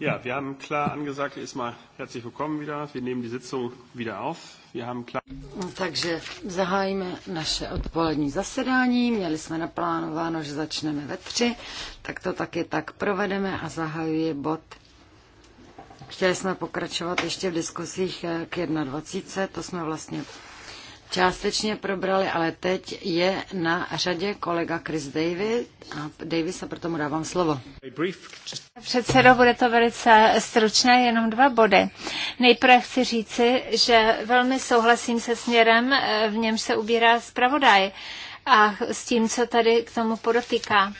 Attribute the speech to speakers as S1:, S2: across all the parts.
S1: Ja, wir haben klar angesagt, Isma, herzlich willkommen wieder. Wir nehmen die Sitzung wieder auf. Wir haben klar... No,
S2: takže zahájíme naše odpolední zasedání. Měli jsme naplánováno, že začneme ve tři, tak to taky tak provedeme a zahajuje bod. Chtěli jsme pokračovat ještě v diskusích eh, k 21. To jsme vlastně částečně probrali, ale teď je na řadě kolega Chris David a Davis a proto mu dávám slovo.
S1: Předsedo, bude to velice stručné, jenom dva body. Nejprve chci říci, že velmi souhlasím se směrem, eh, v němž se ubírá zpravodaj a s tím, co tady k tomu podotýká.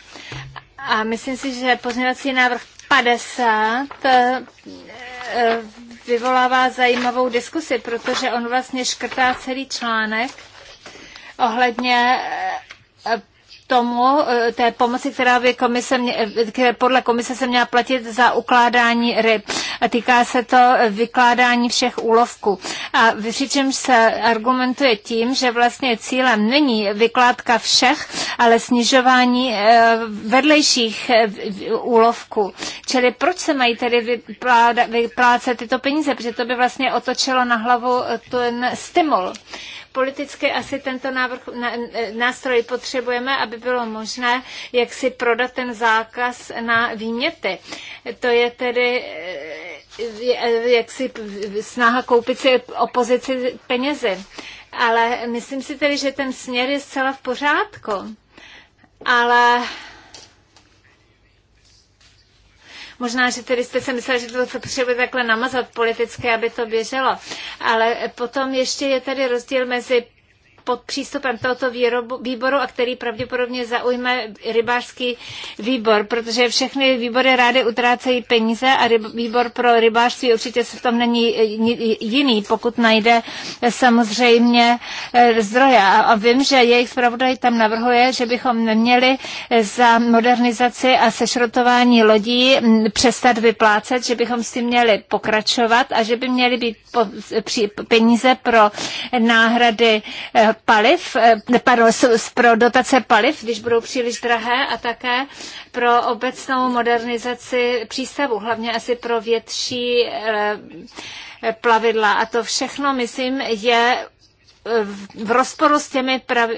S1: A myslím si, že pozměňovací návrh 50 vyvolává zajímavou diskusi, protože on vlastně škrtá celý článek ohledně eh, tomu eh, té pomoci, která by komise mě, eh, které podle komise se měla platit za ukládání ryb. A týká se to eh, vykládání všech úlovků. A přičemž se argumentuje tím, že vlastně cílem není vykládka všech, ale snižování vedlejších úlovků. Čili proč se mají tedy vyplácet tyto peníze? Protože to by vlastně otočilo na hlavu ten stimul. Politicky asi tento návrh, e, nástroj potřebujeme, aby bylo možné, jak si prodat ten zákaz na výměty. To je tedy e, e, jak si snaha koupit si opozici penězi. Ale myslím si tedy, že ten směr je zcela v pořádku. Ale Možná, že tedy jste se mysleli, že to potřebuje takhle namazat politicky, aby to běželo. Ale potom ještě je tady rozdíl mezi pod přístupem tohoto výrobu, výboru a který pravděpodobně zaujme rybářský výbor, protože všechny výbory rády utrácejí peníze a ryb, výbor pro rybářství určitě se v tom není eh, jiný, pokud najde eh, samozřejmě eh, zdroje. A vím, že jejich zpravodaj tam navrhuje, že bychom neměli za modernizaci a sešrotování lodí mm, přestat vyplácet, že bychom s tím měli pokračovat a že by měly být peníze pro náhrady paliv, eh, pardon, pro dotace paliv, když budou příliš drahé a také pro obecnou modernizaci přístavu, hlavně asi pro větší eh, plavidla. A to všechno, myslím, je eh, v rozporu s těmi prav,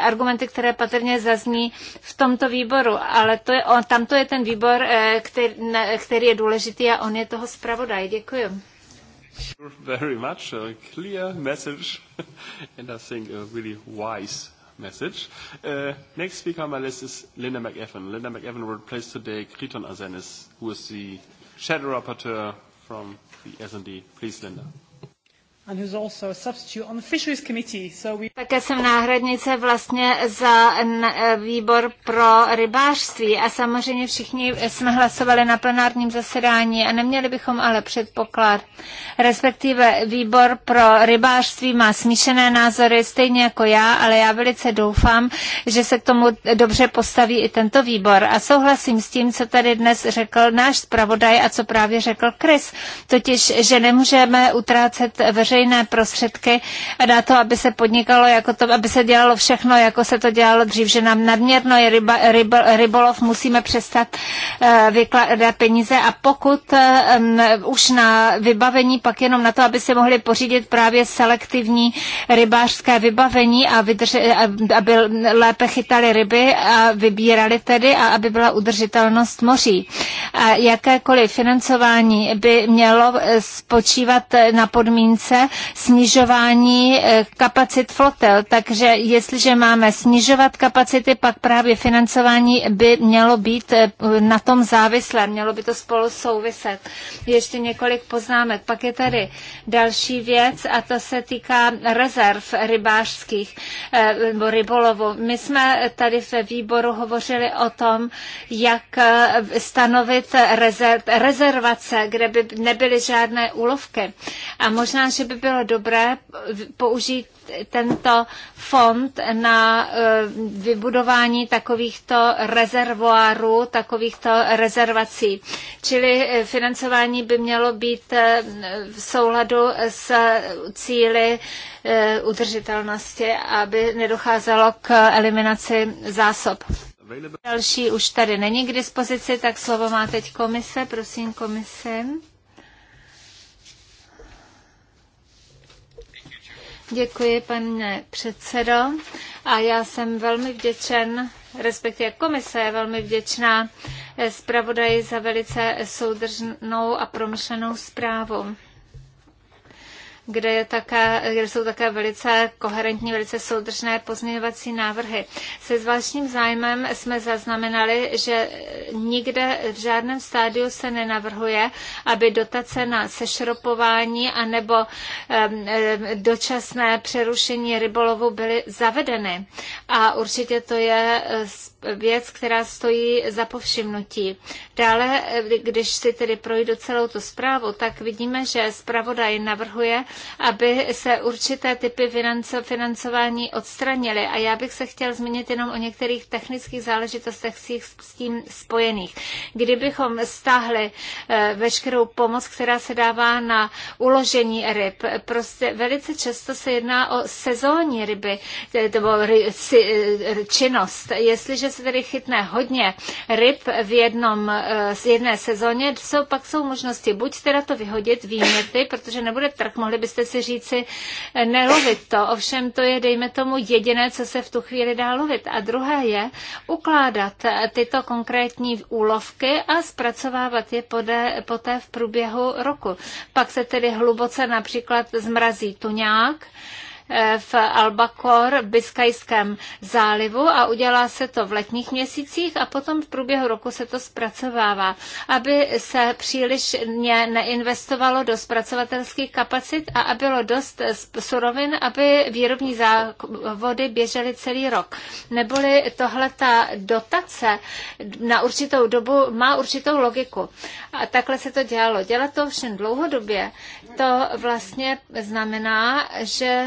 S1: argumenty, které patrně zazní v tomto výboru, ale to je, on, tamto je ten výbor, který, který je důležitý a on je toho zpravodaj. Děkuji. Very much, a clear message
S3: and I think a really wise message. Uh, next speaker on my list is Linda McEvan. Linda McEvan will replace today Kriton Azenis, who is the shadow rapporteur from the S&D. Please, Linda.
S1: Také jsem náhradnice vlastně za e, výbor pro rybářství a samozřejmě všichni jsme hlasovali na plenárním zasedání a neměli bychom ale předpoklad. Respektive výbor pro rybářství má smíšené názory, stejně jako já, ale já velice doufám, že se k tomu dobře postaví i tento výbor. A souhlasím s tím, co tady dnes řekl náš zpravodaj a co právě řekl Chris, totiž, že nemůžeme utrácet veřejnost veřejné prostředky na to, aby se podnikalo, jako to, aby se dělalo všechno, jako se to dělalo dřív, že nám nadměrno je ryba, rybo, rybolov, musíme přestat eh, vykládat peníze a pokud už na vybavení, pak jenom na to, aby se mohli pořídit právě selektivní rybářské vybavení a, vydrži, aby lépe chytali ryby a vybírali tedy a aby byla udržitelnost moří. A jakékoliv financování by mělo eh, spočívat eh, na podmínce, snižování eh, kapacit flotel. Takže jestliže máme snižovat kapacity, pak právě financování by mělo být eh, na tom závislé, mělo by to spolu souviset. Ještě několik poznámek. Pak je tady další věc a to se týká rezerv rybářských eh, nebo rybolovu. My jsme tady ve výboru hovořili o tom, jak stanovit rezerv, rezervace, kde by nebyly žádné úlovky. A možná, že by bylo dobré použít tento fond na e, vybudování takovýchto rezervoárů, takovýchto rezervací. Čili e, financování by mělo být e, v souladu s cíly udržitelnosti, aby nedocházelo k eliminaci zásob. Další už tady není k dispozici, tak slovo má teď komise. Prosím, komise. Děkuji, pane předsedo. A já jsem velmi vděčen, respektive komise je velmi vděčná eh, zpravodaji za velice soudržnou a promyšlenou zprávu kde, je také, kde jsou také velice koherentní, velice soudržné pozměňovací návrhy. Se zvláštním zájmem jsme zaznamenali, že nikde v žádném stádiu se nenavrhuje, aby dotace na sešropování anebo dočasné přerušení rybolovu byly zavedeny. A určitě to je eh, věc, která stojí za povšimnutí. Dále, eh, když si tedy projdu celou tu zprávu, tak vidíme, že zpravodaj navrhuje, aby se určité typy financování odstranily. A já bych se chtěl zmínit jenom o některých technických záležitostech s tím spojených. Kdybychom stáhli eh, veškerou pomoc, která se dává na uložení ryb, prostě velice často se jedná o sezónní ryby, eh, nebo činnost. Jestliže se tedy chytne hodně ryb v jednom, eh, z jedné sezóně, jsou, pak jsou možnosti buď teda to vyhodit výměty, protože nebude trh, mohli byste si říci eh, nelovit to, ovšem to je, dejme tomu, jediné, co se v tu chvíli dá lovit. A druhé je ukládat eh, tyto konkrétní úlovky a zpracovávat je podé, poté v průběhu roku. Pak se tedy hluboce například zmrazí tuňák, Eh, v Albacor Biskajském zálivu a udělá se to v letních měsících a potom v průběhu roku se to zpracovává, aby se příliš neinvestovalo do zpracovatelských kapacit a bylo dost surovin, aby výrobní závody běžely celý rok. Neboli tohle ta dotace na určitou dobu má určitou logiku. A takhle se to dělalo. Dělat to všem dlouhodobě, to vlastně znamená, že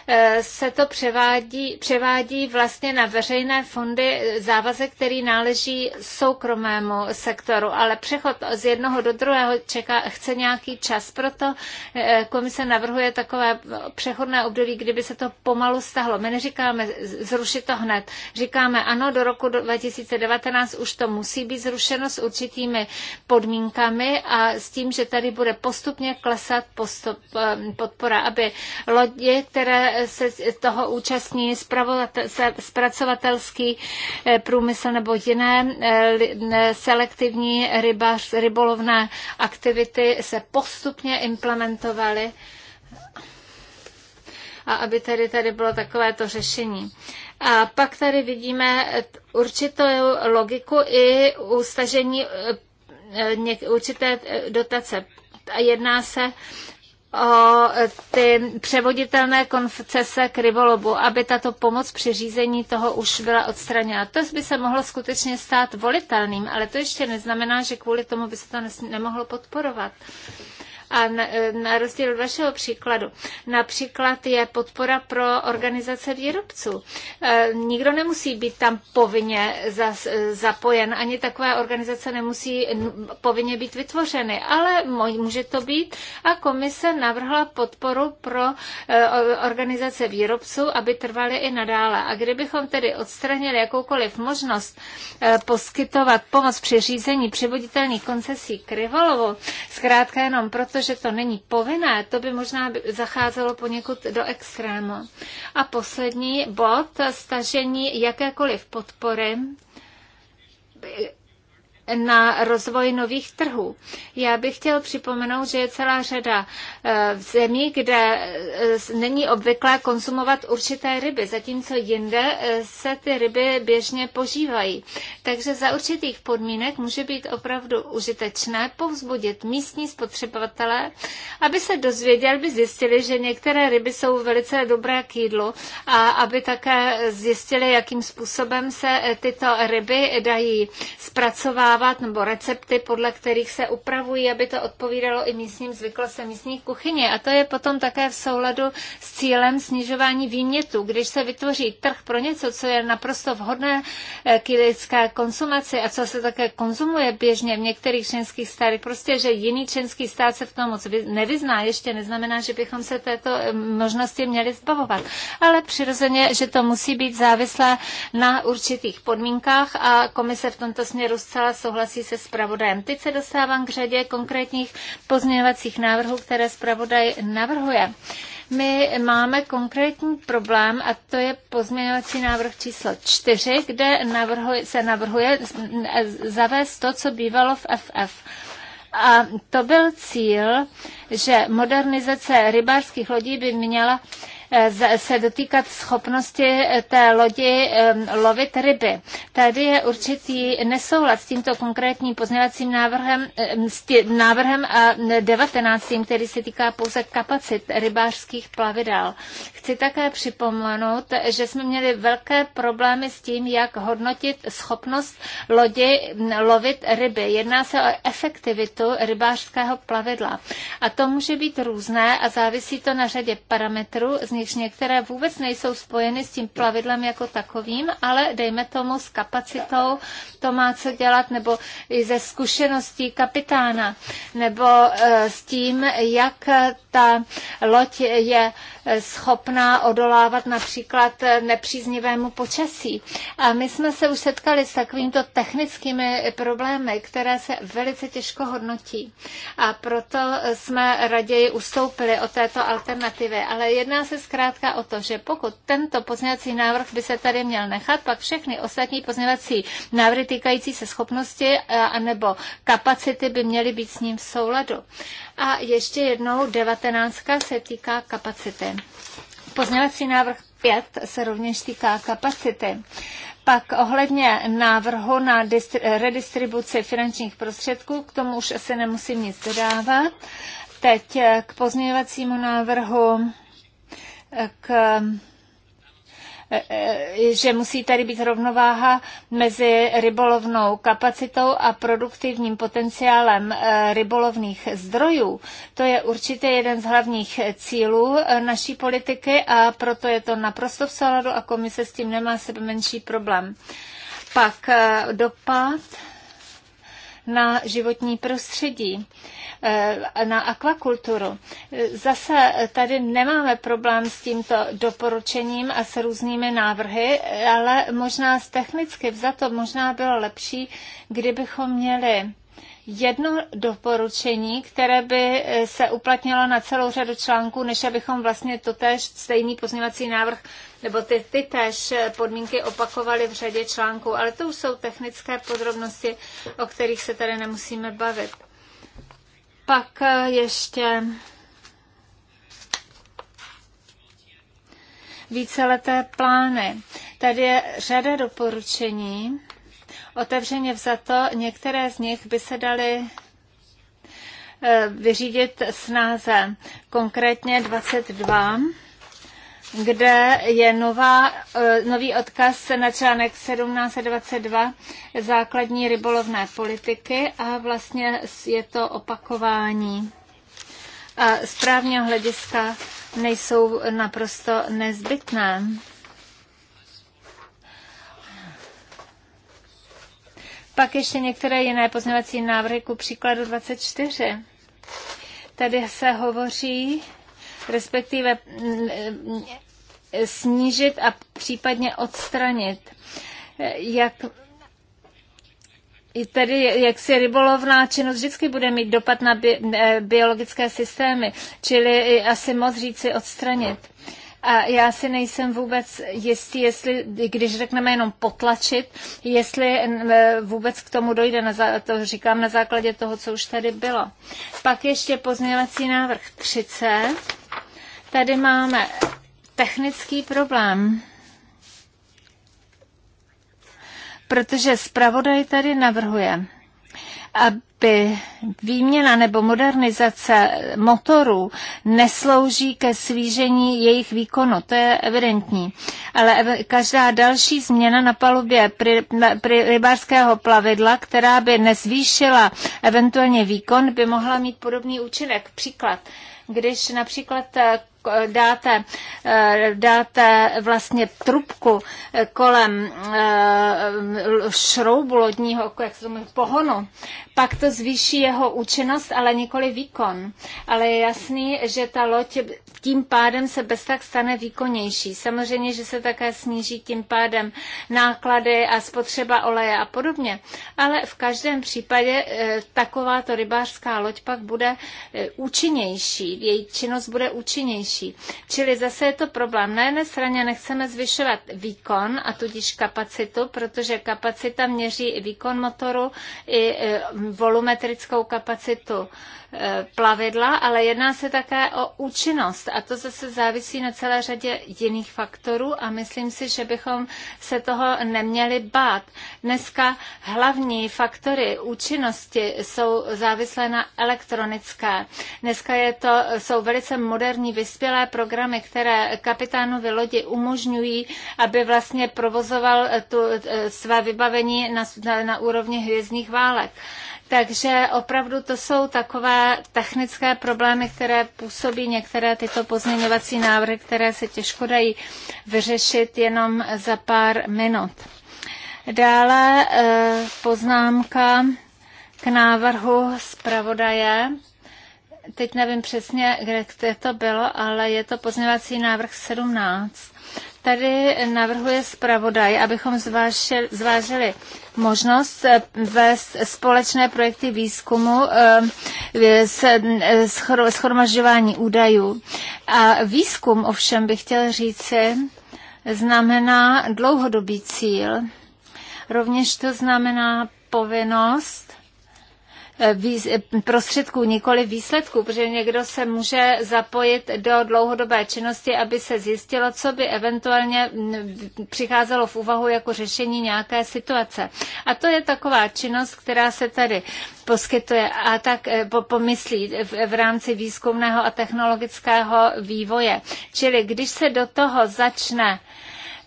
S1: se to převádí, převádí vlastně na veřejné fondy závazek, který náleží soukromému sektoru, ale přechod z jednoho do druhého čeká, chce nějaký čas, proto eh, komise navrhuje takové přechodné období, kdyby se to pomalu stahlo. My neříkáme zrušit to hned, říkáme ano, do roku 2019 už to musí být zrušeno s určitými podmínkami a s tím, že tady bude postupně klesat postup, eh, podpora, aby lodě, které se toho účastní zpracovatelský eh, průmysl nebo jiné eh, selektivní rybař, rybolovné aktivity se postupně implementovaly a aby tady tady bylo takovéto řešení. A pak tady vidíme určitou logiku i u stažení eh, určité dotace. A jedná se o ty převoditelné koncese k rybolobu, aby tato pomoc při řízení toho už byla odstraněna. To by se mohlo skutečně stát volitelným, ale to ještě neznamená, že kvůli tomu by se to nemohlo podporovat. A na, na rozdíl od vašeho příkladu, například je podpora pro organizace výrobců. E, nikdo nemusí být tam povinně zapojen, ani takové organizace nemusí povinně být vytvořeny, ale může to být. A komise navrhla podporu pro e, organizace výrobců, aby trvaly i nadále. A kdybychom tedy odstranili jakoukoliv možnost e, poskytovat pomoc při řízení přivoditelných koncesí Krivolovu, zkrátka jenom proto, protože to není povinné, to by možná zacházelo poněkud do extrému. A poslední bod, stažení jakékoliv podpory na rozvoj nových trhů. Já bych chtěl připomenout, že je celá řada eh, zemí, kde eh, není obvyklé konzumovat určité ryby, zatímco jinde eh, se ty ryby běžně požívají. Takže za určitých podmínek může být opravdu užitečné povzbudit místní spotřebovatele, aby se dozvěděli, aby zjistili, že některé ryby jsou velice dobré k jídlu a aby také zjistili, jakým způsobem se tyto ryby dají zpracovávat dávat nebo recepty, podle kterých se upravují, aby to odpovídalo i místním zvyklostem místní kuchyně. A to je potom také v souladu s cílem snižování výmětu. Když se vytvoří trh pro něco, co je naprosto vhodné eh, k lidské konsumaci a co se také konzumuje běžně v některých členských státech, prostě, že jiný členský stát se v tom moc nevyzná, ještě neznamená, že bychom se této eh, možnosti měli zbavovat. Ale přirozeně, že to musí být závislé na určitých podmínkách a komise v tomto směru zcela souhlasí souhlasí se zpravodajem. Teď se dostávám k řadě konkrétních pozměňovacích návrhů, které zpravodaj navrhuje. My máme konkrétní problém a to je pozměňovací návrh číslo 4, kde navrhuje, se navrhuje zavést to, co bývalo v FF. A to byl cíl, že modernizace rybářských lodí by měla se dotýkat schopnosti eh, té lodi lovit ryby. Tady je určitý nesoulad s tímto konkrétním pozměvacím návrhem, s tě, návrhem a 19, který se týká pouze kapacit rybářských plavidel. Chci také připomenout, že jsme měli velké problémy s tím, jak hodnotit schopnost lodi lovit ryby. Jedná se o efektivitu rybářského plavidla. A to může být různé a závisí to na řadě parametrů, z z některé vůbec nejsou spojeny s tím plavidlem jako takovým, ale dejme tomu s kapacitou, to má co dělat, nebo i ze zkušeností kapitána, nebo eh, s tím, jak ta loď je schopná odolávat například nepříznivému počasí. A my jsme se už setkali s takovýmto technickými problémy, které se velice těžko hodnotí. A proto jsme raději ustoupili od této alternativy. Ale jedná se zkrátka o to, že pokud tento pozměňovací návrh by se tady měl nechat, pak všechny ostatní pozměňovací návrhy týkající se schopnosti a nebo kapacity by měly být s ním v souladu. A ještě jednou devatenáctka se týká kapacity. Pozměňovací návrh 5 se rovněž týká kapacity. Pak ohledně návrhu na redistribuci finančních prostředků, k tomu už asi nemusím nic dodávat. Teď eh, k pozměňovacímu návrhu eh, k E, e, že musí tady být rovnováha mezi rybolovnou kapacitou a produktivním potenciálem e, rybolovných zdrojů. To je určitě jeden z hlavních cílů naší politiky a proto je to naprosto v souladu a komise s tím nemá sebe menší problém. Pak dopad na životní prostředí, eh, na akvakulturu. Zase tady nemáme problém s tímto doporučením a s různými návrhy, ale možná z technicky vzato možná bylo lepší, kdybychom měli jedno doporučení, které by eh, se uplatnilo na celou řadu článků, než abychom vlastně totéž stejný pozměvací návrh nebo ty, ty též eh, podmínky opakovaly v řadě článků, ale to už jsou technické podrobnosti, o kterých se tady nemusíme bavit. Pak eh, ještě víceleté plány. Tady je řada doporučení, Otevřeně vzato, některé z nich by se daly eh, vyřídit snáze, konkrétně 22 kde je nová, eh, nový odkaz na článek 1722 základní rybolovné politiky a vlastně je to opakování. A z právního hlediska nejsou naprosto nezbytné. Pak ještě některé jiné pozměňovací návrhy, ku příkladu 24. Tady se hovoří, respektive mm, e, snížit a případně odstranit. Jak i tedy, jak si rybolovná činnost vždycky bude mít dopad na bi- e, biologické systémy, čili asi moc říci odstranit. A já si nejsem vůbec jistý, jestli, když řekneme jenom potlačit, jestli e, vůbec k tomu dojde, na, to říkám na základě toho, co už tady bylo. Pak ještě pozměňovací návrh 30. Tady máme technický problém. Protože zpravodaj tady navrhuje, aby výměna nebo modernizace motorů neslouží ke svížení jejich výkonu. To je evidentní. Ale každá další změna na palubě pri, na, pri rybářského plavidla, která by nezvýšila eventuálně výkon, by mohla mít podobný účinek. Příklad. Když například eh, dáte, eh, dáte vlastně trubku eh, kolem eh, šroubu lodního, jak se to mluví, pohonu, pak to zvýší jeho účinnost, ale nikoli výkon. Ale je jasný, že ta loď tím pádem se bez tak stane výkonnější. Samozřejmě, že se také sníží tím pádem náklady a spotřeba oleje a podobně. Ale v každém případě takováto rybářská loď pak bude účinnější. Její činnost bude účinnější levnější. Čili zase je to problém. Na jedné straně nechceme zvyšovat výkon a tudíž kapacitu, protože kapacita měří i výkon motoru, i e, volumetrickou kapacitu Eh, plavidla, ale jedná se také o účinnost a to zase závisí na celé řadě jiných faktorů a myslím si, že bychom se toho neměli bát. Dneska hlavní faktory účinnosti jsou závislé na elektronické. Dneska je to, jsou velice moderní vyspělé programy, které kapitánovi lodi umožňují, aby vlastně provozoval tu, eh, své vybavení na, na, na úrovni hvězdných válek. Takže opravdu to jsou takové technické problémy, které působí některé tyto pozměňovací návrhy, které se těžko dají vyřešit jenom za pár minut. Dále eh, poznámka k návrhu zpravodaje. Teď nevím přesně, kde to bylo, ale je to pozměňovací návrh 17. Tady navrhuje zpravodaj, abychom zvážili, zvážili možnost eh, vést společné projekty výzkumu, eh, eh, schromažďování údajů. A výzkum ovšem bych chtěl říci, znamená dlouhodobý cíl. Rovněž to znamená povinnost prostředků, nikoli výsledků, protože někdo se může zapojit do dlouhodobé činnosti, aby se zjistilo, co by eventuálně přicházelo v úvahu jako řešení nějaké situace. A to je taková činnost, která se tady poskytuje a tak e, pomyslí v rámci výzkumného a technologického vývoje. Čili když se do toho začne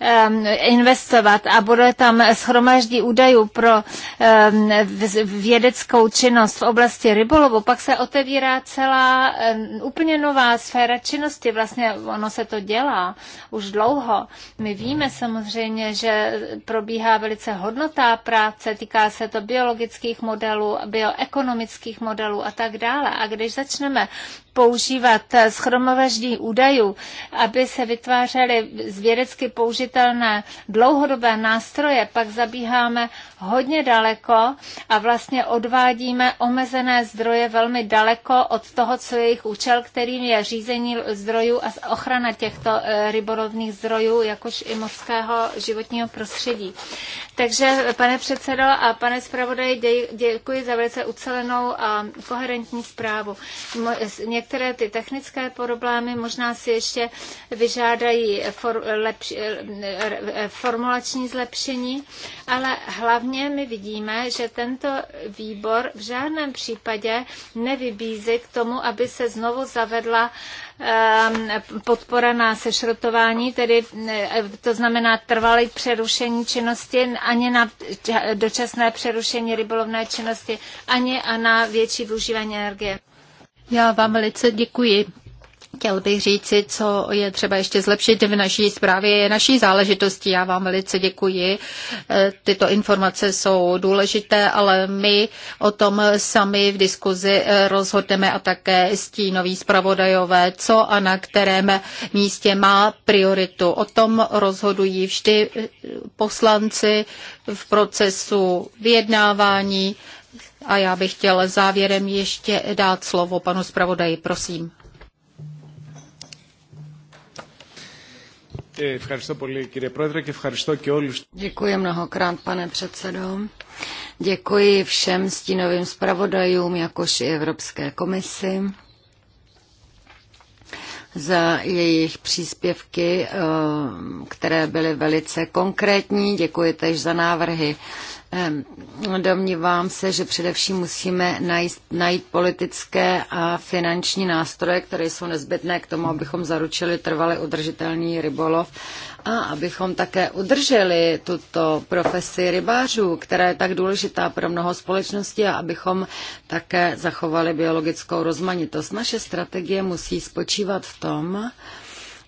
S1: Um, investovat a bude tam schromaždí údajů pro um, vědeckou činnost v oblasti rybolovu, pak se otevírá celá um, úplně nová sféra činnosti. Vlastně ono se to dělá už dlouho. My víme samozřejmě, že probíhá velice hodnotá práce, týká se to biologických modelů, bioekonomických modelů a tak dále. A když začneme používat schromovaždí údajů, aby se vytvářely vědecky použitelné dlouhodobé nástroje, pak zabíháme hodně daleko a vlastně odvádíme omezené zdroje velmi daleko od toho, co je jejich účel, kterým je řízení zdrojů a ochrana těchto eh, rybolovných zdrojů, jakož i mořského životního prostředí. Takže, pane předsedo a pane zpravodaji, děkuji za velice ucelenou a koherentní zprávu. Mo- některé ty technické problémy možná si ještě vyžádají for, lepš, eh, eh, formulační zlepšení, ale hlavně my vidíme, že tento výbor v žádném případě nevybízí k tomu, aby se znovu zavedla ehm, podpora na sešrotování, tedy eh, to znamená trvalý přerušení činnosti, ani na dočasné přerušení rybolovné činnosti, ani a na větší využívání energie.
S3: Já vám velice děkuji. Chtěl bych říci, co je třeba ještě zlepšit v naší zprávě, je naší záležitosti. Já vám velice děkuji. E, tyto informace jsou důležité, ale my o tom sami v diskuzi e, rozhodneme a také stínoví zpravodajové, co a na kterém místě má prioritu. O tom rozhodují vždy e, poslanci v procesu vyjednávání a já bych chtěl závěrem ještě dát slovo panu zpravodaji,
S2: prosím. Eh, Děkuji mnohokrát, pane předsedo. Děkuji všem stínovým zpravodajům, jakož i Evropské komisi za jejich příspěvky, eh, které byly velice konkrétní. Děkuji tež za návrhy Ehm, domnívám se, že především musíme najít, najít politické a finanční nástroje, které jsou nezbytné k tomu, abychom zaručili trvale udržitelný rybolov a abychom také udrželi tuto profesi rybářů, která je tak důležitá pro mnoho společností a abychom také zachovali biologickou rozmanitost. Naše strategie musí spočívat v tom,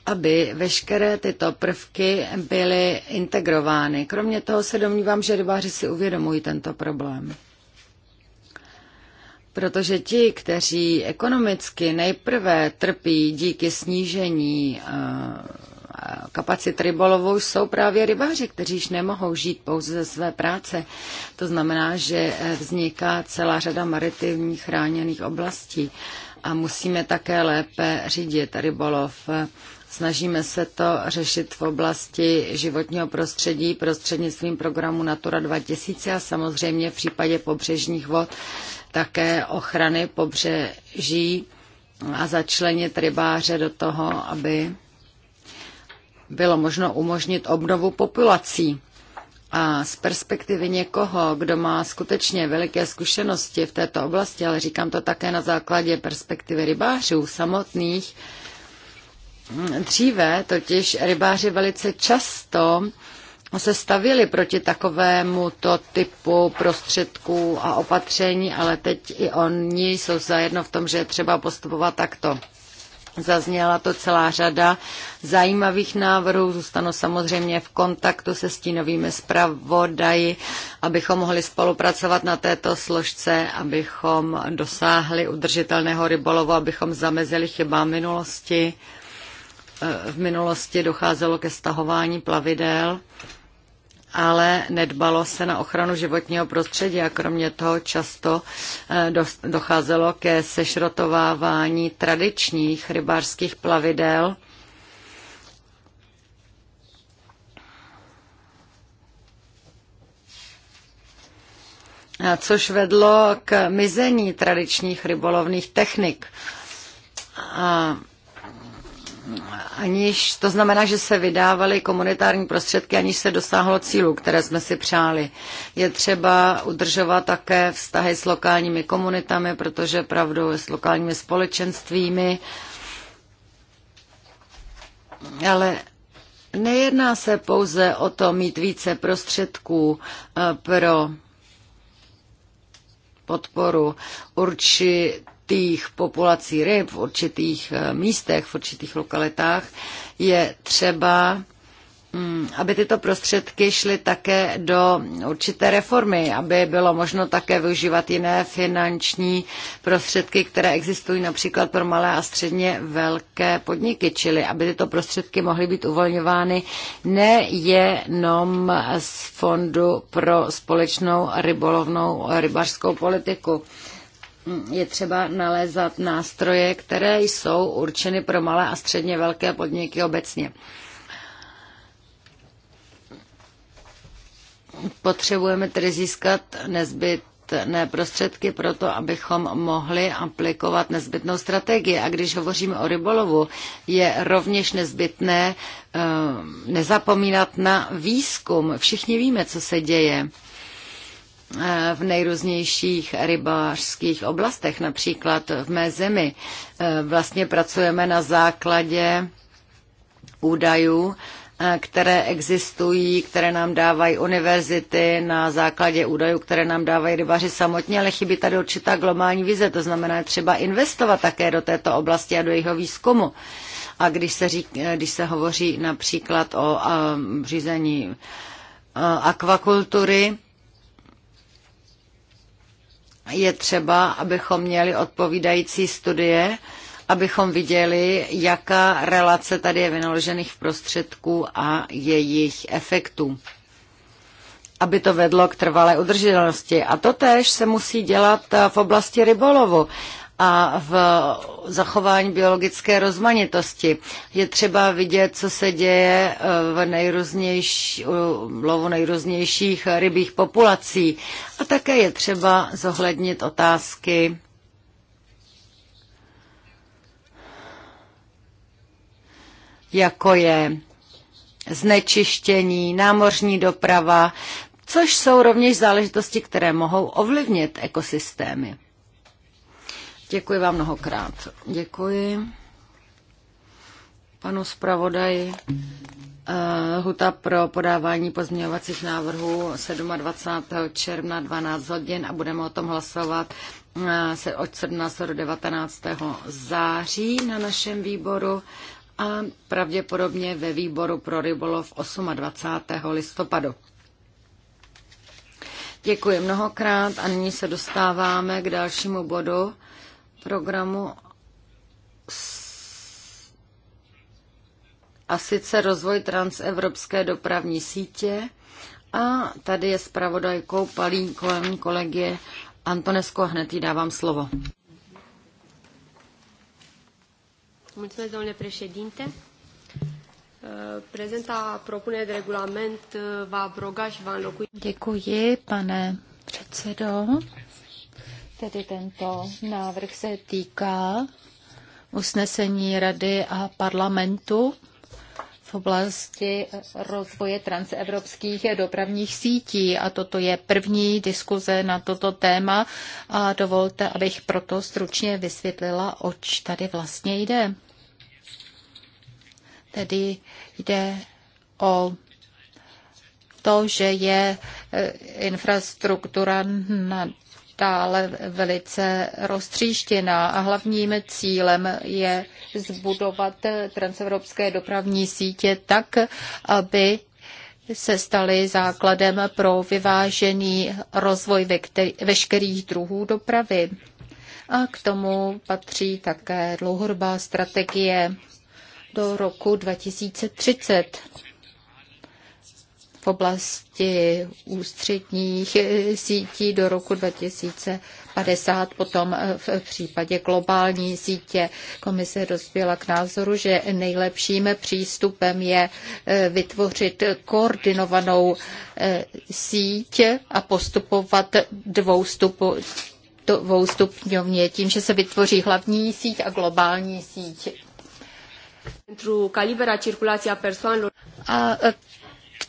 S2: aby veškeré tyto prvky byly integrovány. Kromě toho se domnívám, že rybáři si uvědomují tento problém. Protože ti, kteří ekonomicky nejprve trpí díky snížení eh, kapacit rybolovou, jsou právě rybáři, kteří již nemohou žít pouze ze své práce. To znamená, že eh, vzniká celá řada maritivních chráněných oblastí a musíme také lépe řídit rybolov Snažíme se to řešit v oblasti životního prostředí prostřednictvím programu Natura 2000 a samozřejmě v případě pobřežních vod také ochrany pobřeží a začlenit rybáře do toho, aby bylo možno umožnit obnovu populací. A z perspektivy někoho, kdo má skutečně veliké zkušenosti v této oblasti, ale říkám to také na základě perspektivy rybářů samotných, Dříve totiž rybáři velice často se stavili proti takovému to typu prostředků a opatření, ale teď i oni jsou zajedno v tom, že je třeba postupovat takto. Zazněla to celá řada zajímavých návrhů. Zůstanu samozřejmě v kontaktu se stínovými zpravodaji, abychom mohli spolupracovat na této složce, abychom dosáhli udržitelného rybolovu, abychom zamezili chybám minulosti Eh, v minulosti docházelo ke stahování plavidel, ale nedbalo se na ochranu životního prostředí a kromě toho často eh, docházelo ke sešrotovávání tradičních rybářských plavidel. což vedlo k mizení tradičních rybolovných technik. A aniž, to znamená, že se vydávaly komunitární prostředky, aniž se dosáhlo cílu, které jsme si přáli. Je třeba udržovat také vztahy s lokálními komunitami, protože pravdou s lokálními společenstvími, ale nejedná se pouze o to mít více prostředků eh, pro podporu určitých určitých populací ryb, v určitých eh, místech, v určitých lokalitách, je třeba mm, aby tyto prostředky šly také do určité reformy, aby bylo možno také využívat jiné finanční prostředky, které existují například pro malé a středně velké podniky, čili aby tyto prostředky mohly být uvolňovány nejenom z Fondu pro společnou rybolovnou rybařskou politiku je třeba nalézat nástroje, které jsou určeny pro malé a středně velké podniky obecně. Potřebujeme tedy získat nezbyt nezbytné prostředky pro to, abychom mohli aplikovat nezbytnou strategii. A když hovoříme o rybolovu, je rovněž nezbytné eh, nezapomínat na výzkum. Všichni víme, co se děje v nejrůznějších rybářských oblastech, například v mé zemi. Eh, vlastně pracujeme na základě údajů, eh, které existují, které nám dávají univerzity na základě údajů, které nám dávají rybaři samotně, ale chybí tady určitá globální vize, to znamená třeba investovat také do této oblasti a do jejího výzkumu. A když se, řík, eh, když se hovoří například o a, řízení a, akvakultury, je třeba, abychom měli odpovídající studie, abychom viděli, jaká relace tady je vynaložených prostředků a jejich efektů. Aby to vedlo k trvalé udržitelnosti. A to též se musí dělat v oblasti rybolovu a v zachování biologické rozmanitosti. Je třeba vidět, co se děje eh, v nejrůznější, lovu nejrůznějších rybích populací. A také je třeba zohlednit otázky jako je znečištění, námořní doprava, což jsou rovněž záležitosti, které mohou ovlivnit ekosystémy. Děkuji vám mnohokrát. Děkuji panu zpravodaji. Eh, Huta pro podávání pozměňovacích návrhů 27. června 12 hodin a budeme o tom hlasovat eh, se od 17. do 19. září na našem výboru a pravděpodobně ve výboru pro rybolov 28. listopadu. Děkuji mnohokrát a nyní se dostáváme k dalšímu bodu programu a sice rozvoj transevropské dopravní sítě. A tady je zpravodajkou palí kolem kolegie Antonesko a hned jí dávám slovo.
S1: Mulțumesc, domnule președinte. Eh, prezenta propune de regulament eh, va abroga și va înlocui...
S3: Děkuji, pane předsedo. Tedy tento návrh se týká usnesení Rady a parlamentu v oblasti rozvoje transevropských dopravních sítí. A toto je první diskuze na toto téma a dovolte, abych proto stručně vysvětlila, oč tady vlastně jde. Tedy jde o to, že je eh, infrastruktura na stále velice roztříštěná a hlavním cílem je zbudovat transevropské dopravní sítě tak, aby se staly základem pro vyvážený rozvoj veškerých druhů dopravy. A k tomu patří také dlouhodobá strategie do roku 2030 v oblasti ústředních sítí do roku 2050, potom v případě globální sítě. Komise dospěla k názoru, že nejlepším přístupem je eh, vytvořit koordinovanou eh, síť a postupovat dvoustupu dvoustupňovně, tím, že se vytvoří hlavní síť a globální síť. A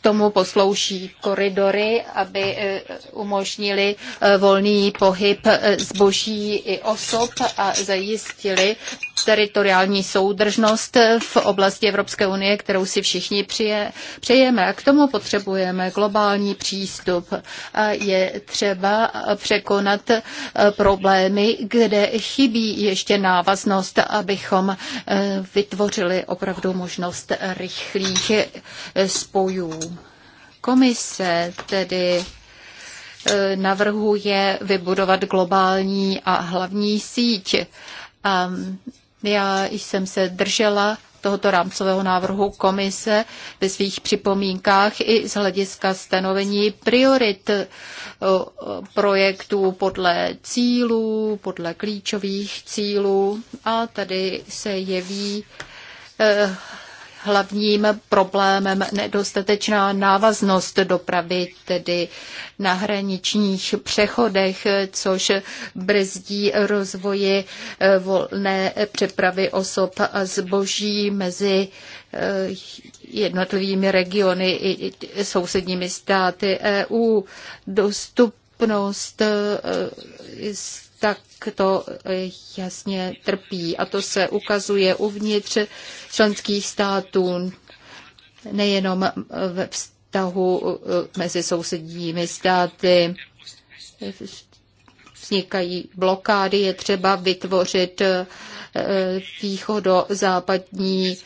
S3: k tomu poslouží koridory, aby e, umožnili e, volný pohyb e, zboží i osob a zajistili teritoriální soudržnost v oblasti Evropské unie, kterou si všichni přije, přejeme. A k tomu potřebujeme globální přístup. A je třeba překonat problémy, kde chybí ještě návaznost, abychom vytvořili opravdu možnost rychlých spojů. Komise tedy e, navrhuje vybudovat globální a hlavní síť. A já jsem se držela tohoto rámcového návrhu komise ve svých připomínkách i z hlediska stanovení priorit e, projektů podle cílů, podle klíčových cílů a tady se jeví e, hlavním problémem nedostatečná návaznost dopravy, tedy na hraničních přechodech, což brzdí rozvoji eh, volné přepravy osob a zboží mezi eh, jednotlivými regiony i sousedními státy EU. Dostupnost eh, tak to eh, jasně trpí. A to se ukazuje uvnitř členských států, nejenom ve vztahu eh, mezi sousedními státy. Vznikají blokády, je třeba vytvořit eh, východo-západní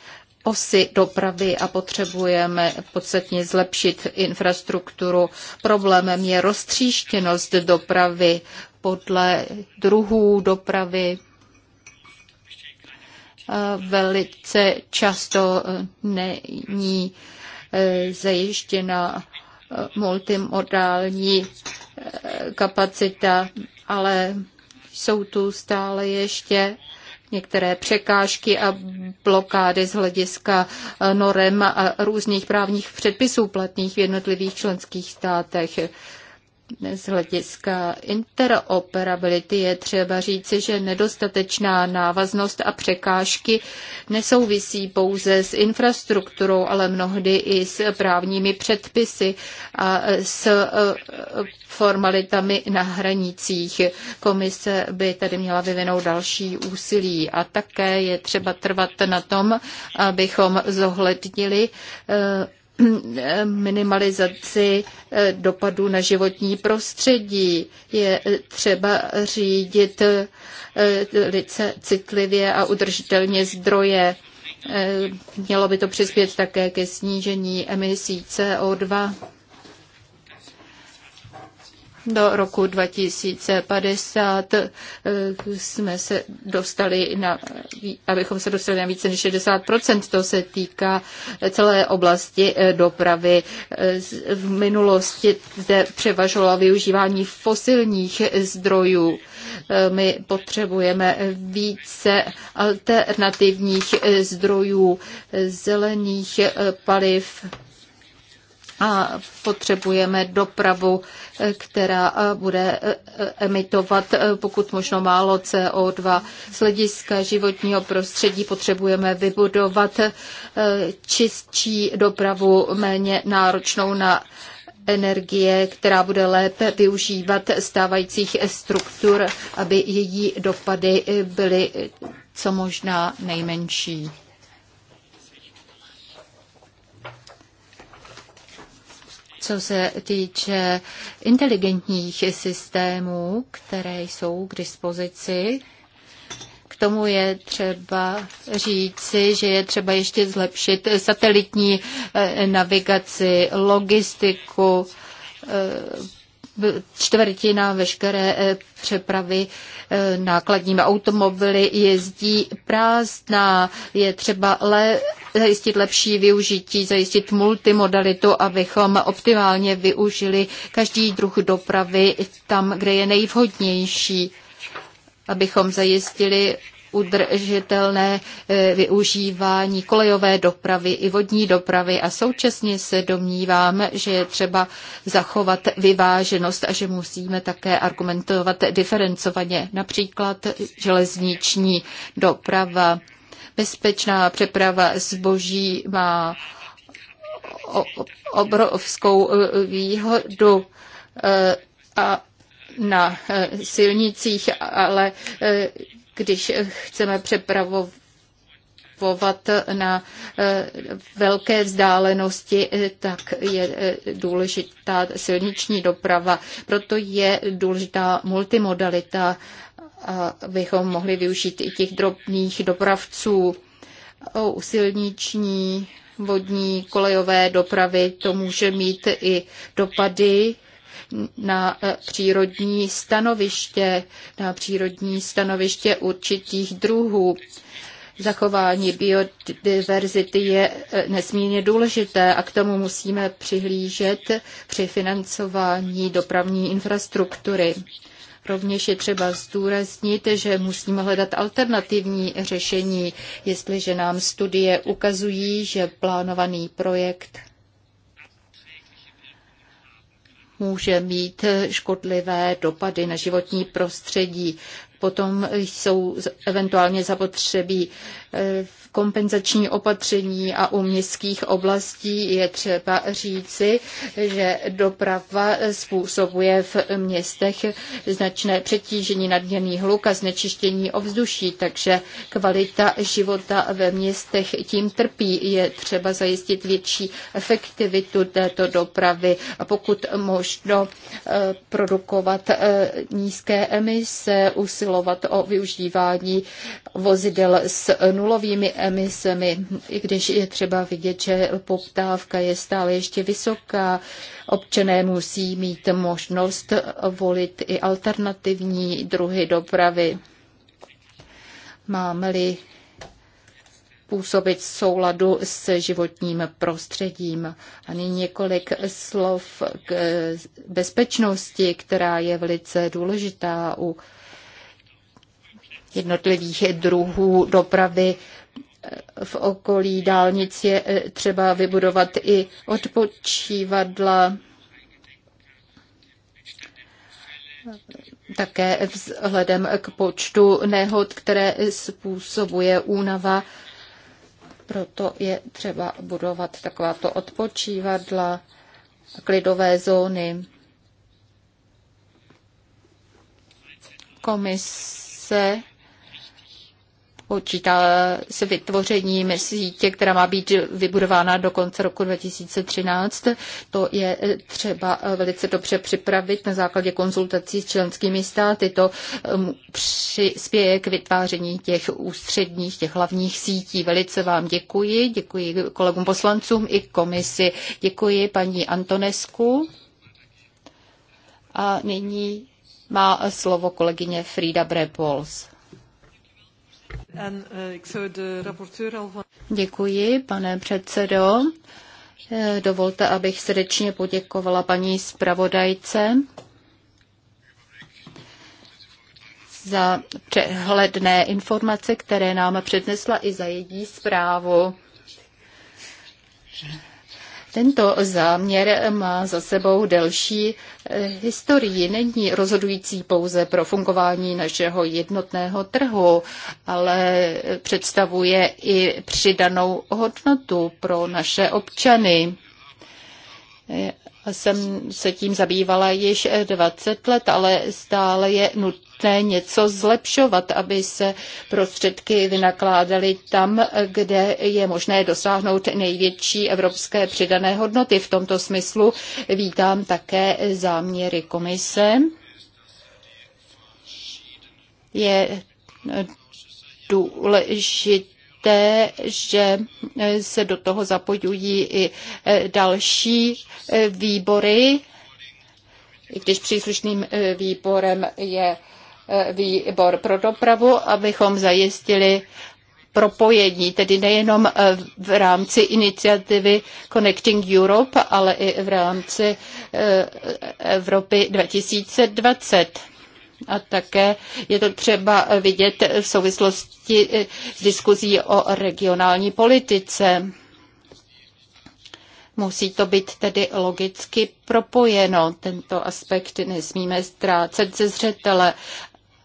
S3: osy dopravy a potřebujeme podstatně zlepšit infrastrukturu. Problémem je roztříštěnost dopravy podle druhů dopravy. Velice často není e, zajištěna e, multimodální e, kapacita, ale jsou tu stále ještě některé překážky a blokády z hlediska eh, norem a různých právních předpisů platných v jednotlivých členských státech z hlediska interoperability je třeba říci, že nedostatečná návaznost a překážky nesouvisí pouze s infrastrukturou, ale mnohdy i s právními předpisy a s e, formalitami na hranicích. Komise by tady měla vyvinout další úsilí a také je třeba trvat na tom, abychom zohlednili e, minimalizaci eh, dopadů na životní prostředí. Je eh, třeba řídit eh, lice citlivě a udržitelně zdroje. Mělo by to přispět také ke snížení emisí CO2 do roku 2050 eh, jsme se dostali na, abychom se dostali na více než 60%. To se týká celé oblasti eh, dopravy. Eh, v minulosti zde převažovalo využívání fosilních zdrojů. My potřebujeme více alternativních zdrojů, zelených paliv, a potřebujeme dopravu, eh, která eh, bude eh, emitovat pokud možno málo CO2. Z hlediska životního prostředí potřebujeme vybudovat čistší dopravu, méně náročnou na energie, která bude lépe využívat stávajících struktur, aby její dopady byly co možná nejmenší. Co se týče inteligentních systémů, které jsou k dispozici, k tomu je třeba říci, že je třeba ještě zlepšit satelitní eh, navigaci, logistiku, eh, čtvrtina veškeré eh, přepravy Eh, nákladními automobily jezdí prázdná. Je třeba le- zajistit lepší využití, zajistit multimodalitu, abychom optimálně využili každý druh dopravy tam, kde je nejvhodnější abychom zajistili udržitelné eh, využívání kolejové dopravy i vodní dopravy a současně se domnívám, že je třeba zachovat vyváženost a že musíme také argumentovat diferencovaně, například železniční doprava. Bezpečná přeprava zboží má obrovskou eh, výhodu eh, a na silnicích, ale když chceme přepravovat na eh, velké vzdálenosti, eh, tak je eh, důležitá silniční doprava. Proto je důležitá multimodalita, abychom mohli využít i těch drobných dopravců u silniční, vodní, kolejové dopravy. To může mít i dopady na eh, přírodní stanoviště, na přírodní stanoviště určitých druhů. Zachování biodiverzity je eh, nesmírně důležité a k tomu musíme přihlížet při financování dopravní infrastruktury. Rovněž je třeba zdůraznit, že musíme hledat alternativní řešení, jestliže nám studie ukazují, že plánovaný projekt může mít škodlivé dopady na životní prostředí. Potom jsou eventuálně zapotřebí eh, kompenzační opatření a u městských oblastí je třeba říci, že doprava způsobuje v městech značné přetížení nadměrný hluk a znečištění ovzduší, takže kvalita života ve městech tím trpí. Je třeba zajistit větší efektivitu této dopravy a pokud možno eh, produkovat eh, nízké emise, usilovat o využívání vozidel s nulovými emisemi, i když je třeba vidět, že poptávka je stále ještě vysoká. Občané musí mít možnost volit i alternativní druhy dopravy. Máme-li působit souladu s životním prostředím. A nyní několik slov k bezpečnosti, která je velice důležitá u jednotlivých druhů dopravy v okolí dálnic je e, třeba vybudovat i odpočívadla, také vzhledem k počtu nehod, které způsobuje únava. Proto je třeba budovat takováto odpočívadla, klidové zóny. Komise počítá s vytvořením sítě, která má být vybudována do konce roku 2013. To je třeba velice dobře připravit na základě konzultací s členskými státy. To mm, přispěje k vytváření těch ústředních, těch hlavních sítí. Velice vám děkuji. Děkuji kolegům poslancům i komisi. Děkuji paní Antonesku. A nyní má slovo kolegyně Frida Brepols.
S1: Eh,
S3: Děkuji, pane předsedo. Eh, dovolte, abych srdečně poděkovala paní zpravodajce za přehledné informace, které nám přednesla i za její zprávu. Tento záměr má za sebou delší eh, historii. Není rozhodující pouze pro fungování našeho jednotného trhu, ale představuje i přidanou hodnotu pro naše občany eh, jsem se tím zabývala již 20 let, ale stále je nutné něco zlepšovat, aby se prostředky vynakládaly tam, kde je možné dosáhnout největší evropské přidané hodnoty. V tomto smyslu vítám také záměry komise. Je důležité víte, že eh, se do toho zapojují i eh, další eh, výbory, i když příslušným výborem je výbor pro dopravu, abychom zajistili propojení, tedy nejenom v rámci iniciativy Connecting Europe, ale i v rámci Evropy 2020. A také je to třeba vidět v souvislosti eh, s diskuzí o regionální politice. Musí to být tedy logicky propojeno. Tento aspekt nesmíme ztrácet ze zřetele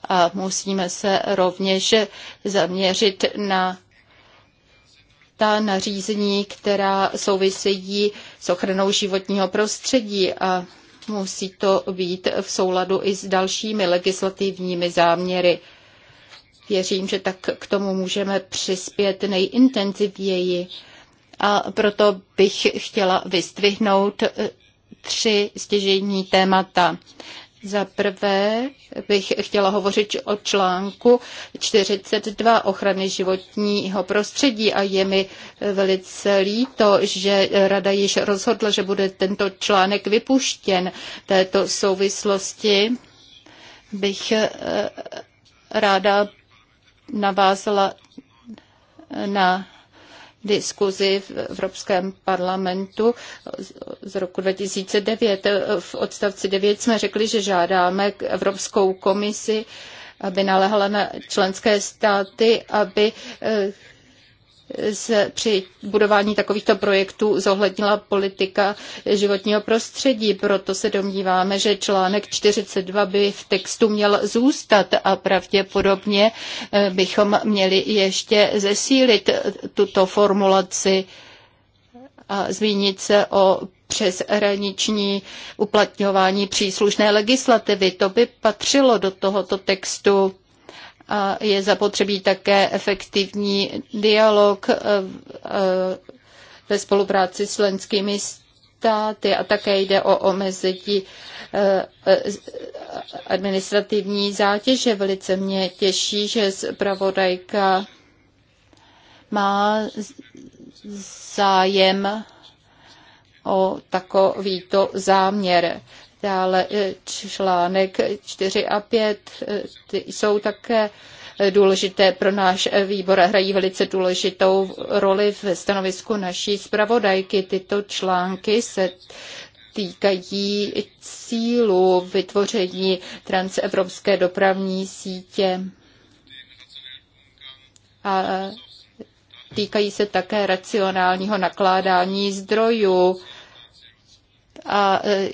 S3: a musíme se rovněž zaměřit na ta nařízení, která souvisejí s ochranou životního prostředí a Musí to být v souladu i s dalšími legislativními záměry. Věřím, že tak k tomu můžeme přispět nejintenzivněji. A proto bych chtěla vystvihnout eh, tři stěžení témata. Za prvé bych chtěla hovořit o článku 42 ochrany životního prostředí a je mi velice líto, že Rada již rozhodla, že bude tento článek vypuštěn. Této souvislosti bych eh, ráda navázala na diskuzi v Evropském parlamentu z roku 2009. V odstavci 9 jsme řekli, že žádáme Evropskou komisi, aby nalehla na členské státy, aby eh, z při budování takovýchto projektů zohlednila politika životního prostředí. Proto se domníváme, že článek 42 by v textu měl zůstat a pravděpodobně eh, bychom měli ještě zesílit tuto formulaci a zmínit se o přeshraniční uplatňování příslušné legislativy. To by patřilo do tohoto textu a je zapotřebí také efektivní dialog e, e, ve spolupráci s členskými státy a také jde o omezení e, administrativní zátěže. Velice mě těší, že zpravodajka má zájem o takovýto záměr. Dále eh, článek 4 a 5 eh, ty jsou také důležité pro náš výbor a hrají velice důležitou roli v stanovisku naší zpravodajky. Tyto články se týkají cílu vytvoření transevropské dopravní sítě a týkají se také racionálního nakládání zdrojů a e,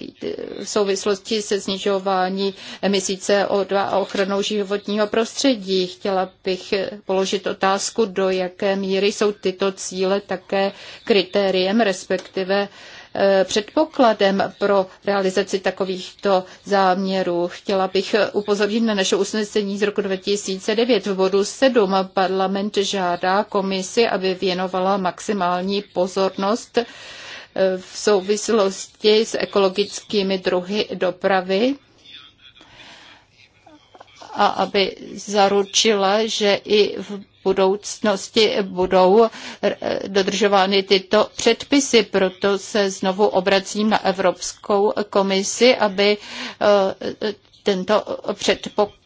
S3: v souvislosti se snižování emisí CO2 a ochranou životního prostředí. Chtěla bych e, položit otázku, do jaké míry jsou tyto cíle také kritériem, respektive e, předpokladem pro realizaci takovýchto záměrů. Chtěla bych upozornit na naše usnesení z roku 2009 v bodu 7. Parlament žádá komisi, aby věnovala maximální pozornost v souvislosti s ekologickými druhy dopravy a aby zaručila, že i v budoucnosti budou eh, dodržovány tyto předpisy. Proto se znovu obracím na Evropskou komisi, aby eh, tento předpoklad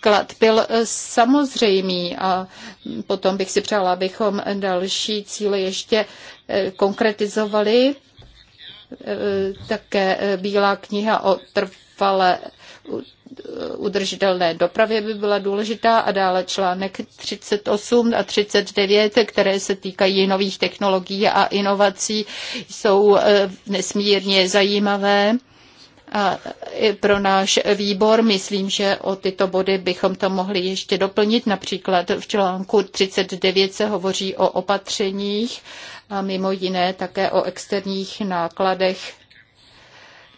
S3: Klad byl e, samozřejmý a potom bych si přála, abychom další cíle ještě e, konkretizovali. E, také Bílá kniha o trvalé udržitelné dopravě by byla důležitá a dále článek 38 a 39, které se týkají nových technologií a inovací, jsou nesmírně zajímavé pro náš výbor myslím, že o tyto body bychom to mohli ještě doplnit. Například v článku 39 se hovoří o opatřeních a mimo jiné také o externích nákladech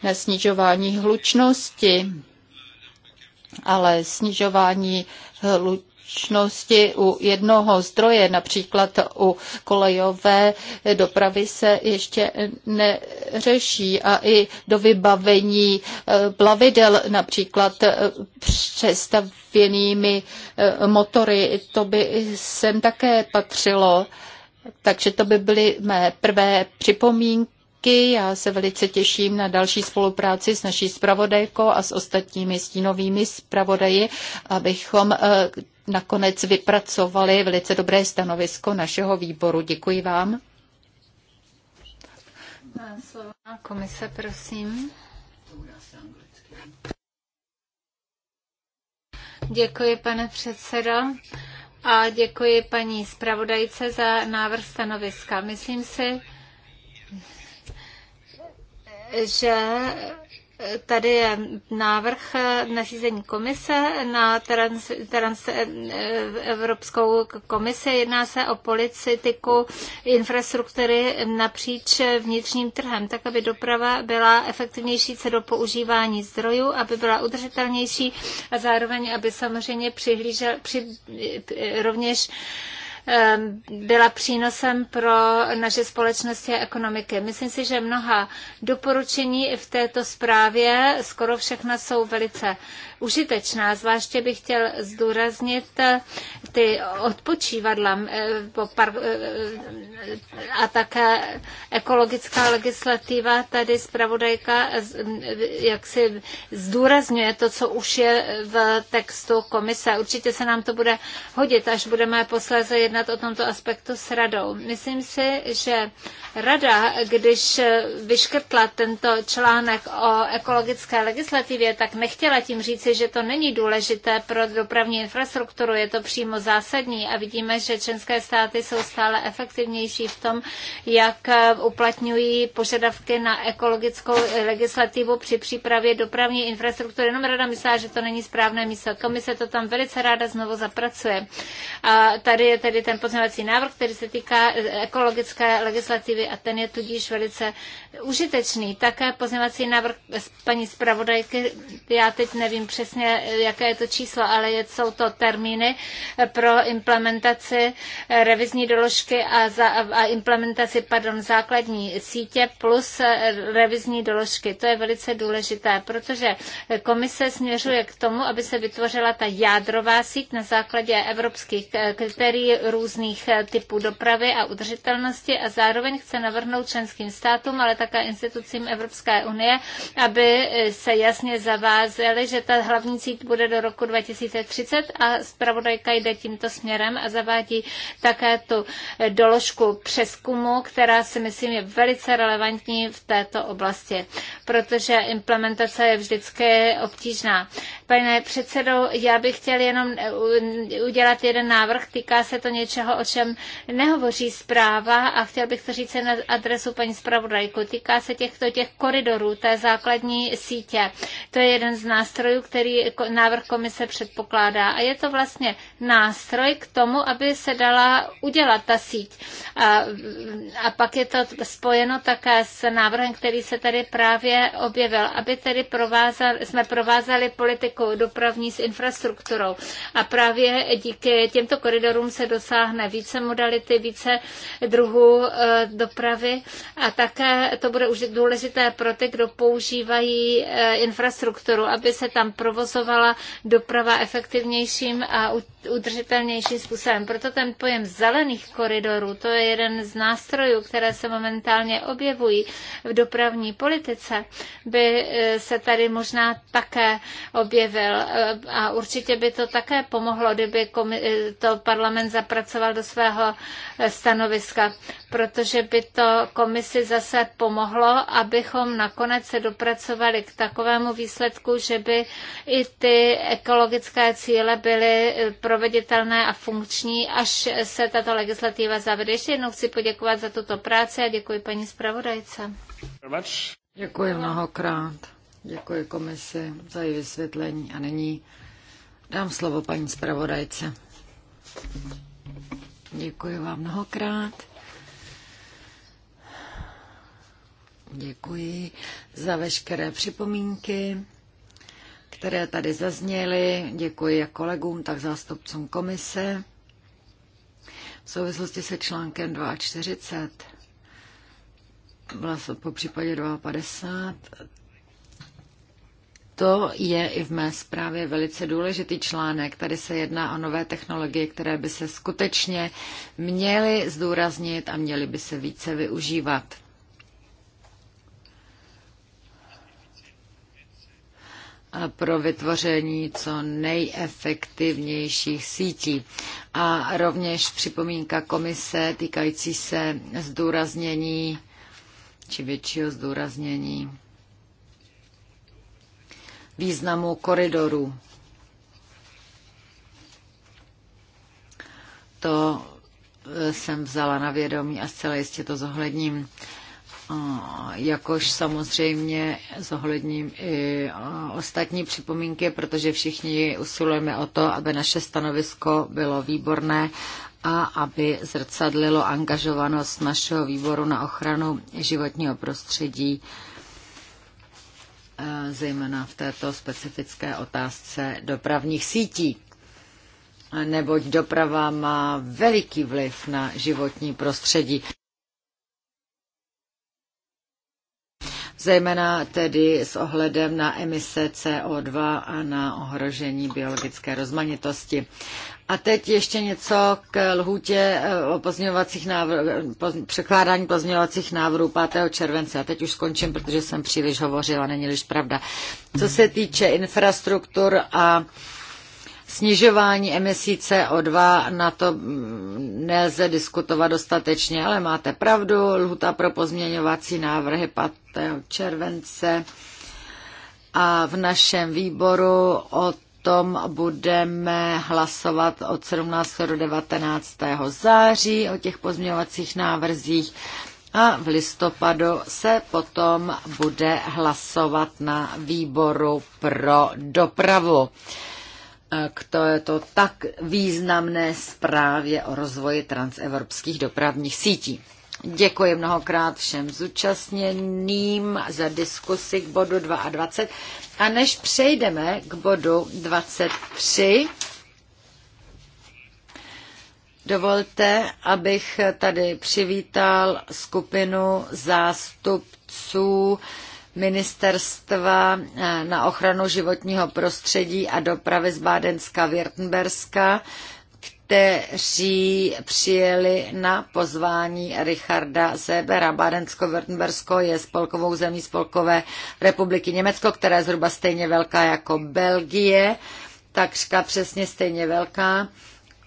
S3: na snižování hlučnosti. Ale snižování hlučnosti bezpečnosti u jednoho zdroje, například u kolejové dopravy se ještě neřeší a i do vybavení eh, plavidel například eh, přestavěnými eh, motory, to by sem také patřilo. Takže to by byly mé prvé připomínky Já se velice těším na další spolupráci s naší zpravodajkou a s ostatními stínovými zpravodaji, abychom nakonec vypracovali velice dobré stanovisko našeho výboru. Děkuji vám.
S1: Slovo komise, prosím. Děkuji, pane předsedo. A děkuji paní zpravodajce za návrh stanoviska. Myslím si, že Tady je návrh nařízení komise na trans, trans, eh, Evropskou komisi. Jedná se o politiku infrastruktury napříč vnitřním trhem, tak aby doprava byla efektivnější co do používání zdrojů, aby byla udržitelnější a zároveň, aby samozřejmě přihlížel, při, eh, rovněž byla přínosem pro naše společnosti a ekonomiky. Myslím si, že mnoha doporučení i v této zprávě, skoro všechna jsou velice užitečná. Zvláště bych chtěl zdůraznit eh, ty odpočívadla eh, eh, a také ekologická legislativa. Tady zpravodajka jak si zdůrazňuje to, co už je v textu komise. Určitě se nám to bude hodit, až budeme posléze jednat o tomto aspektu s radou. Myslím si, že rada, když vyškrtla tento článek o ekologické legislativě, tak nechtěla tím říci, že to není důležité pro dopravní infrastrukturu, je to přímo zásadní a vidíme, že členské státy jsou stále efektivnější v tom, jak eh, uplatňují požadavky na ekologickou legislativu při přípravě dopravní infrastruktury. Jenom rada myslela, že to není správné místo. Komise to tam velice ráda znovu zapracuje. A tady je tedy ten poznávací návrh, který se týká eh, ekologické legislativy a ten je tudíž velice užitečný. Také poznávací návrh paní zpravodajky, já teď nevím přesně, přesně, jaké je to číslo, ale jsou to termíny pro implementaci eh, revizní doložky a, za, a implementaci pardon, základní sítě plus eh, revizní doložky. To je velice důležité, protože komise směřuje k tomu, aby se vytvořila ta jádrová síť na základě evropských eh, kritérií různých typů dopravy a udržitelnosti a zároveň chce navrhnout členským státům, ale také institucím Evropské unie, aby se jasně zavázely, že ta hlavní cíl bude do roku 2030 a zpravodajka jde tímto směrem a zavádí také tu eh, doložku přeskumu, která si myslím je velice relevantní v této oblasti, protože implementace je vždycky obtížná. Pane předsedo, já bych chtěl jenom eh, udělat jeden návrh. Týká se to něčeho, o čem nehovoří zpráva a chtěl bych to říct na adresu paní zpravodajku. Týká se těchto těch koridorů, té základní sítě. To je jeden z nástrojů, který návrh komise předpokládá. A je to vlastně nástroj k tomu, aby se dala udělat ta síť. A, a pak je to spojeno také s návrhem, který se tady právě objevil, aby tedy provázal, jsme provázali politiku jako dopravní s infrastrukturou. A právě díky těmto koridorům se dosáhne více modality, více druhů eh, dopravy a také to bude už důležité pro ty, kdo používají eh, infrastrukturu, aby se tam provozovala doprava efektivnějším a udržitelnějším způsobem. Proto ten pojem zelených koridorů, to je jeden z nástrojů, které se momentálně objevují v dopravní politice, by e, se tady možná také objevil e, a určitě by to také pomohlo, kdyby e, to parlament zapracoval do svého stanoviska, protože by to komisi zase pomohlo, abychom nakonec se dopracovali k takovému výsledku, že by i ty ekologické cíle byly pro proveditelné a funkční, až se tato legislativa zavede. Ještě jednou chci poděkovat za tuto práci a děkuji paní zpravodajce.
S2: Děkuji mnohokrát. Děkuji komisi za její vysvětlení a nyní dám slovo paní zpravodajce. Děkuji vám mnohokrát. Děkuji za veškeré připomínky které tady zazněly. Děkuji jak kolegům, tak zástupcům komise. V souvislosti se článkem 240, vlastně po případě 250. to je i v mé zprávě velice důležitý článek. Tady se jedná o nové technologie, které by se skutečně měly zdůraznit a měly by se více využívat. pro vytvoření co nejefektivnějších sítí. A rovněž připomínka komise týkající se zdůraznění či většího zdůraznění významu koridorů. To eh, jsem vzala na vědomí a zcela jistě to zohledním jakož samozřejmě zohledním i ostatní připomínky, protože všichni usilujeme o to, aby naše stanovisko bylo výborné a aby zrcadlilo angažovanost našeho výboru na ochranu životního prostředí, e, zejména v této specifické otázce dopravních sítí neboť doprava má veliký vliv na životní prostředí. zejména tedy s ohledem na emise CO2 a na ohrožení biologické rozmanitosti. A teď ještě něco k lhůtě eh, o pozměňovacích návrhů, poz, překládání pozměňovacích návrhů 5. července. A teď už skončím, protože jsem příliš hovořila, není-liž pravda. Co se týče infrastruktur a snižování emisí CO2, na to mm, nelze diskutovat dostatečně, ale máte pravdu, lhuta pro pozměňovací návrhy července a v našem výboru o tom budeme hlasovat od 17. do 19. září o těch pozměňovacích návrzích a v listopadu se potom bude hlasovat na výboru pro dopravu. K to je to tak významné zprávě o rozvoji transevropských dopravních sítí. Děkuji mnohokrát všem zúčastněným za diskusi k bodu 22. A než přejdeme k bodu 23, dovolte, abych tady přivítal skupinu zástupců ministerstva eh, na ochranu životního prostředí a dopravy z Bádenska-Württemberska, kteří přijeli na pozvání Richarda Sebera. Bádensko-Württembersko je spolkovou zemí Spolkové republiky Německo, která je zhruba stejně velká jako Belgie, takřka přesně stejně velká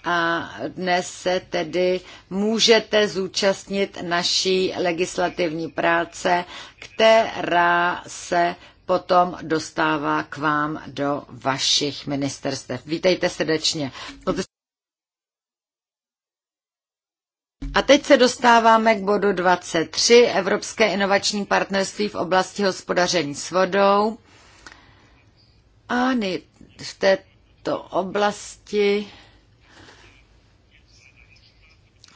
S2: a dnes se tedy můžete zúčastnit naší legislativní práce, která se potom dostává k vám do vašich ministerstev. Vítejte srdečně. A teď se dostáváme k bodu 23, Evropské inovační partnerství v oblasti hospodaření s vodou. A v této oblasti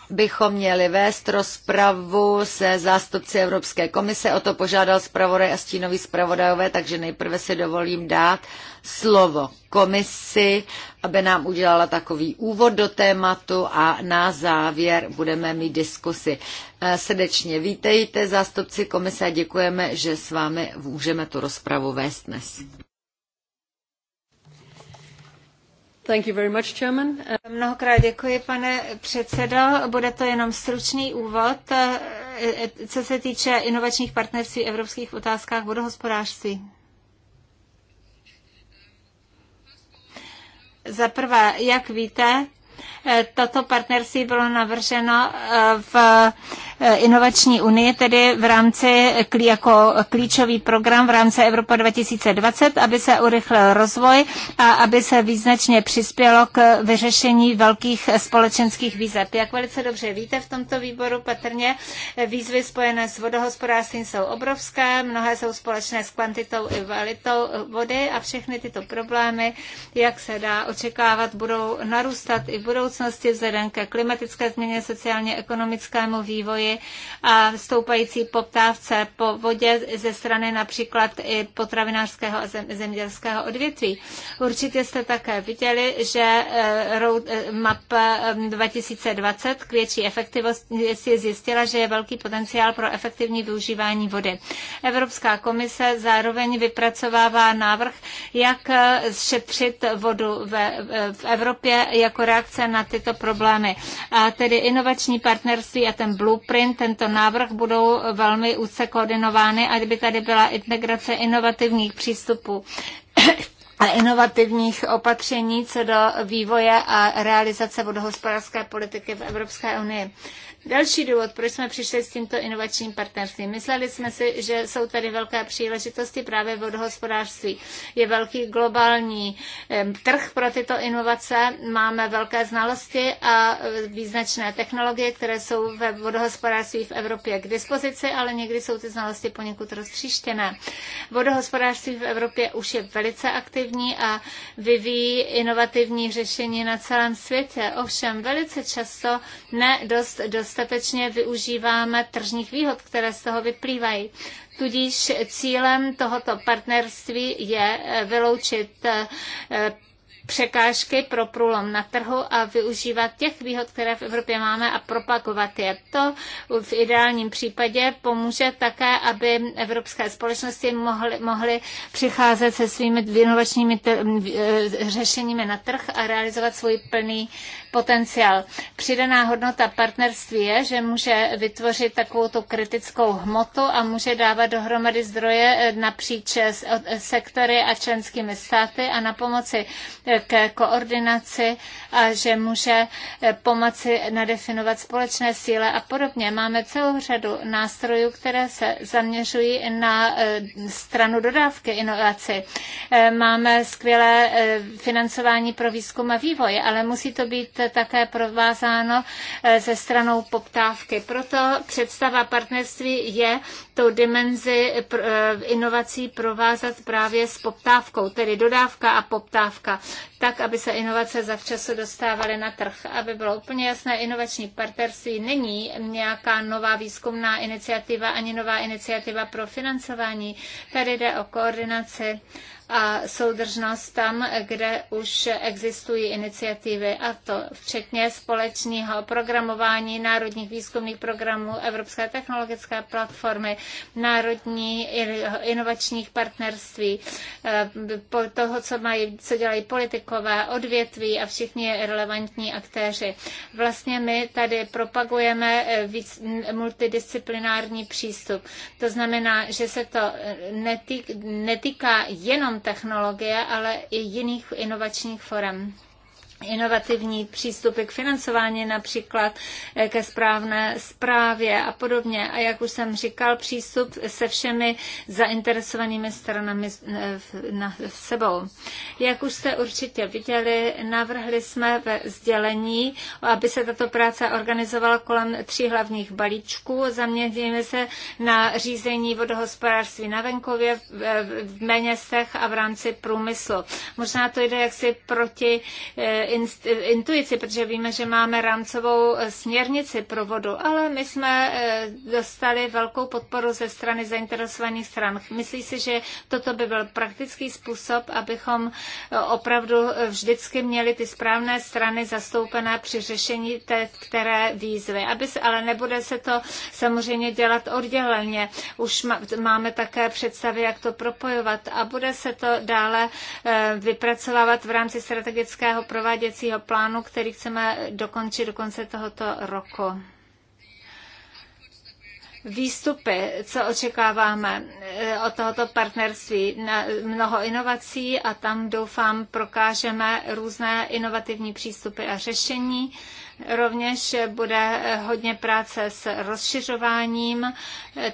S2: bychom měli vést rozpravu se zástupci Evropské komise. O to požádal zpravodaj a stínový zpravodajové, takže nejprve si dovolím dát slovo komisi, aby nám udělala takový úvod do tématu a na závěr budeme mít diskusi. Eh, srdečně vítejte, zástupci komise, a děkujeme, že s vámi můžeme tu rozpravu vést dnes.
S1: Thank you very much, Chairman. Eh, Mnohokrát děkuji, pane předsedo. Bude to jenom stručný úvod, eh, co se týče inovačních partnerství v evropských otázkách vodohospodářství. Za prvé, jak víte, Eh, toto partnerství bylo navrženo eh, v eh, Inovační unii, tedy v rámci jako klíčový program v rámci Evropa 2020, aby se urychlil rozvoj a aby se význačně přispělo k vyřešení velkých společenských výzev. Jak velice dobře víte, v tomto výboru patrně výzvy spojené s vodohospodářstvím jsou obrovské, mnohé jsou společné s kvantitou i kvalitou vody a všechny tyto problémy, jak se dá očekávat, budou narůstat i v budoucnosti vzhledem ke klimatické změně, sociálně-ekonomickému vývoji a stoupající poptávce po vodě ze strany například i potravinářského a zemědělského odvětví. Určitě jste také viděli, že eh, road eh, map 2020 eh, k větší efektivnosti zjistila, že je velký potenciál pro efektivní využívání vody. Evropská komise zároveň vypracovává návrh, jak šetřit vodu ve, v Evropě jako reakce se na tyto problémy. A tedy inovační partnerství a ten blueprint, tento návrh budou velmi úzce koordinovány, ať by tady byla integrace inovativních přístupů a inovativních opatření co do vývoje a realizace vodohospodářské politiky v Evropské unii. Další důvod, proč jsme přišli s tímto inovačním partnerstvím. Mysleli jsme si, že jsou tady velké příležitosti právě v vodohospodářství. Je velký globální trh pro tyto inovace, máme velké znalosti a e, význačné technologie, které jsou ve vodohospodářství v Evropě k dispozici, ale někdy jsou ty znalosti poněkud roztříštěné. Vodohospodářství v Evropě už je velice aktivní a vyvíjí inovativní řešení na celém světě. Ovšem velice často ne dost dost dostatečně využíváme tržních výhod, které z toho vyplývají. Tudíž cílem tohoto partnerství je eh, vyloučit eh, překážky pro průlom na trhu a využívat těch výhod, které v Evropě máme a propagovat je. To v ideálním případě pomůže také, aby evropské společnosti mohly, mohly přicházet se svými inovačními eh, řešeními na trh a realizovat svůj plný potenciál. Přidaná hodnota partnerství je, že může vytvořit takovou tu kritickou hmotu a může dávat dohromady zdroje eh, napříč eh, eh, sektory a členskými státy a na pomoci k koordinaci a že může pomoci nadefinovat společné síle a podobně. Máme celou řadu nástrojů, které se zaměřují na stranu dodávky inovaci. Máme skvělé financování pro výzkum a vývoj, ale musí to být také provázáno se eh, stranou poptávky. Proto představa partnerství je tou dimenzi eh, inovací provázat právě s poptávkou, tedy dodávka a poptávka, tak, aby se inovace zavčasu dostávaly na trh. Aby bylo úplně jasné, inovační partnerství není nějaká nová výzkumná iniciativa ani nová iniciativa pro financování. Tady jde o koordinaci a soudržnost tam, kde už existují iniciativy, a to včetně společného programování národních výzkumných programů Evropské technologické platformy, národní inovačních partnerství, eh, toho, co, mají, co dělají politikové, odvětví a všichni relevantní aktéři. Vlastně my tady propagujeme eh, víc, multidisciplinární přístup. To znamená, že se to eh, netýká jenom technologie, ale i jiných inovačních forem inovativní přístupy k financování, například eh, ke správné zprávě a podobně. A jak už jsem říkal, přístup se všemi zainteresovanými stranami eh, na sebou. Jak už jste určitě viděli, navrhli jsme ve sdělení, aby se tato práce organizovala kolem tří hlavních balíčků. Zaměříme se na řízení vodohospodářství na venkově, v eh, městech a v rámci průmyslu. Možná to jde jaksi proti intuici, protože víme, že máme rámcovou eh, směrnici pro vodu, ale my jsme eh, dostali velkou podporu ze strany zainteresovaných stran. Myslí si, že toto by byl praktický způsob, abychom eh, opravdu vždycky měli ty správné strany zastoupené při řešení té, které výzvy. Aby se, ale nebude se to samozřejmě dělat odděleně. Už máme také představy, jak to propojovat a bude se to dále vypracovávat v rámci strategického provádění prováděcího plánu, který chceme dokončit do konce tohoto roku výstupy, co očekáváme eh, od tohoto partnerství. Mnoho inovací a tam doufám prokážeme různé inovativní přístupy a řešení Rovněž bude hodně práce s rozšiřováním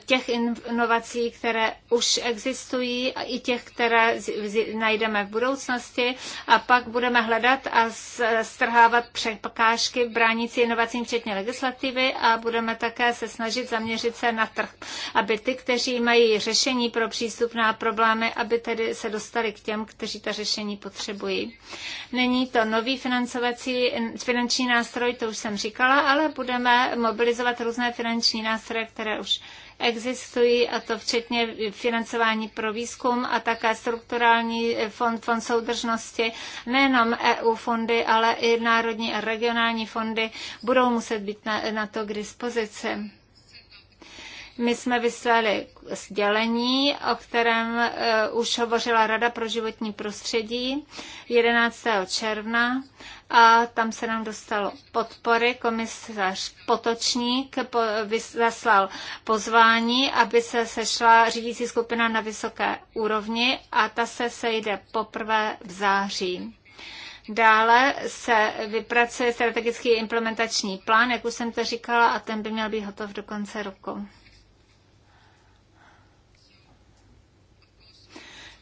S1: těch inovací, které už existují a i těch, které najdeme v budoucnosti a pak budeme hledat a strhávat překážky bránící inovacím, včetně legislativy a budeme také se snažit zaměřit se na trh, aby ty, kteří mají řešení pro přístupná problémy, aby tedy se dostali k těm, kteří ta řešení potřebují. Není to nový financovací, finanční nástroj, to už jsem říkala, ale budeme mobilizovat různé finanční nástroje, které už existují, a to včetně financování pro výzkum a také strukturální eh, fond, fond soudržnosti. Nejenom EU fondy, ale i národní a regionální fondy budou muset být na, na to k dispozici. My jsme vyslali sdělení, o kterém eh, už hovořila Rada pro životní prostředí 11. června a tam se nám dostalo podpory. Komisař Potočník zaslal pozvání, aby se sešla řídící skupina na vysoké úrovni a ta se sejde poprvé v září. Dále se vypracuje strategický implementační plán, jak už jsem to říkala, a ten by měl být hotov do konce roku.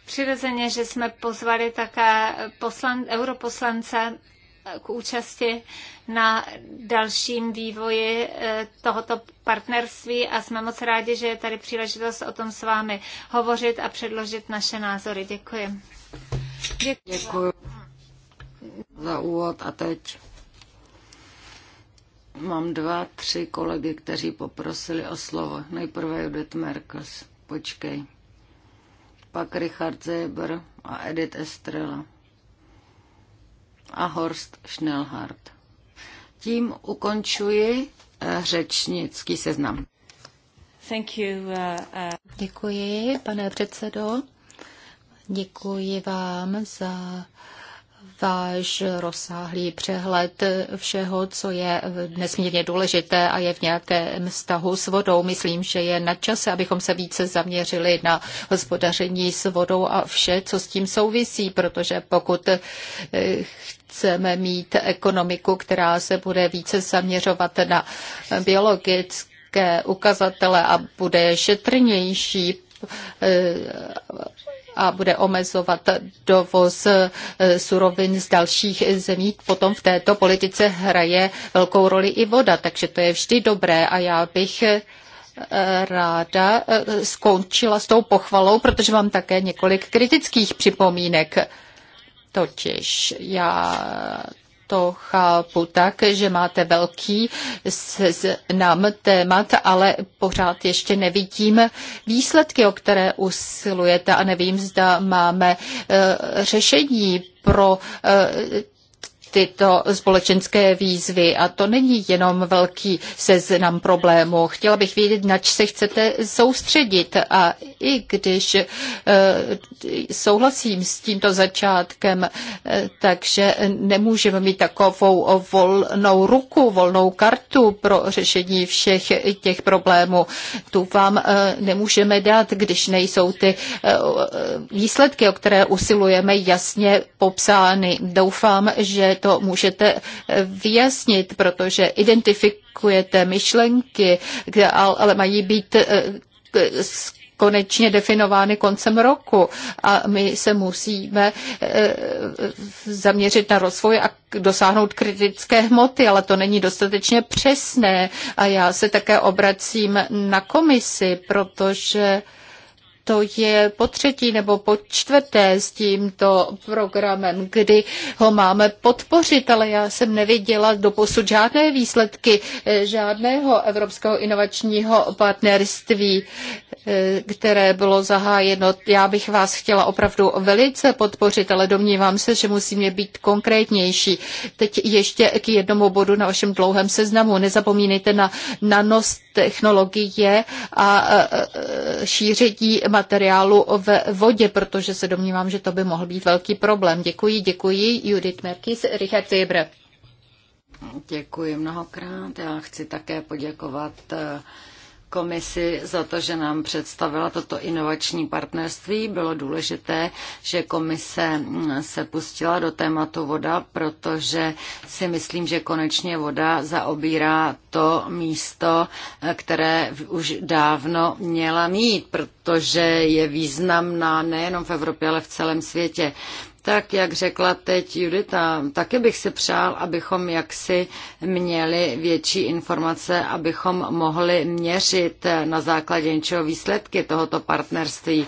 S1: Přirozeně, že jsme pozvali také poslan, europoslance k účasti na dalším vývoji eh, tohoto partnerství a jsme moc rádi, že je tady příležitost o tom s vámi hovořit a předložit naše názory. Děkuji. Děkuji, Děkuji
S2: za úvod a teď mám dva, tři kolegy, kteří poprosili o slovo. Nejprve Judith Merkels. Počkej pak Richard Zeber a Edith Estrela a Horst Schnellhardt. Tím ukončuji eh, řečnický seznam.
S3: Thank you, uh, uh... Děkuji, pane předsedo. Děkuji vám za stáž, rozsáhlý přehled všeho, co je nesmírně důležité a je v nějakém vztahu s vodou. Myslím, že je na čase, abychom se více zaměřili na hospodaření s vodou a vše, co s tím souvisí, protože pokud eh, chceme mít ekonomiku, která se bude více zaměřovat na biologické ukazatele a bude šetrnější, eh, a bude omezovat dovoz eh, surovin z dalších zemí, potom v této politice hraje velkou roli i voda, takže to je vždy dobré a já bych eh, ráda eh, skončila s tou pochvalou, protože mám také několik kritických připomínek. Totiž já to chápu tak, že máte velký seznam témat, ale pořád ještě nevidím výsledky, o které usilujete a nevím, zda máme eh, řešení pro eh, tyto společenské výzvy. A to není jenom velký seznam problémů. Chtěla bych vědět, nač se chcete soustředit. A i když eh, souhlasím s tímto začátkem, eh, takže nemůžeme mít takovou volnou ruku, volnou kartu pro řešení všech těch problémů. Tu vám eh, nemůžeme dát, když nejsou ty výsledky, o které usilujeme, jasně popsány. Doufám, že to můžete eh, vyjasnit, protože identifikujete myšlenky, ale mají být eh, konečně definovány koncem roku a my se musíme eh, zaměřit na rozvoj a dosáhnout kritické hmoty, ale to není dostatečně přesné a já se také obracím na komisi, protože to je po třetí nebo po čtvrté s tímto programem, kdy ho máme podpořit, ale já jsem neviděla doposud žádné výsledky eh, žádného evropského inovačního partnerství, eh, které bylo zahájeno. Já bych vás chtěla opravdu velice podpořit, ale domnívám se, že musíme být konkrétnější. Teď ještě k jednomu bodu na vašem dlouhém seznamu. Nezapomínejte na nanost technologie a šíření materiálu ve vodě, protože se domnívám, že to by mohl být velký problém. Děkuji, děkuji. Judith Merkis, Richard Weber.
S2: Děkuji mnohokrát. Já chci také poděkovat eh, komisi za to, že nám představila toto inovační partnerství. Bylo důležité, že komise mm, se pustila do tématu voda, protože si myslím, že konečně voda zaobírá to místo, které už dávno měla mít, protože je významná nejenom v Evropě, ale v celém světě. Tak, jak řekla teď Judita, taky bych si přál, abychom jaksi měli větší informace, abychom mohli měřit na základě něčeho výsledky tohoto partnerství.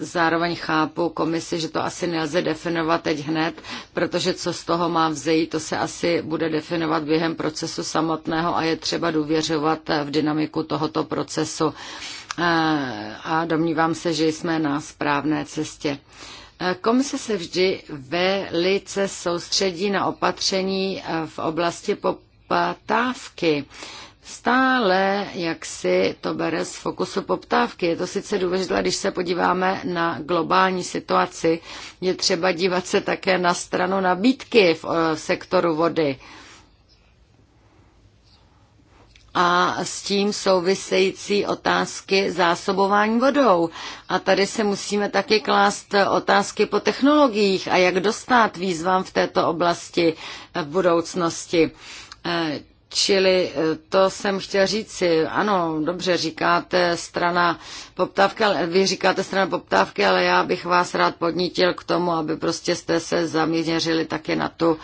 S2: Zároveň chápu komisi, že to asi nelze definovat teď hned, protože co z toho má vzejít, to se asi bude definovat během procesu samotného a je třeba důvěřovat v dynamiku tohoto procesu. A domnívám se, že jsme na správné cestě. Komise se vždy velice soustředí na opatření eh, v oblasti poptávky. Stále, jak si to bere z fokusu poptávky. Je to sice důležité, když se podíváme na globální situaci, je třeba dívat se také na stranu nabídky v eh, sektoru vody a s tím související otázky zásobování vodou. A tady se musíme taky klást otázky po technologiích a jak dostat výzvám v této oblasti v budoucnosti. Eh, čili eh, to jsem chtěl říci. Ano, dobře, říkáte strana poptávky, ale vy říkáte strana poptávky, ale já bych vás rád podnítil k tomu, aby prostě jste se zaměřili také na tu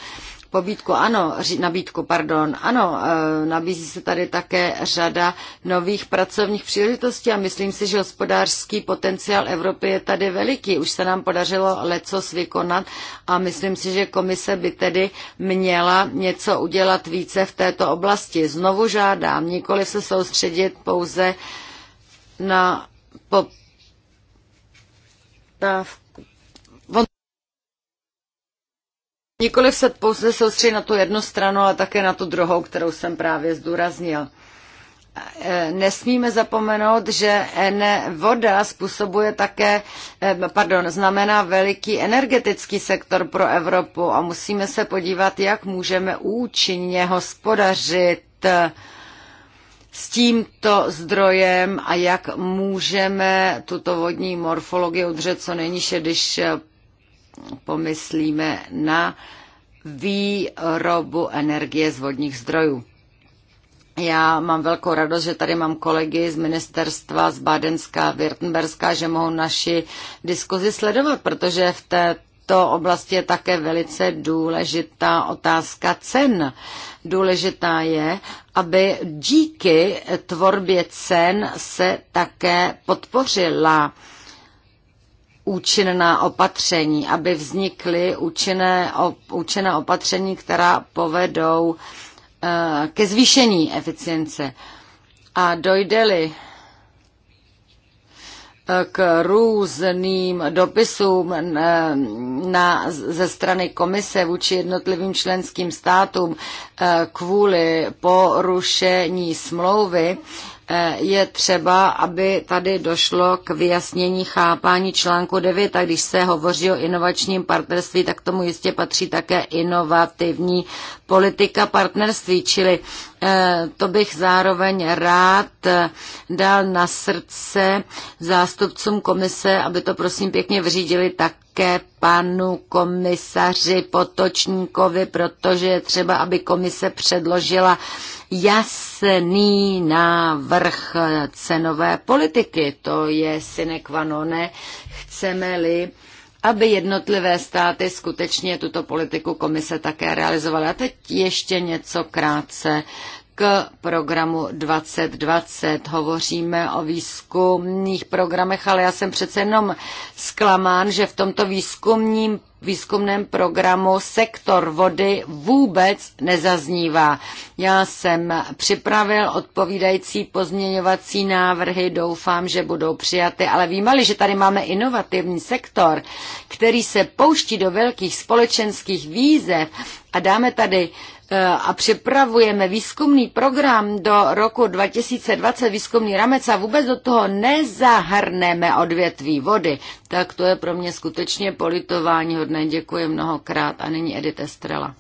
S2: pobídku, ano, nabídku, pardon, ano, e, nabízí se tady také řada nových pracovních příležitostí a myslím si, že hospodářský potenciál Evropy je tady veliký. Už se nám podařilo lecos vykonat a myslím si, že komise by tedy měla něco udělat více v této oblasti. Znovu žádám, nikoli se soustředit pouze na poptávku Nikoliv se pouze soustředit na tu jednu stranu, ale také na tu druhou, kterou jsem právě zdůraznil. E, nesmíme zapomenout, že voda způsobuje také, e, pardon, znamená veliký energetický sektor pro Evropu a musíme se podívat, jak můžeme účinně hospodařit s tímto zdrojem a jak můžeme tuto vodní morfologii udržet co nejníže, když pomyslíme na výrobu energie z vodních zdrojů. Já mám velkou radost, že tady mám kolegy z ministerstva z Bádenská, Wirtenberska, že mohou naši diskuzi sledovat, protože v této oblasti je také velice důležitá otázka cen. Důležitá je, aby díky tvorbě cen se také podpořila uh, účinná opatření, aby vznikly účinné, účinná opatření, která povedou eh, ke zvýšení eficience. A dojde-li eh, k různým dopisům na, eh, na, ze strany komise vůči jednotlivým členským státům kvůli porušení smlouvy, Eh, je třeba, aby tady došlo k vyjasnění chápání článku 9 a když se hovoří o inovačním partnerství, tak tomu jistě patří také inovativní politika partnerství, čili eh, to bych zároveň rád eh, dal na srdce zástupcům komise, aby to prosím pěkně vyřídili také panu komisaři Potočníkovi, protože je třeba, aby komise předložila jasný návrh cenové politiky. To je sine qua non, chceme-li aby jednotlivé státy skutečně tuto politiku komise také realizovaly. A teď ještě něco krátce k programu 2020. Hovoříme o výzkumných programech, ale já jsem přece jenom zklamán, že v tomto výzkumním výzkumném programu sektor vody vůbec nezaznívá. Já jsem připravil odpovídající pozměňovací návrhy, doufám, že budou přijaty, ale víme že tady máme inovativní sektor, který se pouští do velkých společenských výzev a dáme tady Eh, a připravujeme výzkumný program do roku 2020, výzkumný ramec a vůbec do toho nezahrneme odvětví vody, tak to je pro mě skutečně politování hodné. Děkuji mnohokrát a nyní Edith Estrela.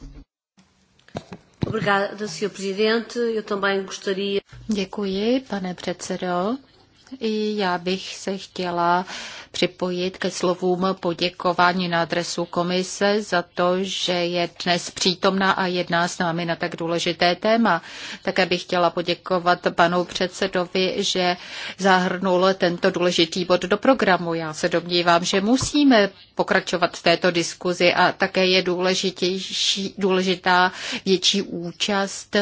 S3: Děkuji, pane předsedo. I já bych se chtěla připojit ke slovům poděkování na adresu komise za to, že je dnes přítomná a jedná s námi na tak důležité téma. Také bych chtěla poděkovat panu předsedovi, že zahrnul tento důležitý bod do programu. Já se domnívám, že musíme pokračovat v této diskuzi a také je důležitější, důležitá větší účast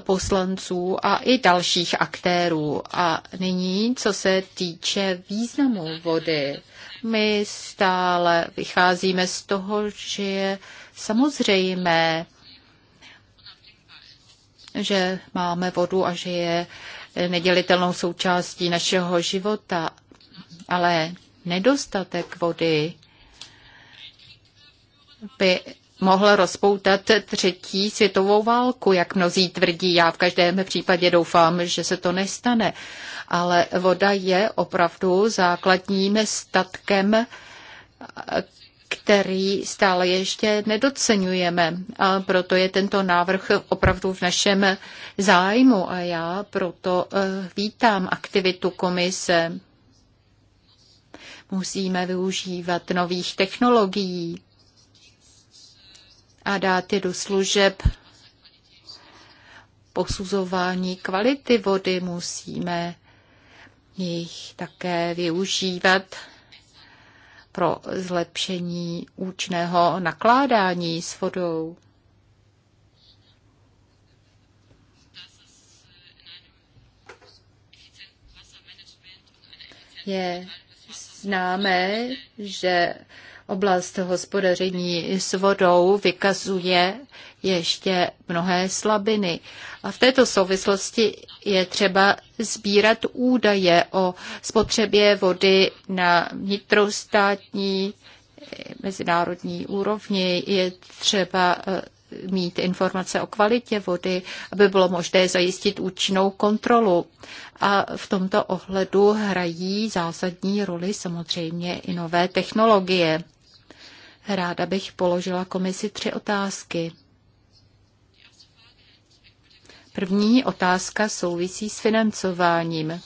S3: poslanců a i dalších aktérů. A nyní, co se týče významu vody, tedy My stále vycházíme z toho, že je samozřejmé, že máme vodu a že je nedělitelnou součástí našeho života, ale nedostatek vody by mohl rozpoutat třetí světovou válku, jak mnozí tvrdí. Já v každém případě doufám, že se to nestane ale voda je opravdu základním statkem, který stále ještě nedocenujeme. A proto je tento návrh opravdu v našem zájmu a já proto eh, vítám aktivitu komise. Musíme využívat nových technologií a dát je do služeb posuzování kvality vody musíme jich také využívat pro zlepšení účného nakládání s vodou. Je známé, že oblast hospodaření s vodou vykazuje ještě mnohé slabiny. A v této souvislosti je třeba sbírat údaje o spotřebě vody na vnitrostátní eh, mezinárodní úrovni. Je třeba eh, mít informace o kvalitě vody, aby bylo možné zajistit účinnou kontrolu. A v tomto ohledu hrají zásadní roli samozřejmě i nové technologie. Ráda bych položila komisi tři otázky. První otázka souvisí s financováním.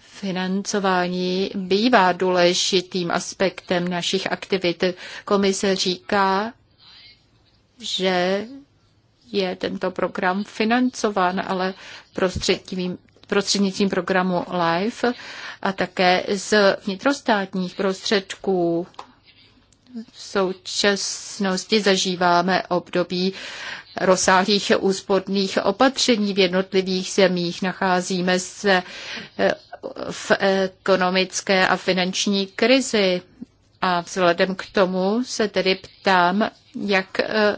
S3: Financování bývá důležitým aspektem našich aktivit. Komise říká, že je tento program financován, ale prostřednictvím, prostřednictvím programu LIFE a také z vnitrostátních prostředků v současnosti zažíváme období rozsáhlých úsporných opatření v jednotlivých zemích. Nacházíme se eh, v ekonomické a finanční krizi. A vzhledem k tomu se tedy ptám, jak eh,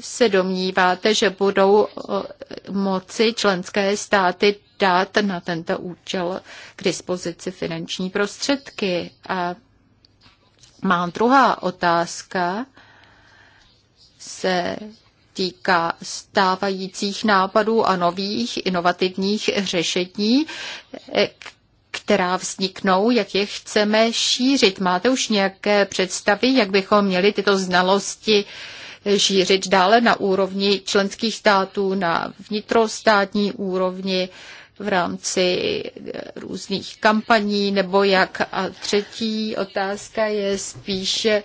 S3: se domníváte, že budou eh, moci členské státy dát na tento účel k dispozici finanční prostředky. A má druhá otázka se týká stávajících nápadů a nových inovativních řešení, e, která vzniknou, jak je chceme šířit. Máte už nějaké představy, jak bychom měli tyto znalosti šířit dále na úrovni členských států, na vnitrostátní úrovni, v rámci eh, různých kampaní nebo jak. A třetí otázka je spíše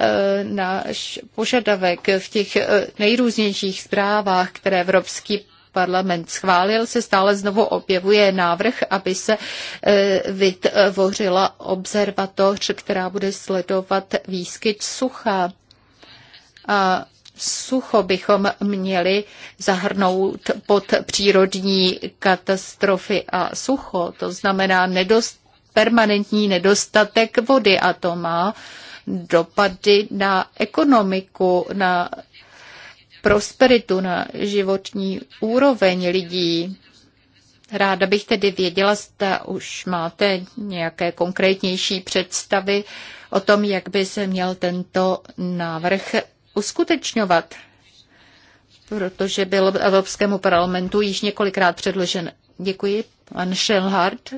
S3: eh, náš požadavek v těch eh, nejrůznějších zprávách, které Evropský parlament schválil, se stále znovu objevuje návrh, aby se vytvořila observatoř, která bude sledovat výskyt sucha. A sucho bychom měli zahrnout pod přírodní katastrofy a sucho. To znamená nedost, permanentní nedostatek vody a to má dopady na ekonomiku, na prosperitu, na životní úroveň lidí. Ráda bych tedy věděla, zda už máte nějaké konkrétnější představy o tom, jak by se měl tento návrh uskutečňovat, protože byl Evropskému parlamentu již několikrát předložen. Děkuji, pan Schellhardt.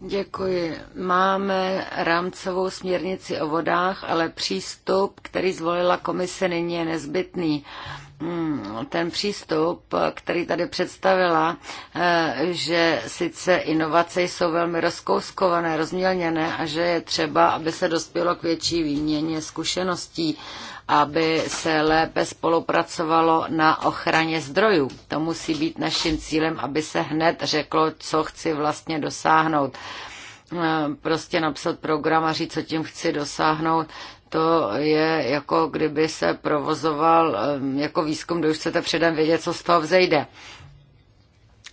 S2: Děkuji. Máme rámcovou směrnici o vodách, ale přístup, který zvolila komise, není nezbytný. Hmm, ten přístup, který tady představila, eh, že sice inovace jsou velmi rozkouskované, rozmělněné a že je třeba, aby se dospělo k větší výměně zkušeností, aby se lépe spolupracovalo na ochraně zdrojů. To musí být naším cílem, aby se hned řeklo, co chci vlastně dosáhnout eh, prostě napsat program a říct, co tím chci dosáhnout, to je jako kdyby se provozoval jako výzkum, kde už chcete předem vědět, co z toho vzejde.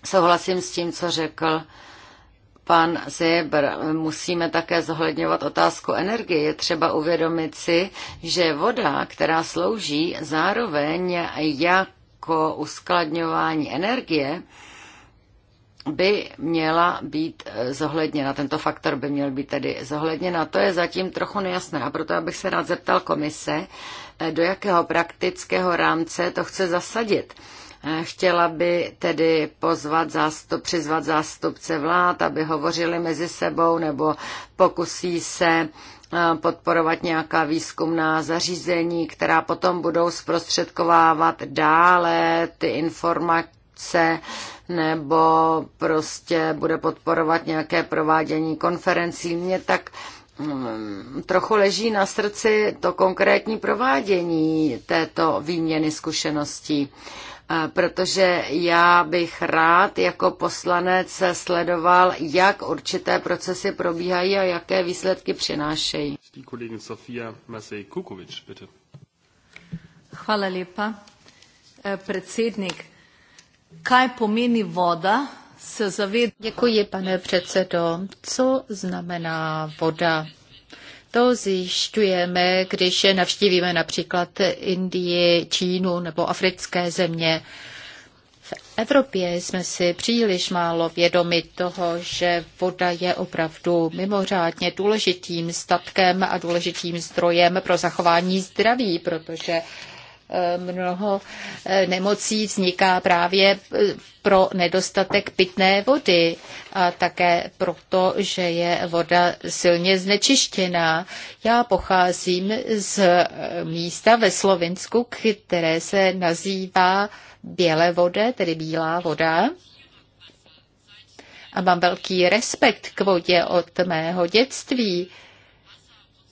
S2: Souhlasím s tím, co řekl pan Zebr. Musíme také zohledňovat otázku energie. Je třeba uvědomit si, že voda, která slouží zároveň jako uskladňování energie, by měla být eh, zohledněna. Tento faktor by měl být tedy zohledněna. To je zatím trochu nejasné a proto abych se rád zeptal komise, eh, do jakého praktického rámce to chce zasadit. Eh, chtěla by tedy pozvat zástup, přizvat zástupce vlád, aby hovořili mezi sebou nebo pokusí se podporovat nějaká výzkumná zařízení, která potom budou zprostředkovávat dále ty informace, nebo prostě bude podporovat nějaké provádění konferencí. Mně tak
S1: mm,
S2: trochu leží na srdci to konkrétní provádění této výměny zkušeností eh, protože já bych rád jako poslanec sledoval, jak určité procesy probíhají a jaké výsledky přinášejí. Kukovič, Hvala
S1: lepa,
S3: eh, predsednik kaj pomeni voda, se zaved... Děkuji, pane předsedo. Co znamená voda? To zjišťujeme, když navštívíme například Indii, Čínu nebo africké země. V Evropě jsme si příliš málo vědomi toho, že voda je opravdu mimořádně důležitým statkem a důležitým zdrojem pro zachování zdraví, protože mnoho eh, nemocí vzniká právě eh, pro nedostatek pitné vody a také proto, že je voda silně znečištěná. Já pocházím z eh, místa ve Slovinsku, které se nazývá Bělé vode, tedy Bílá voda. A mám velký respekt k vodě od mého dětství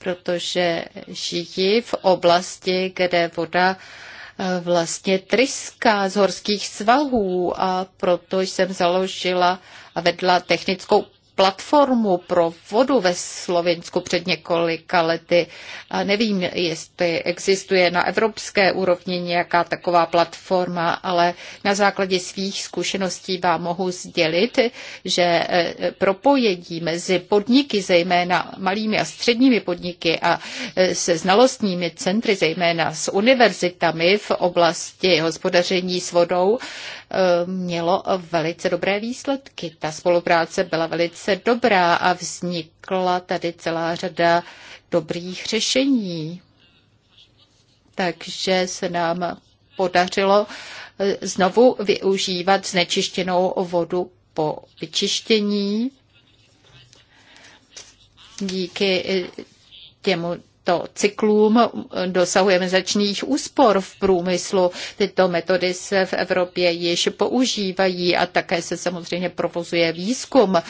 S3: protože žijí v oblasti, kde voda eh, vlastně tryská z horských svahů, a proto jsem založila a vedla technickou platformu pro vodu ve Slovinsku před několika lety. A nevím, jestli existuje na evropské úrovni nějaká taková platforma, ale na základě svých zkušeností vám mohu sdělit, že e, propojení mezi podniky, zejména malými a středními podniky a e, se znalostními centry, zejména s univerzitami v oblasti hospodaření s vodou, mělo velice dobré výsledky. Ta spolupráce byla velice dobrá a vznikla tady celá řada dobrých řešení. Takže se nám podařilo eh, znovu využívat znečištěnou vodu po vyčištění díky eh, těmu těmto cyklům dosahujeme začných úspor v průmyslu. Tyto metody se v Evropě již používají a také se samozřejmě provozuje výzkum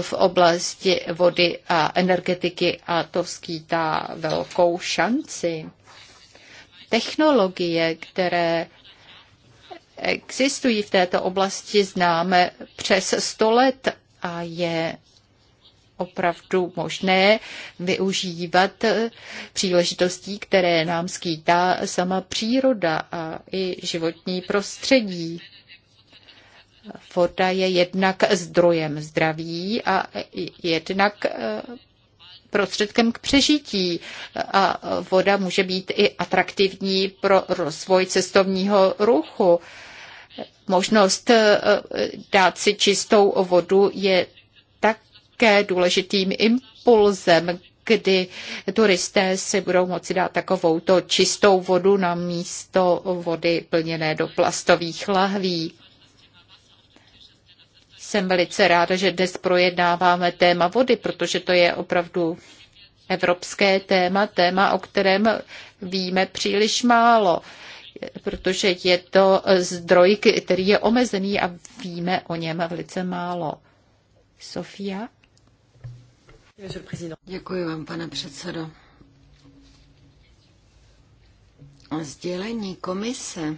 S3: v oblasti vody a energetiky a to skýtá velkou šanci. Technologie, které existují v této oblasti, známe přes 100 let a je opravdu možné využívat eh, příležitostí, které nám skýtá sama příroda a i životní prostředí. Voda je jednak zdrojem zdraví a jednak eh, prostředkem k přežití. A voda může být i atraktivní pro rozvoj cestovního ruchu. Možnost eh, dát si čistou vodu je také důležitým impulzem, kdy turisté si budou moci dát takovouto čistou vodu na místo vody plněné do plastových lahví. Jsem velice ráda, že dnes projednáváme téma vody, protože to je opravdu evropské téma, téma, o kterém víme příliš málo, protože je to zdroj, který je omezený a víme o něm velice málo. Sofia?
S2: Děkuji vám, pane předsedo. Sdělení komise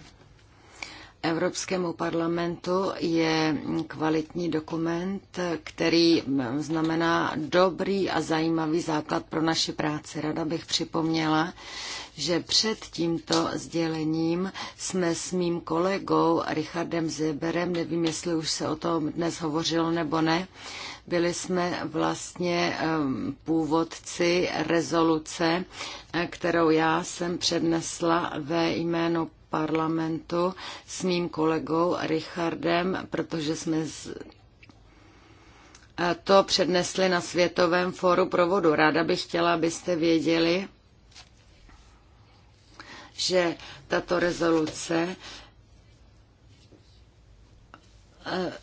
S2: Evropskému parlamentu je kvalitní dokument, který znamená dobrý a zajímavý základ pro naši práci. Rada bych připomněla, že před tímto sdělením jsme s mým kolegou Richardem Zeberem, nevím, jestli už se o tom dnes hovořilo nebo ne, byli jsme vlastně původci rezoluce, eh, kterou já jsem přednesla ve jménu parlamentu s mým kolegou Richardem, protože jsme z... Eh, to přednesli na Světovém fóru provodu. Ráda bych chtěla, abyste věděli, že tato rezoluce eh,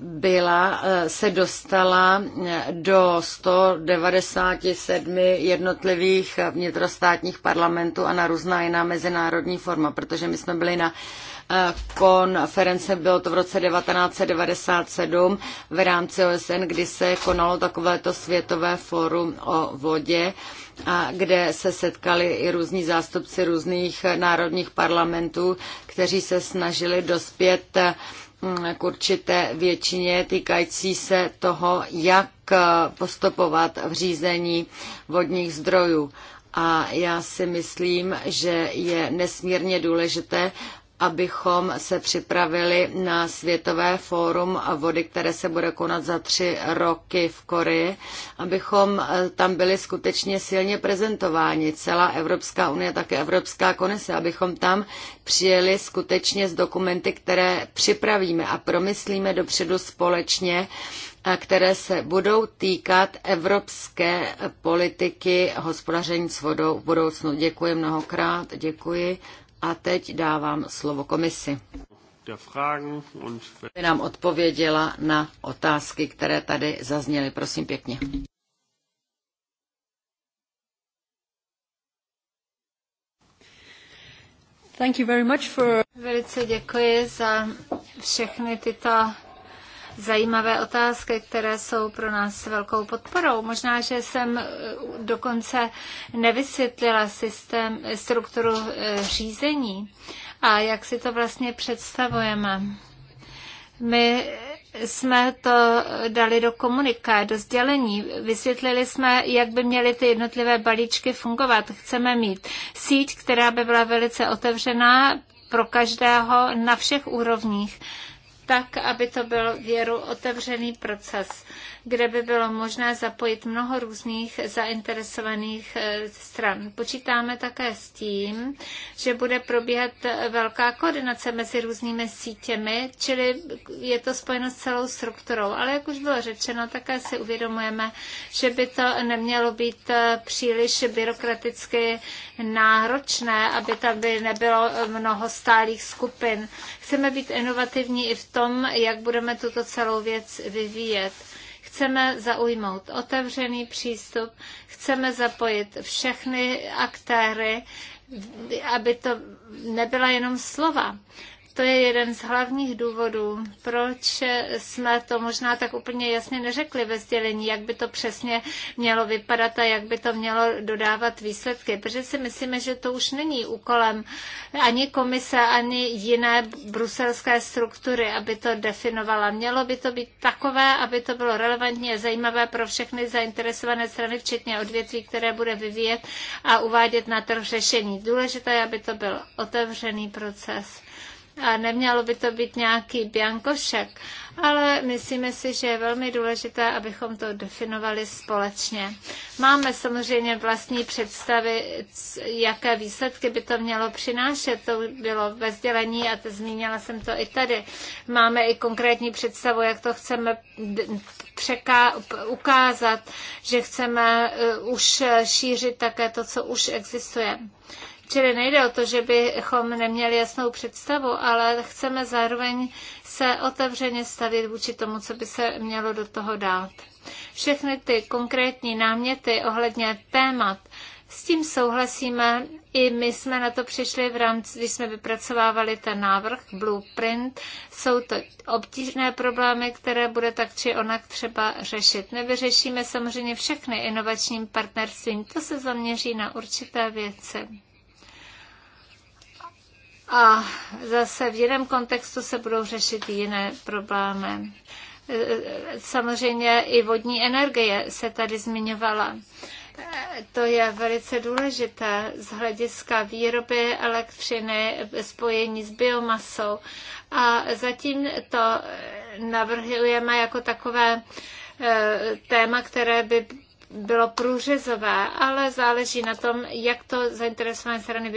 S2: byla, eh, se dostala eh, do 197 jednotlivých eh, vnitrostátních parlamentů a na různá jiná mezinárodní forma, protože my jsme byli na konference, bylo to v roce 1997 v rámci OSN, kdy se konalo takovéto světové fórum o vodě, a kde se setkali i různí zástupci různých národních parlamentů, kteří se snažili dospět k určité většině týkající se toho, jak eh, postupovat v řízení vodních zdrojů. A já si myslím, že je nesmírně důležité, abychom se připravili na světové fórum vody, které se bude konat za tři roky v Koreji, abychom eh, tam byli skutečně silně prezentováni, celá Evropská unie, také Evropská komise, abychom tam přijeli skutečně s dokumenty, které připravíme a promyslíme dopředu společně, a které se budou týkat evropské politiky hospodaření s vodou v budoucnu. Děkuji mnohokrát, děkuji a teď dávám slovo komisi. Aby nám odpověděla na otázky, které tady zazněly. Prosím pěkně.
S1: Thank you very much for... Velice děkuji za všechny tyto zajímavé otázky, které jsou pro nás velkou podporou. Možná, že jsem eh, dokonce nevysvětlila systém, strukturu eh, řízení a jak si to vlastně představujeme. My jsme to dali do komunika, do sdělení. Vysvětlili jsme, jak by měly ty jednotlivé balíčky fungovat. Chceme mít síť, která by byla velice otevřená pro každého na všech úrovních tak, aby to byl věru otevřený proces, kde by bylo možné zapojit mnoho různých zainteresovaných eh, stran. Počítáme také s tím, že bude probíhat velká koordinace mezi různými sítěmi, čili je to spojeno s celou strukturou. Ale jak už bylo řečeno, také si uvědomujeme, že by to nemělo být eh, příliš byrokraticky náročné, aby tam by nebylo mnoho stálých skupin. Chceme být inovativní i v tom, jak budeme tuto celou věc vyvíjet. Chceme zaujmout otevřený přístup, chceme zapojit všechny aktéry, aby to nebyla jenom slova to je jeden z hlavních důvodů, proč jsme to možná tak úplně jasně neřekli ve sdělení, jak by to přesně mělo vypadat a jak by to mělo dodávat výsledky. Protože si myslíme, že to už není úkolem ani komise, ani jiné bruselské struktury, aby to definovala. Mělo by to být takové, aby to bylo relevantní a zajímavé pro všechny zainteresované strany, včetně odvětví, které bude vyvíjet a uvádět na trh řešení. Důležité je, aby to byl otevřený proces a nemělo by to být nějaký biankošek, ale myslíme si, že je velmi důležité, abychom to definovali společně. Máme samozřejmě vlastní představy, jaké výsledky by to mělo přinášet. To bylo ve sdělení a to zmínila jsem to i tady. Máme i konkrétní představu, jak to chceme překá- ukázat, že chceme uh, už šířit také to, co už existuje. Čili nejde o to, že bychom neměli jasnou představu, ale chceme zároveň se otevřeně stavit vůči tomu, co by se mělo do toho dát. Všechny ty konkrétní náměty ohledně témat, s tím souhlasíme. I my jsme na to přišli v rámci, když jsme vypracovávali ten návrh, blueprint. Jsou to obtížné problémy, které bude tak či onak třeba řešit. Nevyřešíme samozřejmě všechny inovačním partnerstvím. To se zaměří na určité věci. A zase v jiném kontextu se budou řešit jiné problémy. E, e, samozřejmě i vodní energie se tady zmiňovala. E, to je velice důležité z hlediska výroby elektřiny, spojení s biomasou. A zatím to navrhujeme jako takové téma, které by bylo průřezové, ale záleží na tom, jak to zainteresované strany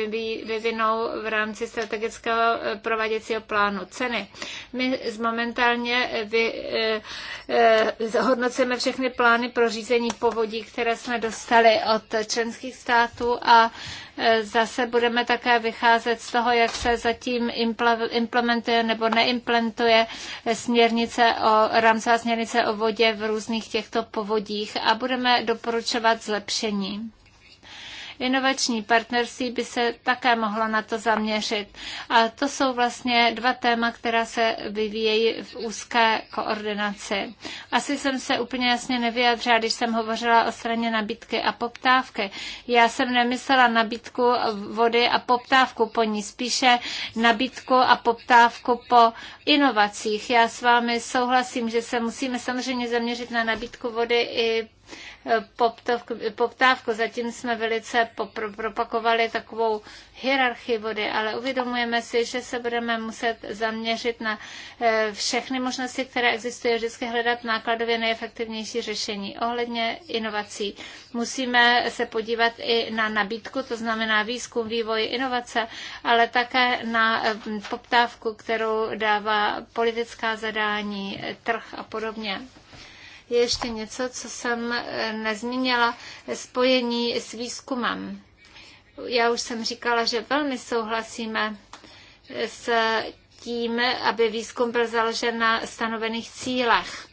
S1: vyvinou v rámci strategického eh, prováděcího plánu. Ceny. My momentálně eh, vy, eh, eh, zhodnocujeme všechny plány pro řízení povodí, které jsme dostali od členských států a Eh, zase budeme také vycházet z toho, jak se zatím implementuje nebo neimplementuje eh, směrnice o rámcová směrnice o vodě v různých těchto povodích a budeme doporučovat zlepšení. Inovační partnerství by se také mohlo na to zaměřit. A to jsou vlastně dva téma, která se vyvíjejí v úzké koordinaci. Asi jsem se úplně jasně nevyjadřila, když jsem hovořila o straně nabídky a poptávky. Já jsem nemyslela nabídku vody a poptávku po ní, spíše nabídku a poptávku po inovacích. Já s vámi souhlasím, že se musíme samozřejmě zaměřit na nabídku vody i poptávku. Zatím jsme velice propakovali takovou hierarchii vody, ale uvědomujeme si, že se budeme muset zaměřit na eh, všechny možnosti, které existují, vždycky hledat nákladově nejefektivnější řešení. Ohledně inovací musíme se podívat i na nabídku, to znamená výzkum, vývoj, inovace, ale také na eh, poptávku, kterou dává politická zadání, eh, trh a podobně je ještě něco, co jsem eh, nezmínila, spojení s výzkumem. Já už jsem říkala, že velmi souhlasíme eh, s tím, aby výzkum byl založen na stanovených cílech.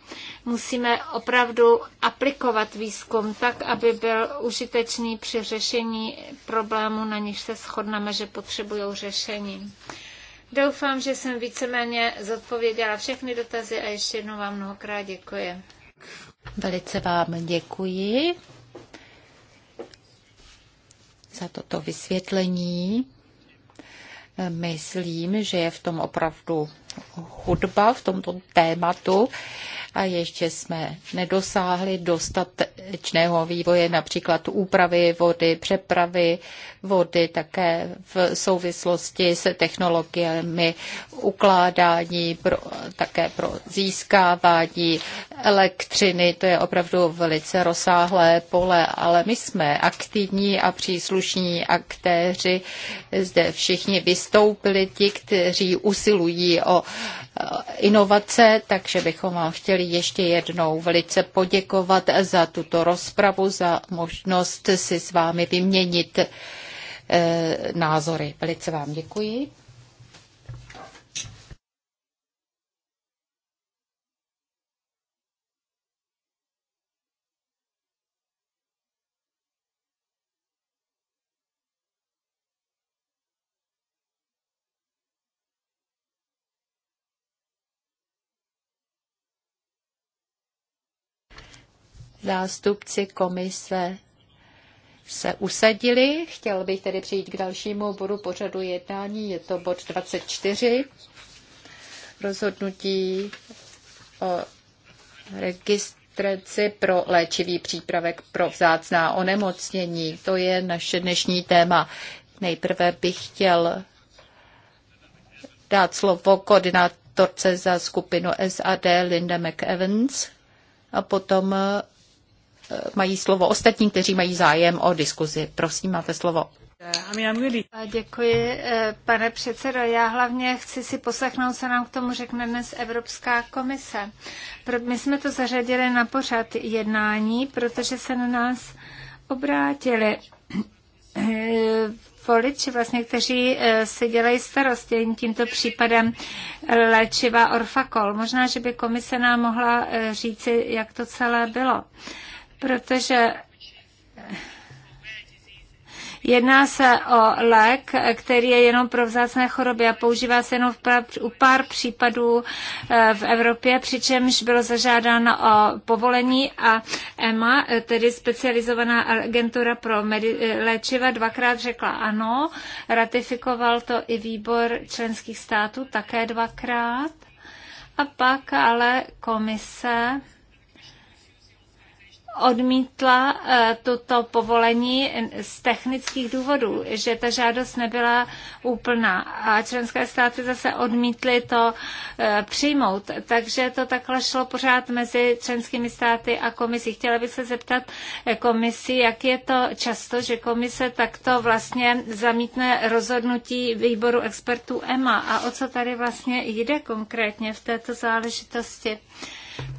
S1: Musíme opravdu aplikovat výzkum tak, aby byl užitečný při řešení problému, na něž se shodneme, že potřebují řešení. Doufám, že jsem víceméně zodpověděla všechny dotazy a ještě jednou vám mnohokrát děkuji.
S3: Velice vám děkuji za toto vysvětlení. Myslím, že je v tom opravdu hudba, v tomto tématu a ještě jsme nedosáhli dostatečného vývoje, například úpravy vody, přepravy vody, také v souvislosti se technologiemi ukládání, pro, také pro získávání elektřiny. To je opravdu velice rozsáhlé pole, ale my jsme aktivní a příslušní aktéři. Zde všichni vystoupili ti, kteří usilují o Eh, inovace, takže bychom vám chtěli ještě jednou velice poděkovat za tuto rozpravu, za možnost si s vámi vyměnit eh, názory. Velice vám děkuji. zástupci komise se usadili. Chtěl bych tedy přejít k dalšímu bodu pořadu jednání. Je to bod 24. Rozhodnutí o registraci pro léčivý přípravek pro vzácná onemocnění. To je naše dnešní téma. Nejprve bych chtěl dát slovo koordinátorce za skupinu SAD Linda McEvans a potom mají slovo ostatní, kteří mají zájem o diskuzi. Prosím, máte slovo.
S1: Děkuji, eh, pane předsedo. Já hlavně chci si poslechnout, co nám k tomu řekne dnes Evropská komise. My jsme to zařadili na pořad jednání, protože se na nás obrátili eh, voliči, vlastně, kteří eh, se dělají starosti tímto případem léčiva Orfakol. Možná, že by komise nám mohla říci, jak to celé bylo protože Jedná se o lék, který je jenom pro vzácné choroby a používá se jenom v pár, u pár případů eh, v Evropě, přičemž bylo zažádáno o povolení a EMA, eh, tedy specializovaná agentura pro eh, léčiva, dvakrát řekla ano, ratifikoval to i výbor členských států také dvakrát a pak ale komise odmítla eh, toto povolení z technických důvodů, že ta žádost nebyla úplná a členské státy zase odmítly to eh, přijmout. Takže to takhle šlo pořád mezi členskými státy a komisí. Chtěla bych se zeptat eh, komisí, jak je to často, že komise takto vlastně zamítne rozhodnutí výboru expertů EMA a o co tady vlastně jde konkrétně v této záležitosti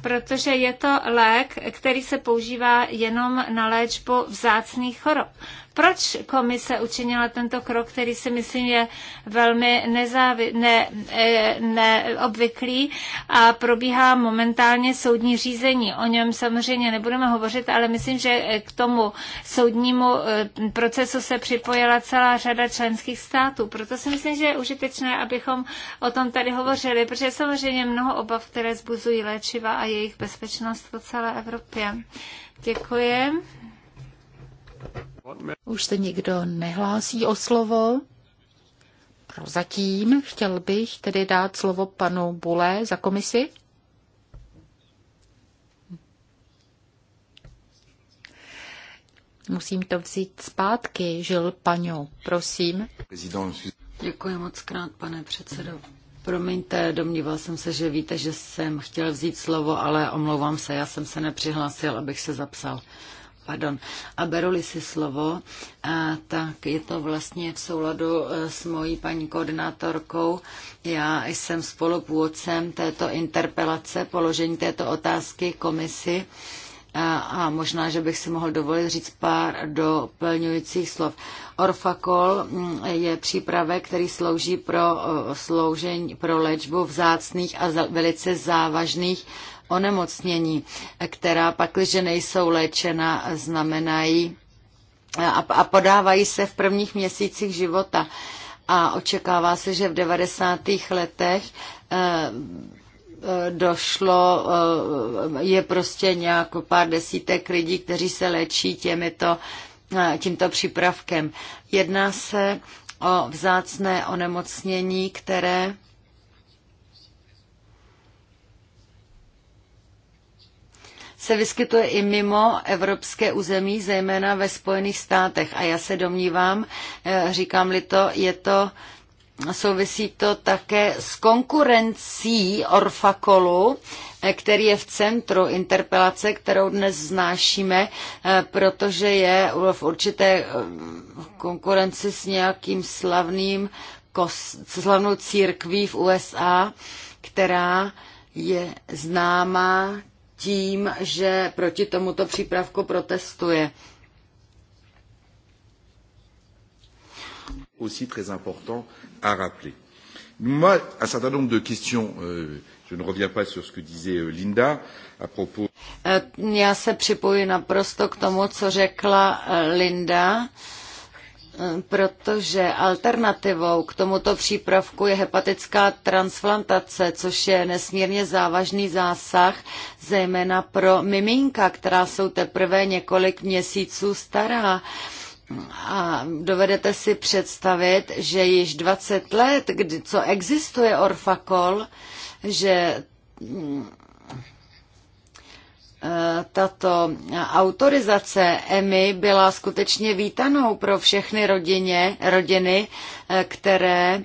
S1: protože je to lék, který se používá jenom na léčbu vzácných chorob. Proč komise učinila tento krok, který si myslím je velmi nezávi- ne, e, neobvyklý a probíhá momentálně soudní řízení. O něm samozřejmě nebudeme hovořit, ale myslím, že k tomu soudnímu e, procesu se připojila celá řada členských států. Proto si myslím, že je užitečné, abychom o tom tady hovořili, protože samozřejmě mnoho obav, které zbuzují léčiva a jejich bezpečnost po celé Evropě. Děkuji.
S3: Už se nikdo nehlásí o slovo. Prozatím chtěl bych tedy dát slovo panu Bule za komisi. Musím to vzít zpátky, žil paňo, prosím.
S2: Děkuji moc krát, pane předsedo. Promiňte, domníval jsem se, že víte, že jsem chtěl vzít slovo, ale omlouvám se, já jsem se nepřihlásil, abych se zapsal pardon, a beru si slovo, a tak je to vlastně v souladu e, s mojí paní koordinátorkou. Já jsem spolupůvodcem této interpelace, položení této otázky komisi a, a možná, že bych si mohl dovolit říct pár doplňujících slov. Orfakol je přípravek, který slouží pro, e, sloužení, pro léčbu vzácných a velice závažných onemocnění, která pakliže nejsou léčena, znamenají a podávají se v prvních měsících života. A očekává se, že v 90. letech eh, eh, došlo, eh, je prostě nějak pár desítek lidí, kteří se léčí těmito, tímto přípravkem. Jedná se o vzácné onemocnění, které se vyskytuje i mimo evropské území, zejména ve Spojených státech. A já se domnívám, eh, říkám-li to, je to Souvisí to také s konkurencí Orfakolu, eh, který je v centru interpelace, kterou dnes znášíme, eh, protože je v určité konkurenci s nějakým slavným slavnou církví v USA, která je známá tím, že proti tomuto přípravku protestuje.
S1: Aussi très important à rappeler. Moi, un certain nombre de questions, euh, je ne reviens pas sur ce que disait euh, Linda à propos.
S2: Eh, já se připojuji naprosto k tomu, co řekla eh, Linda. Euh, Protože alternativou k tomuto přípravku je hepatická transplantace, což je nesmírně závažný zásah, zejména pro miminka, která jsou teprve několik měsíců stará. A dovedete si představit, že již 20 let, kdy, co existuje Orfakol, že mm, tato autorizace EMI byla skutečně vítanou pro všechny rodině, rodiny, eh, které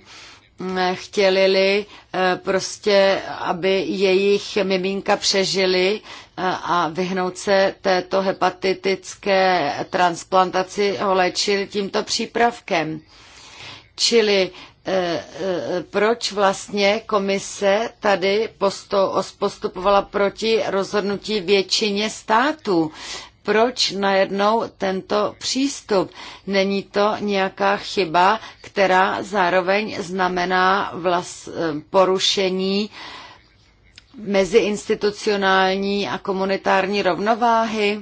S2: mm, chtěli eh, prostě, aby jejich miminka přežili eh, a vyhnout se této hepatitické transplantaci ho léčili tímto přípravkem. Čili Eh, eh, proč vlastně komise tady postupovala proti rozhodnutí většině států. Proč najednou tento přístup? Není to nějaká chyba, která zároveň znamená vlast, eh, porušení meziinstitucionální a komunitární rovnováhy?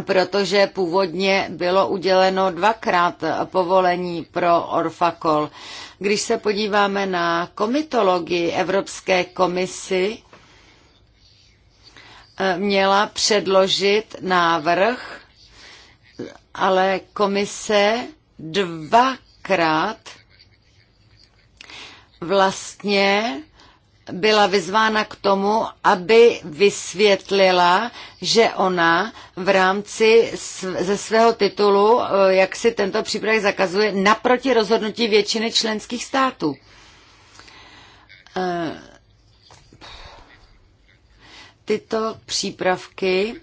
S2: protože původně bylo uděleno dvakrát povolení pro Orfakol. Když se podíváme na komitologii Evropské komisi, eh, měla předložit návrh, ale komise dvakrát vlastně byla vyzvána k tomu, aby vysvětlila, že ona v rámci ze svého titulu, eh, jak si tento přípravek zakazuje, naproti rozhodnutí většiny členských států. Eh, tyto přípravky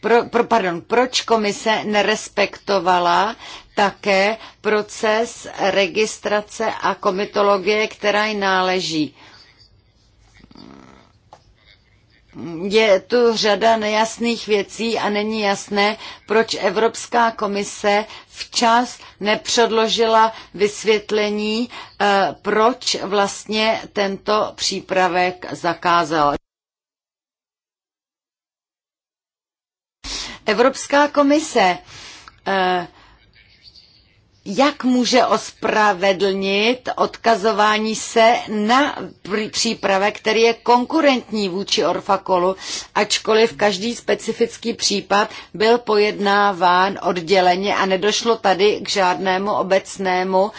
S2: pro, pro, pardon, proč komise nerespektovala také proces registrace a komitologie, která jí náleží. Je tu řada nejasných věcí a není jasné, proč Evropská komise včas nepředložila vysvětlení, eh, proč vlastně tento přípravek zakázal. Evropská komise eh, jak může ospravedlnit odkazování se na příprave, který je konkurentní vůči Orfakolu, ačkoliv každý specifický případ byl pojednáván odděleně a nedošlo tady k žádnému obecnému um,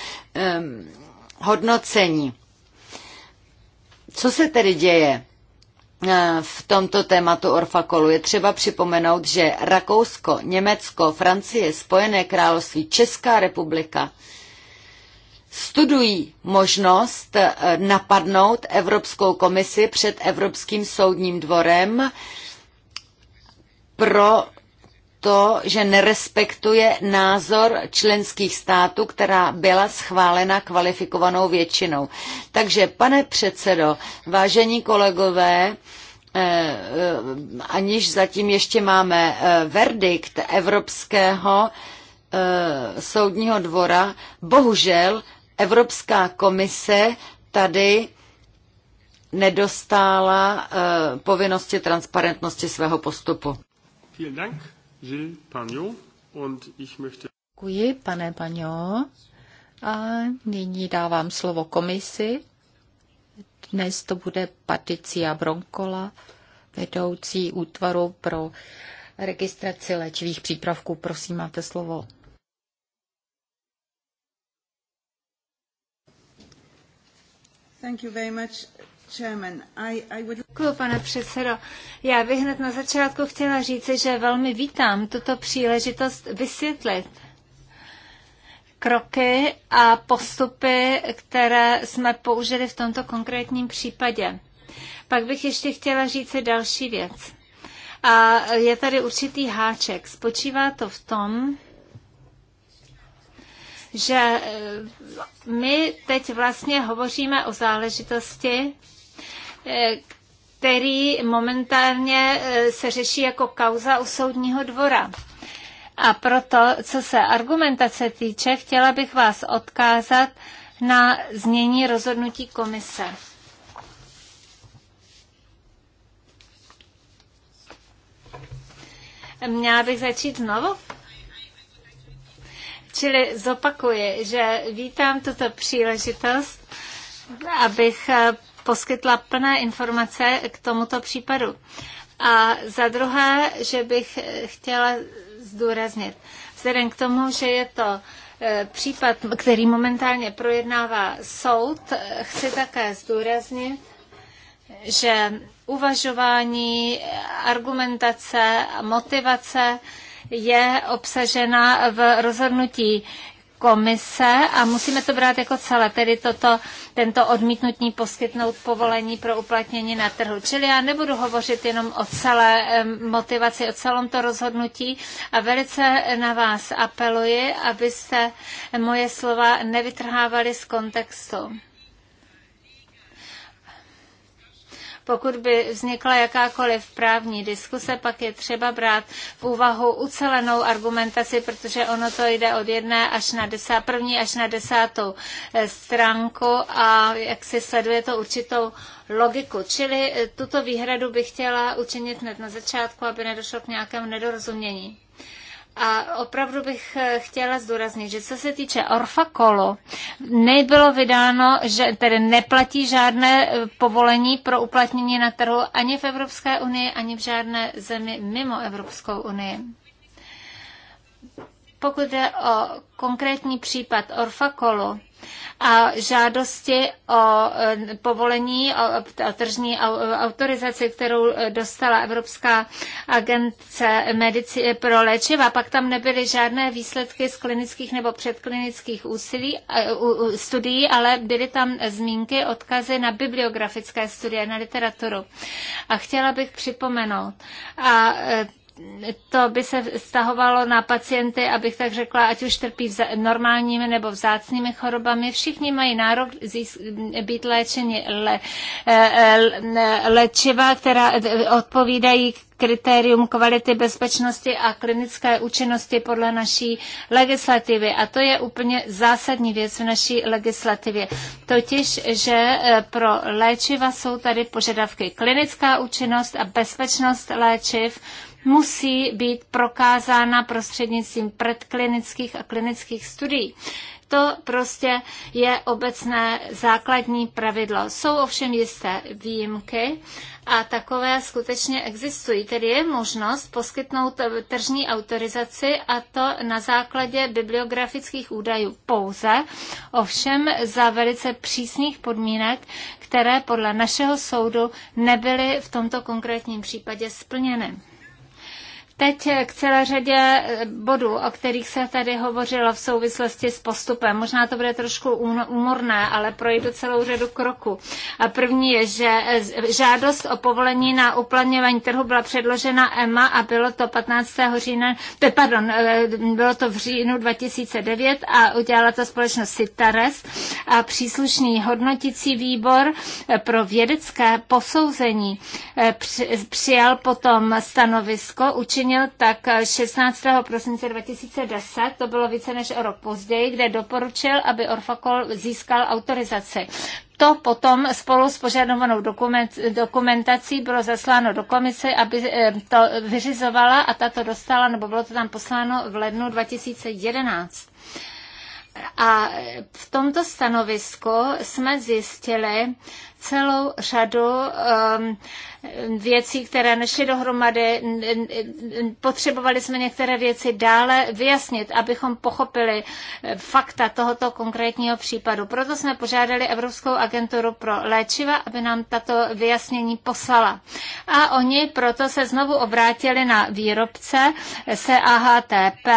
S2: hodnocení. Co se tedy děje? Eh, v tomto tématu Orfakolu je třeba připomenout, že Rakousko, Německo, Francie, Spojené království, Česká republika studují možnost eh, napadnout Evropskou komisi před Evropským soudním dvorem pro to, že nerespektuje názor členských států, která byla schválena kvalifikovanou většinou. Takže, pane předsedo, vážení kolegové, eh, eh, aniž zatím ještě máme eh, verdikt Evropského soudního dvora, bohužel Evropská komise tady nedostála povinnosti transparentnosti svého postupu. Vielen Dank. Děkuji,
S3: pane Paňo. A nyní dávám slovo komisi. Dnes to bude Patricia Bronkola, vedoucí útvaru pro registraci léčivých přípravků. Prosím, máte slovo.
S1: Thank you very much. Děkuji, pane předsedo. Já bych hned na začátku chtěla říci, že velmi vítám tuto příležitost vysvětlit kroky a postupy, které jsme použili v tomto konkrétním případě. Pak bych ještě chtěla říci další věc. A je tady určitý háček. Spočívá to v tom, že eh, my teď vlastně hovoříme o záležitosti, Eh, který momentálně eh, se řeší jako kauza u soudního dvora. A proto, co se argumentace týče, chtěla bych vás odkázat na změní rozhodnutí komise. Měla bych začít znovu? Čili zopakuji, že vítám tuto příležitost, abych eh, poskytla plné informace k tomuto případu. A za druhé, že bych chtěla zdůraznit, vzhledem k tomu, že je to e, případ, který momentálně projednává soud, e, chci také zdůraznit, že uvažování, argumentace a motivace je obsažena v rozhodnutí komise a musíme to brát jako celé, tedy toto, tento odmítnutí poskytnout povolení pro uplatnění na trhu. Čili já nebudu hovořit jenom o celé motivaci, o celom to rozhodnutí a velice na vás apeluji, abyste moje slova nevytrhávali z kontextu. Pokud by vznikla jakákoliv právní diskuse, pak je třeba brát v úvahu ucelenou argumentaci, protože ono to jde od jedné až na desát, první až na desátou eh, stránku a jak si sleduje to určitou logiku. Čili eh, tuto výhradu bych chtěla učinit hned na začátku, aby nedošlo k nějakému nedorozumění. A opravdu bych eh, chtěla zdůraznit, že co se týče Kolo, nebylo vydáno, že tedy neplatí žádné eh, povolení pro uplatnění na trhu ani v Evropské unii, ani v žádné zemi mimo Evropskou unii. Pokud jde o konkrétní případ Kolo, a žádosti o eh, povolení, o tržní autorizaci, kterou eh, dostala Evropská agence medici- pro léčiva. Pak tam nebyly žádné výsledky z klinických nebo předklinických úsilí, eh, studií, ale byly tam zmínky, odkazy na bibliografické studie, na literaturu. A chtěla bych připomenout, a to by se vztahovalo na pacienty, abych tak řekla, ať už trpí normálními nebo vzácnými chorobami. Všichni mají nárok být léčeni le, e, e, le, léčiva, která odpovídají kritérium kvality, bezpečnosti a klinické účinnosti podle naší legislativy. A to je úplně zásadní věc v naší legislativě. Totiž, že e, pro léčiva jsou tady požadavky klinická účinnost a bezpečnost léčiv, musí být prokázána prostřednictvím predklinických a klinických studií. To prostě je obecné základní pravidlo. Jsou ovšem jisté výjimky a takové skutečně existují. Tedy je možnost poskytnout tržní autorizaci a to na základě bibliografických údajů pouze, ovšem za velice přísných podmínek, které podle našeho soudu nebyly v tomto konkrétním případě splněny. Teď k celé řadě eh, bodů, o kterých se tady hovořilo v souvislosti s postupem. Možná to bude trošku umorné, ale projdu celou řadu kroků. A první je, že eh, žádost o povolení na uplatňování trhu byla předložena EMA a bylo to 15. října, pardon, eh, bylo to v říjnu 2009 a udělala to společnost Citares a příslušný hodnotící výbor pro vědecké posouzení přijal potom stanovisko, učení zmínil, tak 16. prosince 2010, to bylo více než o rok později, kde doporučil, aby Orfakol získal autorizaci. To potom spolu s požadovanou dokumentací bylo zasláno do komise, aby eh, to vyřizovala a tato dostala, nebo bylo to tam posláno v lednu 2011. A v tomto stanovisku jsme zjistili celou řadu um, věcí, které nešly dohromady. Potřebovali jsme některé věci dále vyjasnit, abychom pochopili eh, fakta tohoto konkrétního případu. Proto jsme požádali Evropskou agenturu pro léčiva, aby nám tato vyjasnění poslala. A oni proto se znovu obrátili na výrobce se eh, AHTP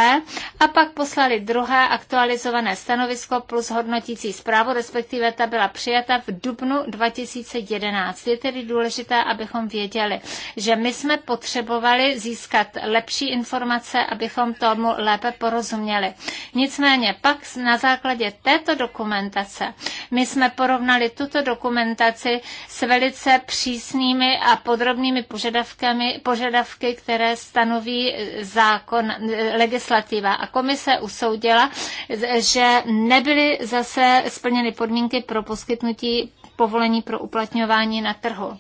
S1: a pak poslali druhé aktualizované stanovisko plus hodnotící zprávu, respektive ta byla přijata v dubnu 2011. Je tedy důležité, abychom abychom věděli, že my jsme potřebovali získat lepší informace, abychom tomu lépe porozuměli. Nicméně pak na základě této dokumentace my jsme porovnali tuto dokumentaci s velice přísnými a podrobnými požadavkami, požadavky, které stanoví eh, zákon, eh, legislativa. A komise usoudila, že nebyly zase splněny podmínky pro poskytnutí povolení pro uplatňování na trhu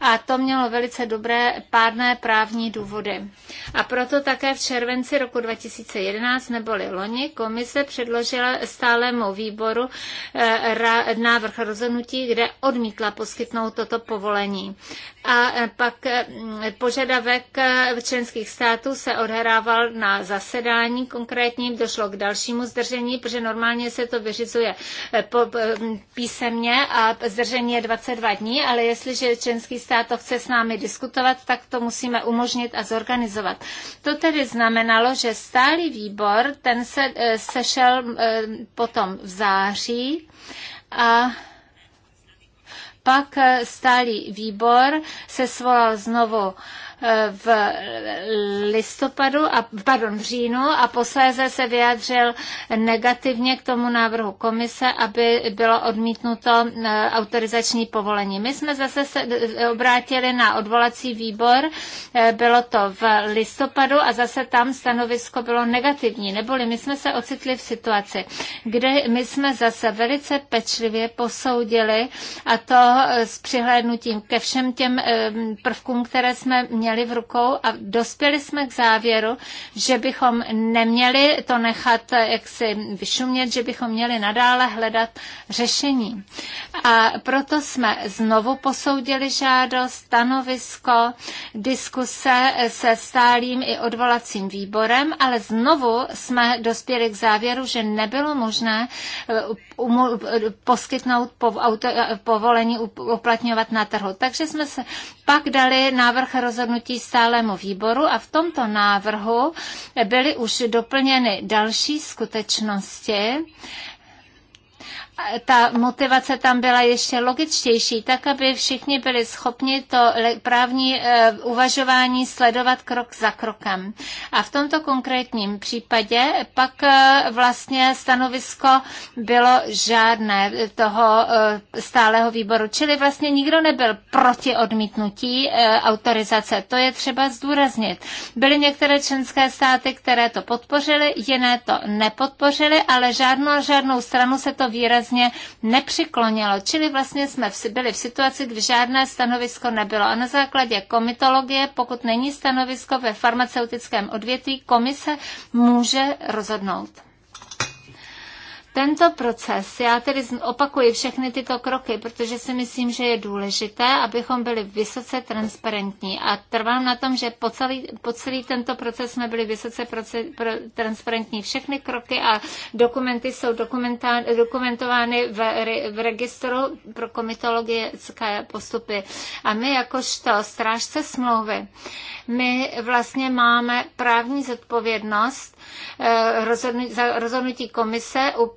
S1: a to mělo velice dobré pádné právní důvody. A proto také v červenci roku 2011 neboli loni komise předložila stálemu výboru eh, návrh rozhodnutí, kde odmítla poskytnout toto povolení a e, pak e, požadavek e, členských států se odhrával na zasedání konkrétním, došlo k dalšímu zdržení, protože normálně se to vyřizuje písemně a zdržení je 22 dní, ale jestliže členský stát to chce s námi diskutovat, tak to musíme umožnit a zorganizovat. To tedy znamenalo, že stálý výbor, ten se sešel potom v září a pak eh, stálý výbor se svolal znovu v listopadu, a, pardon, v říjnu a posléze se vyjádřil negativně k tomu návrhu komise, aby bylo odmítnuto e, autorizační povolení. My jsme zase se obrátili na odvolací výbor, e, bylo to v listopadu a zase tam stanovisko bylo negativní, neboli my jsme se ocitli v situaci, kde my jsme zase velice pečlivě posoudili a to e, s přihlédnutím ke všem těm prvkům, které jsme měli měli v rukou a dospěli jsme k závěru, že bychom neměli to nechat jaksi vyšumět, že bychom měli nadále hledat řešení. A proto jsme znovu posoudili žádost, stanovisko, diskuse se stálým i odvolacím výborem, ale znovu jsme dospěli k závěru, že nebylo možné poskytnout povolení uplatňovat na trhu. Takže jsme se pak dali návrh rozhodnutí stálému výboru a v tomto návrhu byly už doplněny další skutečnosti, ta motivace tam byla ještě logičtější, tak aby všichni byli schopni to právní eh, uvažování sledovat krok za krokem. A v tomto konkrétním případě pak eh, vlastně stanovisko bylo žádné toho eh, stáleho výboru, čili vlastně nikdo nebyl proti odmítnutí autorizace. To je třeba zdůraznit. Byly některé členské státy, které to podpořily, jiné to nepodpořily, ale žádnou, žádnou stranu se to výrazně vlastně nepřiklonilo. Čili vlastně jsme byli v situaci, kdy žádné stanovisko nebylo. A na základě komitologie, pokud není stanovisko ve farmaceutickém odvětví, komise může rozhodnout. Tento proces, já tedy opakuji všechny tyto kroky, protože si myslím, že je důležité, abychom byli vysoce transparentní a trvám na tom, že po celý, po celý tento proces jsme byli vysoce proces, pro, transparentní. Všechny kroky a dokumenty jsou dokumentovány v, re, v registru pro komitologické postupy. A my jakožto strážce smlouvy, my vlastně máme právní zodpovědnost Eh, rozhodnutí, za rozhodnutí komise u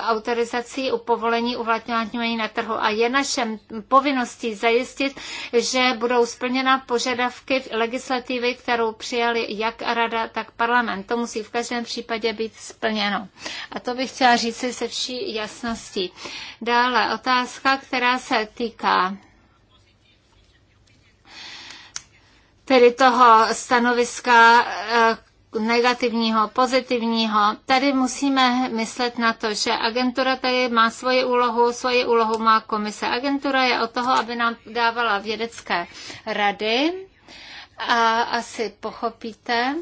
S1: autorizací, u povolení uvlatňování na trhu. A je našem povinností zajistit, že budou splněna požadavky legislativy, kterou přijali jak rada, tak parlament. To musí v každém případě být splněno. A to bych chtěla říct se vší jasností. Dále otázka, která se týká tedy toho stanoviska eh, negativního, pozitivního. Tady musíme myslet na to, že agentura tady má svoji úlohu, svoji úlohu má komise. Agentura je o toho, aby nám dávala vědecké rady a asi pochopíte,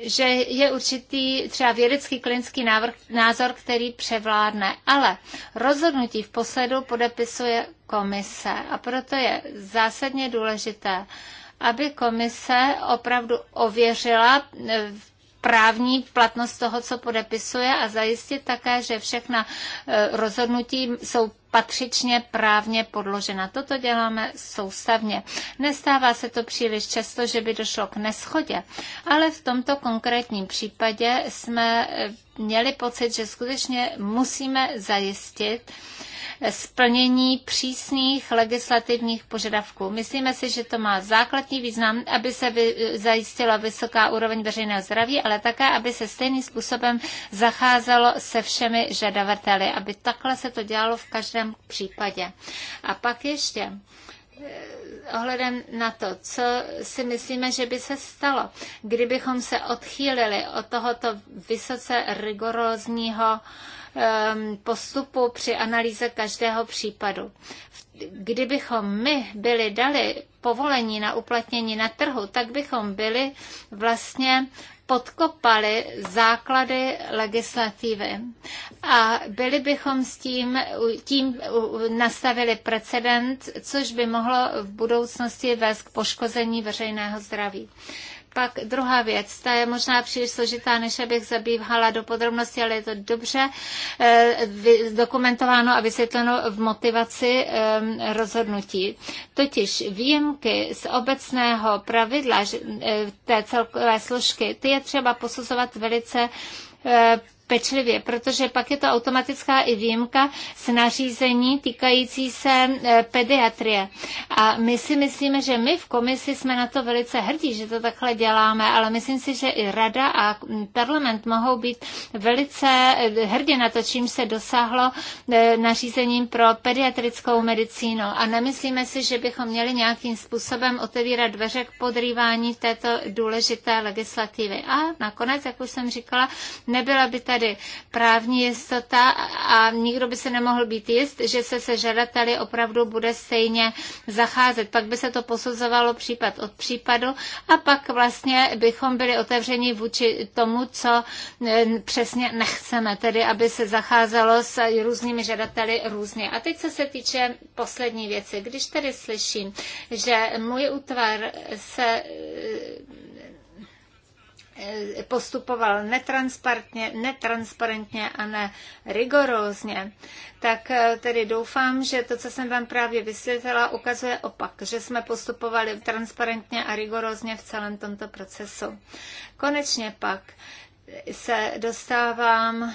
S1: že je určitý třeba vědecký klinický návrh, názor, který převládne, ale rozhodnutí v posledu podepisuje komise a proto je zásadně důležité, aby komise opravdu ověřila eh, právní platnost toho, co podepisuje a zajistit také, že všechna eh, rozhodnutí jsou patřičně právně podložena. Toto děláme soustavně. Nestává se to příliš často, že by došlo k neschodě, ale v tomto konkrétním případě jsme eh, měli pocit, že skutečně musíme zajistit splnění přísných legislativních požadavků. Myslíme si, že to má základní význam, aby se vy, zajistila vysoká úroveň veřejného zdraví, ale také, aby se stejným způsobem zacházelo se všemi žadavateli, aby takhle se to dělalo v každém případě. A pak ještě ohledem na to, co si myslíme, že by se stalo, kdybychom se odchýlili od tohoto vysoce rigorózního postupu při analýze každého případu. Kdybychom my byli dali povolení na uplatnění na trhu, tak bychom byli vlastně podkopali základy legislativy. A byli bychom s tím, tím nastavili precedent, což by mohlo v budoucnosti vést k poškození veřejného zdraví. Pak druhá věc, ta je možná příliš složitá, než abych zabývala do podrobnosti, ale je to dobře eh, dokumentováno a vysvětleno v motivaci eh, rozhodnutí. Totiž výjimky z obecného pravidla eh, té celkové složky, ty je třeba posuzovat velice pečlivě, protože pak je to automatická i výjimka s nařízení týkající se e, pediatrie. A my si myslíme, že my v komisi jsme na to velice hrdí, že to takhle děláme, ale myslím si, že i rada a mm, parlament mohou být velice e, hrdě na to, čím se dosáhlo e, nařízením pro pediatrickou medicínu. A nemyslíme si, že bychom měli nějakým způsobem otevírat dveře k podrývání této důležité legislativy. A nakonec, jak už jsem říkala, nebyla by ta tedy právní jistota a nikdo by se nemohl být jist, že se se žadateli opravdu bude stejně zacházet. Pak by se to posuzovalo případ od případu a pak vlastně bychom byli otevřeni vůči tomu, co e, přesně nechceme, tedy aby se zacházelo s různými žadateli různě. A teď, co se týče poslední věci, když tedy slyším, že můj útvar se Eh, postupoval netransparentně, netransparentně a ne rigorózně, tak eh, tedy doufám, že to, co jsem vám právě vysvětlila, ukazuje opak, že jsme postupovali transparentně a rigorózně v celém tomto procesu. Konečně pak se dostávám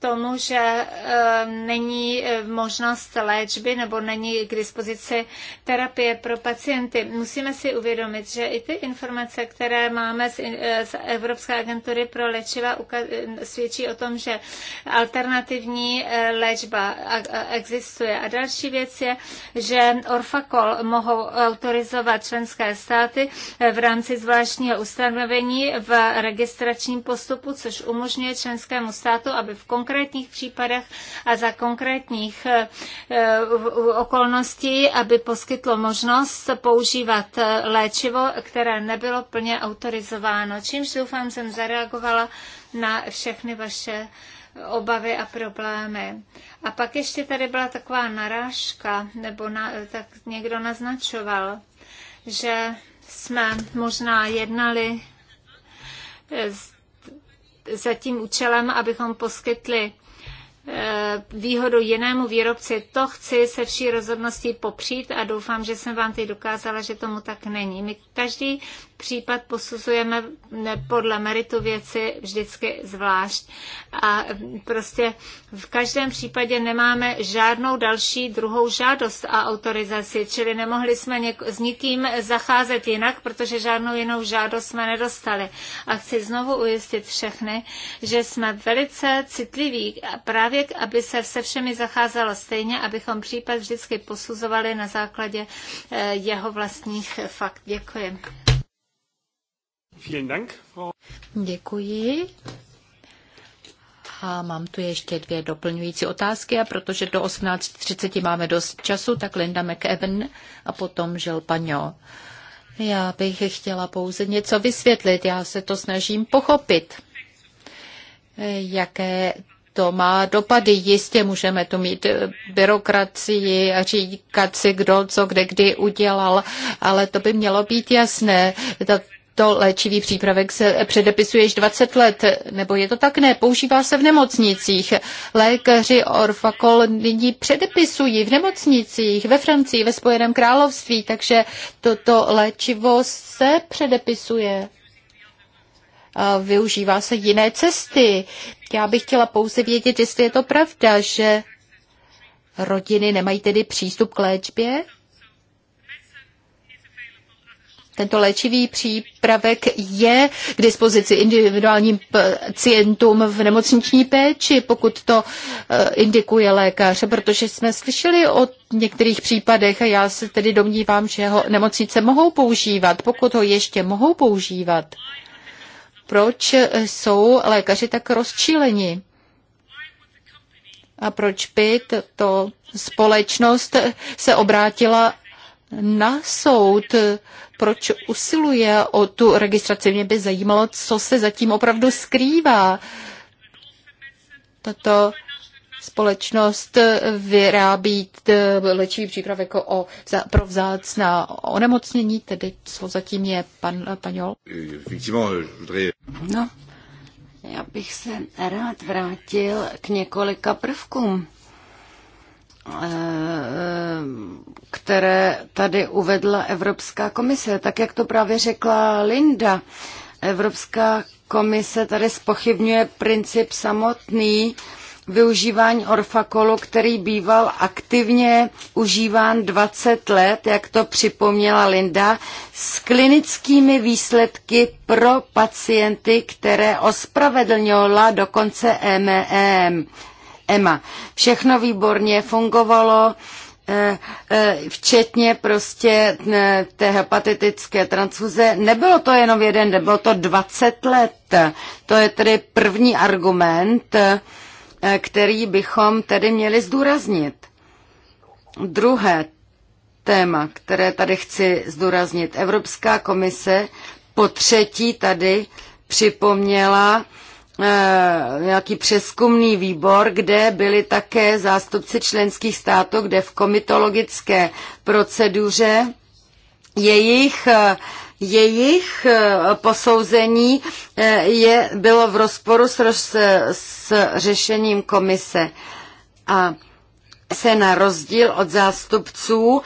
S1: tomu, že eh, není eh, možnost léčby nebo není k dispozici terapie pro pacienty. Musíme si uvědomit, že i ty informace, které máme z, eh, z Evropské agentury pro léčiva, svědčí o tom, že alternativní léčba existuje. A další věc je, že Orfakol mohou autorizovat členské státy v rámci zvláštního ustanovení v registračním postupu, což umožňuje členskému státu, aby v konkrétním konkrétních případech a za konkrétních eh, eh, okolností, aby poskytlo možnost používat eh, léčivo, které nebylo plně autorizováno. Čímž doufám, jsem zareagovala na všechny vaše obavy a problémy. A pak ještě tady byla taková narážka, nebo na, tak někdo naznačoval, že jsme možná jednali za tím účelem, abychom poskytli eh, výhodu jinému výrobci. To chci se vší rozhodností popřít a doufám, že jsem vám teď dokázala, že tomu tak není. My každý případ posuzujeme podle meritu věci vždycky zvlášť. A prostě v každém případě nemáme žádnou další druhou žádost a autorizaci, čili nemohli jsme něk- s nikým zacházet jinak, protože žádnou jinou žádost jsme nedostali. A chci znovu ujistit všechny, že jsme velice citliví právě, aby se se všemi zacházelo stejně, abychom případ vždycky posuzovali na základě eh, jeho vlastních fakt. Děkuji. Děkuji. A mám
S3: tu ještě dvě doplňující otázky a protože do 18.30 máme dost času, tak Linda McEwen a potom Žil Paňo. Já bych chtěla pouze něco vysvětlit, já se to snažím pochopit. Jaké to má dopady. Jistě můžeme tu mít byrokracii a říkat si, kdo co kde kdy udělal, ale to by mělo být jasné. Ta tento léčivý přípravek se předepisuje již 20 let, nebo je to tak? Ne, používá se v nemocnicích. Lékaři Orfakol nyní předepisují v nemocnicích ve Francii, ve Spojeném království, takže toto léčivo se předepisuje. A využívá se jiné cesty. Já bych chtěla pouze vědět, jestli je to pravda, že rodiny nemají tedy přístup k léčbě? Tento léčivý přípravek je k dispozici individuálním pacientům v nemocniční péči, pokud to eh, indikuje lékař, protože jsme slyšeli o některých případech a já se tedy domnívám, že ho nemocnice mohou používat, pokud ho ještě mohou používat. Proč jsou lékaři tak rozčíleni? A proč by to společnost se obrátila na soud proč usiluje o tu registraci. Mě by zajímalo, co se zatím opravdu skrývá. Tato společnost vyrábí léčivý přípravek jako o, pro vzácná onemocnění, tedy co zatím je pan Paňol?
S2: No, já bych se rád vrátil k několika prvkům Eh, které tady uvedla Evropská komise. Tak, jak to právě řekla Linda, Evropská komise tady spochybňuje princip samotný využívání orfakolu, který býval aktivně užíván 20 let, jak to připomněla Linda, s klinickými výsledky pro pacienty, které ospravedlňovala dokonce MEM. E EMA. Všechno výborně fungovalo, eh, eh, včetně prostě eh, té hepatitické transfuze. Nebylo to jenom jeden bylo to 20 let. To je tedy první argument, který bychom tedy měli zdůraznit. Druhé téma, které tady chci zdůraznit. Evropská komise po třetí tady připomněla Eh, nějaký přeskumný výbor, kde byli také zástupci členských států, kde v komitologické proceduře jejich jejich eh, posouzení eh, je, bylo v rozporu s, s řešením komise. A se na rozdíl od zástupců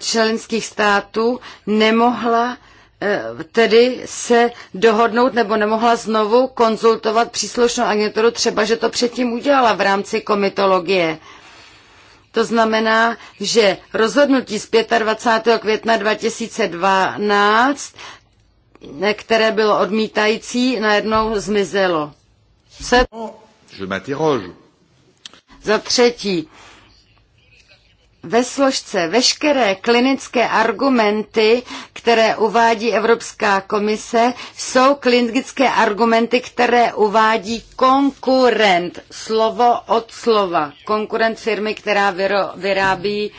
S2: členských států nemohla Eh, tedy se dohodnout nebo nemohla znovu konzultovat příslušnou agenturu, třeba že to předtím udělala v rámci komitologie. To znamená, že rozhodnutí z 25. května 2012, eh, které bylo odmítající, najednou zmizelo. Se... Za třetí, ve složce veškeré klinické argumenty, které uvádí Evropská komise, jsou klinické argumenty, které uvádí konkurent, slovo od slova. Konkurent firmy, která vyrábí uh,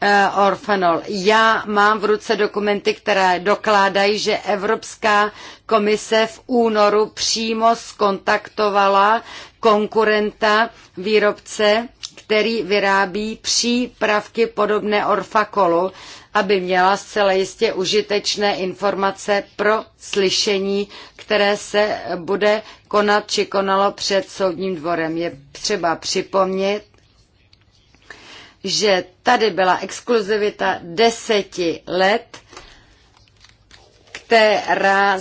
S2: eh, orfanol. Já mám v ruce dokumenty, které dokládají, že Evropská komise v únoru přímo skontaktovala konkurenta výrobce který vyrábí přípravky podobné orfakolu, aby měla zcela jistě užitečné informace pro slyšení, které se bude konat či konalo před soudním dvorem. Je třeba připomnět, že tady byla exkluzivita deseti let, která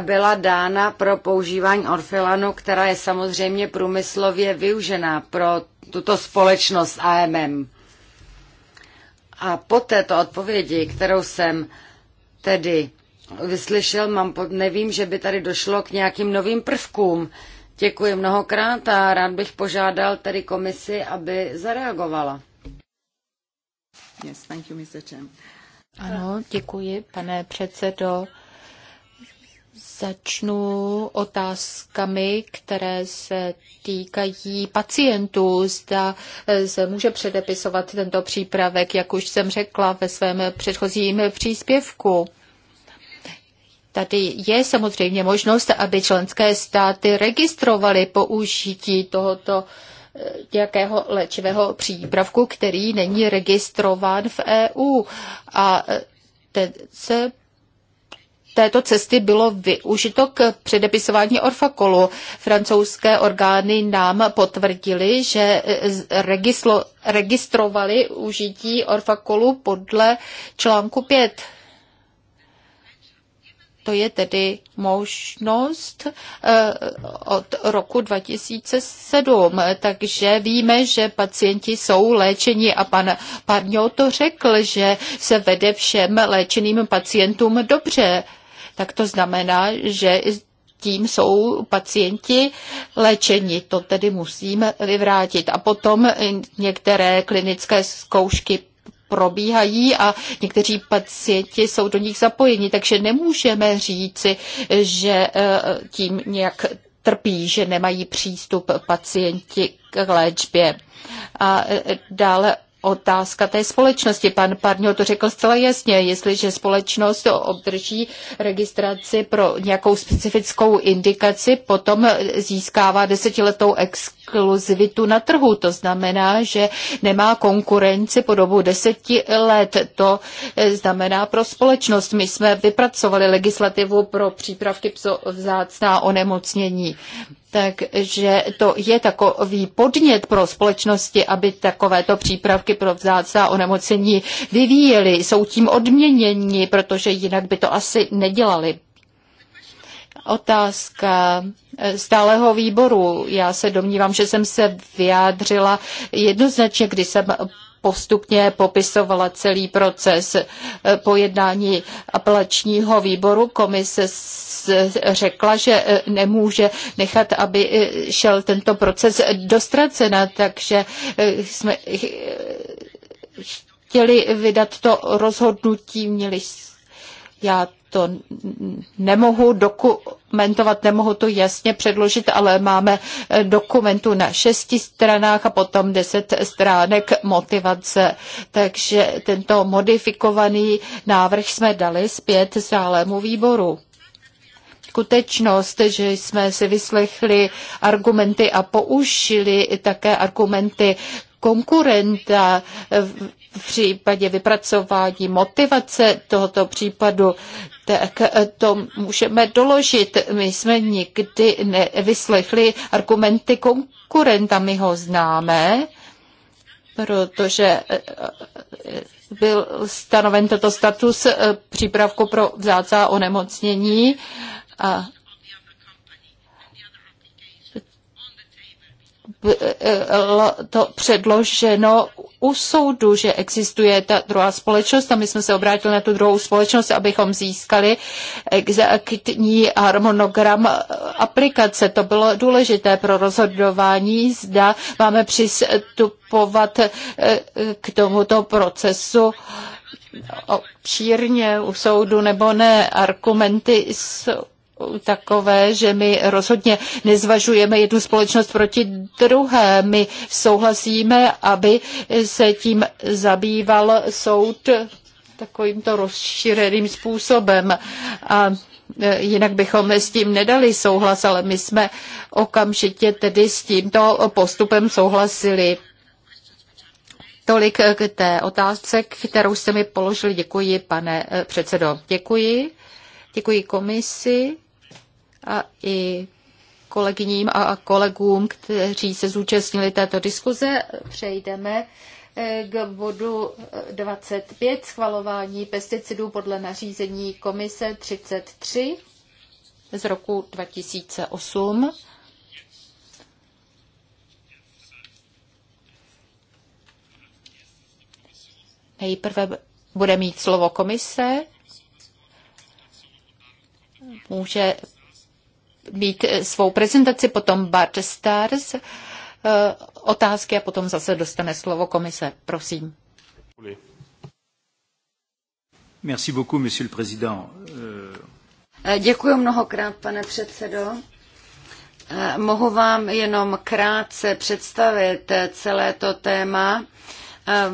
S2: byla dána pro používání orfilanu, která je samozřejmě průmyslově využená pro tuto společnost AMM. A po této odpovědi, kterou jsem tedy vyslyšel, mám pod, nevím, že by tady došlo k nějakým novým prvkům. Děkuji mnohokrát a rád bych požádal tedy komisi, aby zareagovala.
S3: Yes, thank you, Mr.
S2: Ano, děkuji, pane předsedo.
S3: Začnu otázkami, které se týkají pacientů. Zda eh, se může předepisovat tento přípravek, jak už jsem řekla ve svém předchozím příspěvku. Tady je samozřejmě možnost, aby členské státy registrovaly použití tohoto eh, nějakého léčivého přípravku, který není registrován v EU. A eh, ten se této cesty bylo využito k předepisování orfakolu. Francouzské orgány nám potvrdili, že e, registro, registrovali užití orfakolu podle článku 5. To je tedy možnost e, od roku 2007, takže víme, že pacienti jsou léčeni a pan Parňo to řekl, že se vede všem léčeným pacientům dobře tak to znamená, že tím jsou pacienti léčeni. To tedy musíme vyvrátit. A potom některé klinické zkoušky probíhají a někteří pacienti jsou do nich zapojeni, takže nemůžeme říci, že e, tím nějak trpí, že nemají přístup pacienti k léčbě. A e, dále otázka té společnosti. Pan Parňo to řekl zcela jasně. Jestliže společnost obdrží registraci pro nějakou specifickou indikaci, potom získává desetiletou exkluzivitu na trhu. To znamená, že nemá konkurenci po dobu deseti let. To znamená pro společnost. My jsme vypracovali legislativu pro přípravky vzácná onemocnění. Takže to je takový podnět pro společnosti, aby takovéto přípravky pro vzácná onemocnění vyvíjeli. Jsou tím odměněni, protože jinak by to asi nedělali. Otázka eh, stáleho výboru. Já se domnívám, že jsem se vyjádřila jednoznačně, když jsem postupně popisovala celý proces po jednání apelačního výboru. Komise řekla, že e, nemůže nechat, aby e, šel tento proces do ztracena, takže e, jsme chtěli vydat to rozhodnutí, měli já to nemohu, doku, komentovat, nemohu to jasně předložit, ale máme eh, dokumentu na šesti stranách a potom deset stránek motivace. Takže tento modifikovaný návrh jsme dali zpět sálému výboru skutečnost, že jsme si vyslechli argumenty a použili také argumenty konkurenta v případě vypracování motivace tohoto případu, tak to můžeme doložit. My jsme nikdy nevyslechli argumenty konkurenta, my ho známe, protože eh, byl stanoven toto status eh, přípravku pro vzácá onemocnění a bylo eh, eh, to předloženo u soudu, že existuje ta druhá společnost a my jsme se obrátili na tu druhou společnost, abychom získali exaktní harmonogram aplikace. To bylo důležité pro rozhodování, zda máme přistupovat eh, k tomuto procesu obšírně u soudu nebo ne. Argumenty jsou takové, že my rozhodně nezvažujeme jednu společnost proti druhé. My souhlasíme, aby se tím zabýval soud takovýmto rozšířeným způsobem. A e, jinak bychom s tím nedali souhlas, ale my jsme okamžitě tedy s tímto postupem souhlasili. Tolik k té otázce, kterou jste mi položili. Děkuji, pane e, předsedo. Děkuji. Děkuji komisi a i kolegyním a kolegům, kteří se zúčastnili této diskuze. Přejdeme eh, k bodu 25, schvalování pesticidů podle nařízení komise 33 z roku 2008. Nejprve bude mít slovo komise, může mít eh, svou prezentaci, potom Bart Stars, eh, otázky a potom zase dostane slovo komise. Prosím.
S1: Merci beaucoup, monsieur le président. Euh,
S2: eh, děkuji mnohokrát, pane předsedo. Mohu vám jenom krátce představit celé to téma.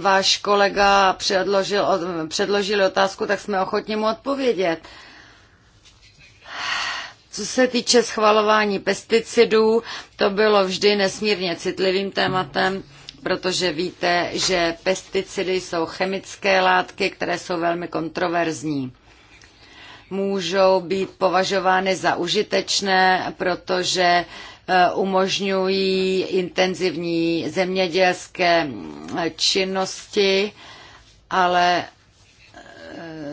S2: Váš kolega předložil, předložil otázku, tak jsme ochotni mu odpovědět. Co se týče schvalování pesticidů, to bylo vždy nesmírně citlivým tématem, protože víte, že pesticidy jsou chemické látky, které jsou velmi kontroverzní můžou být považovány za užitečné, protože eh, umožňují intenzivní zemědělské eh, činnosti, ale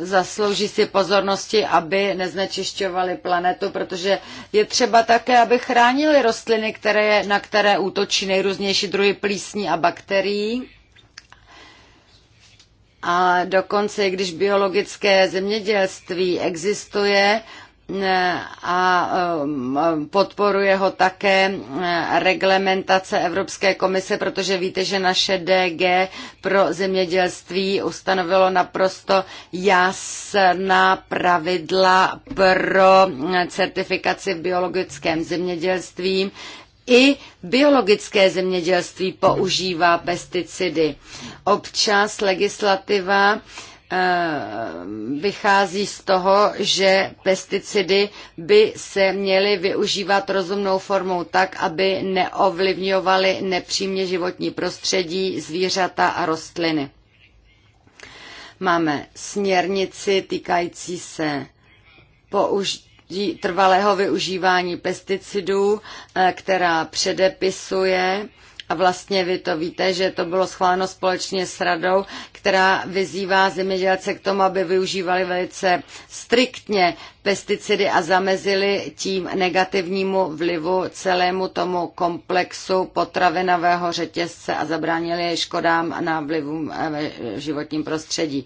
S2: zaslouží si pozornosti, aby neznečišťovali planetu, protože je třeba také, aby chránili rostliny, které, na které útočí nejrůznější druhy plísní a bakterií. A dokonce, i když biologické zemědělství existuje, a podporuje ho také reglementace Evropské komise, protože víte, že naše DG pro zemědělství ustanovilo naprosto jasná pravidla pro certifikaci v biologickém zemědělství. I biologické zemědělství používá pesticidy. Občas legislativa Eh, vychází z toho, že pesticidy by se měly využívat rozumnou formou tak, aby neovlivňovaly nepřímě životní prostředí, zvířata a rostliny. Máme směrnici týkající se použ- trvalého využívání pesticidů, eh, která předepisuje a vlastně vy to víte, že to bylo schváleno společně s radou, která vyzývá zemědělce k tomu, aby využívali velice striktně pesticidy a zamezili tím negativnímu vlivu celému tomu komplexu potravinového řetězce a zabránili škodám na vlivu eh, v životním prostředí.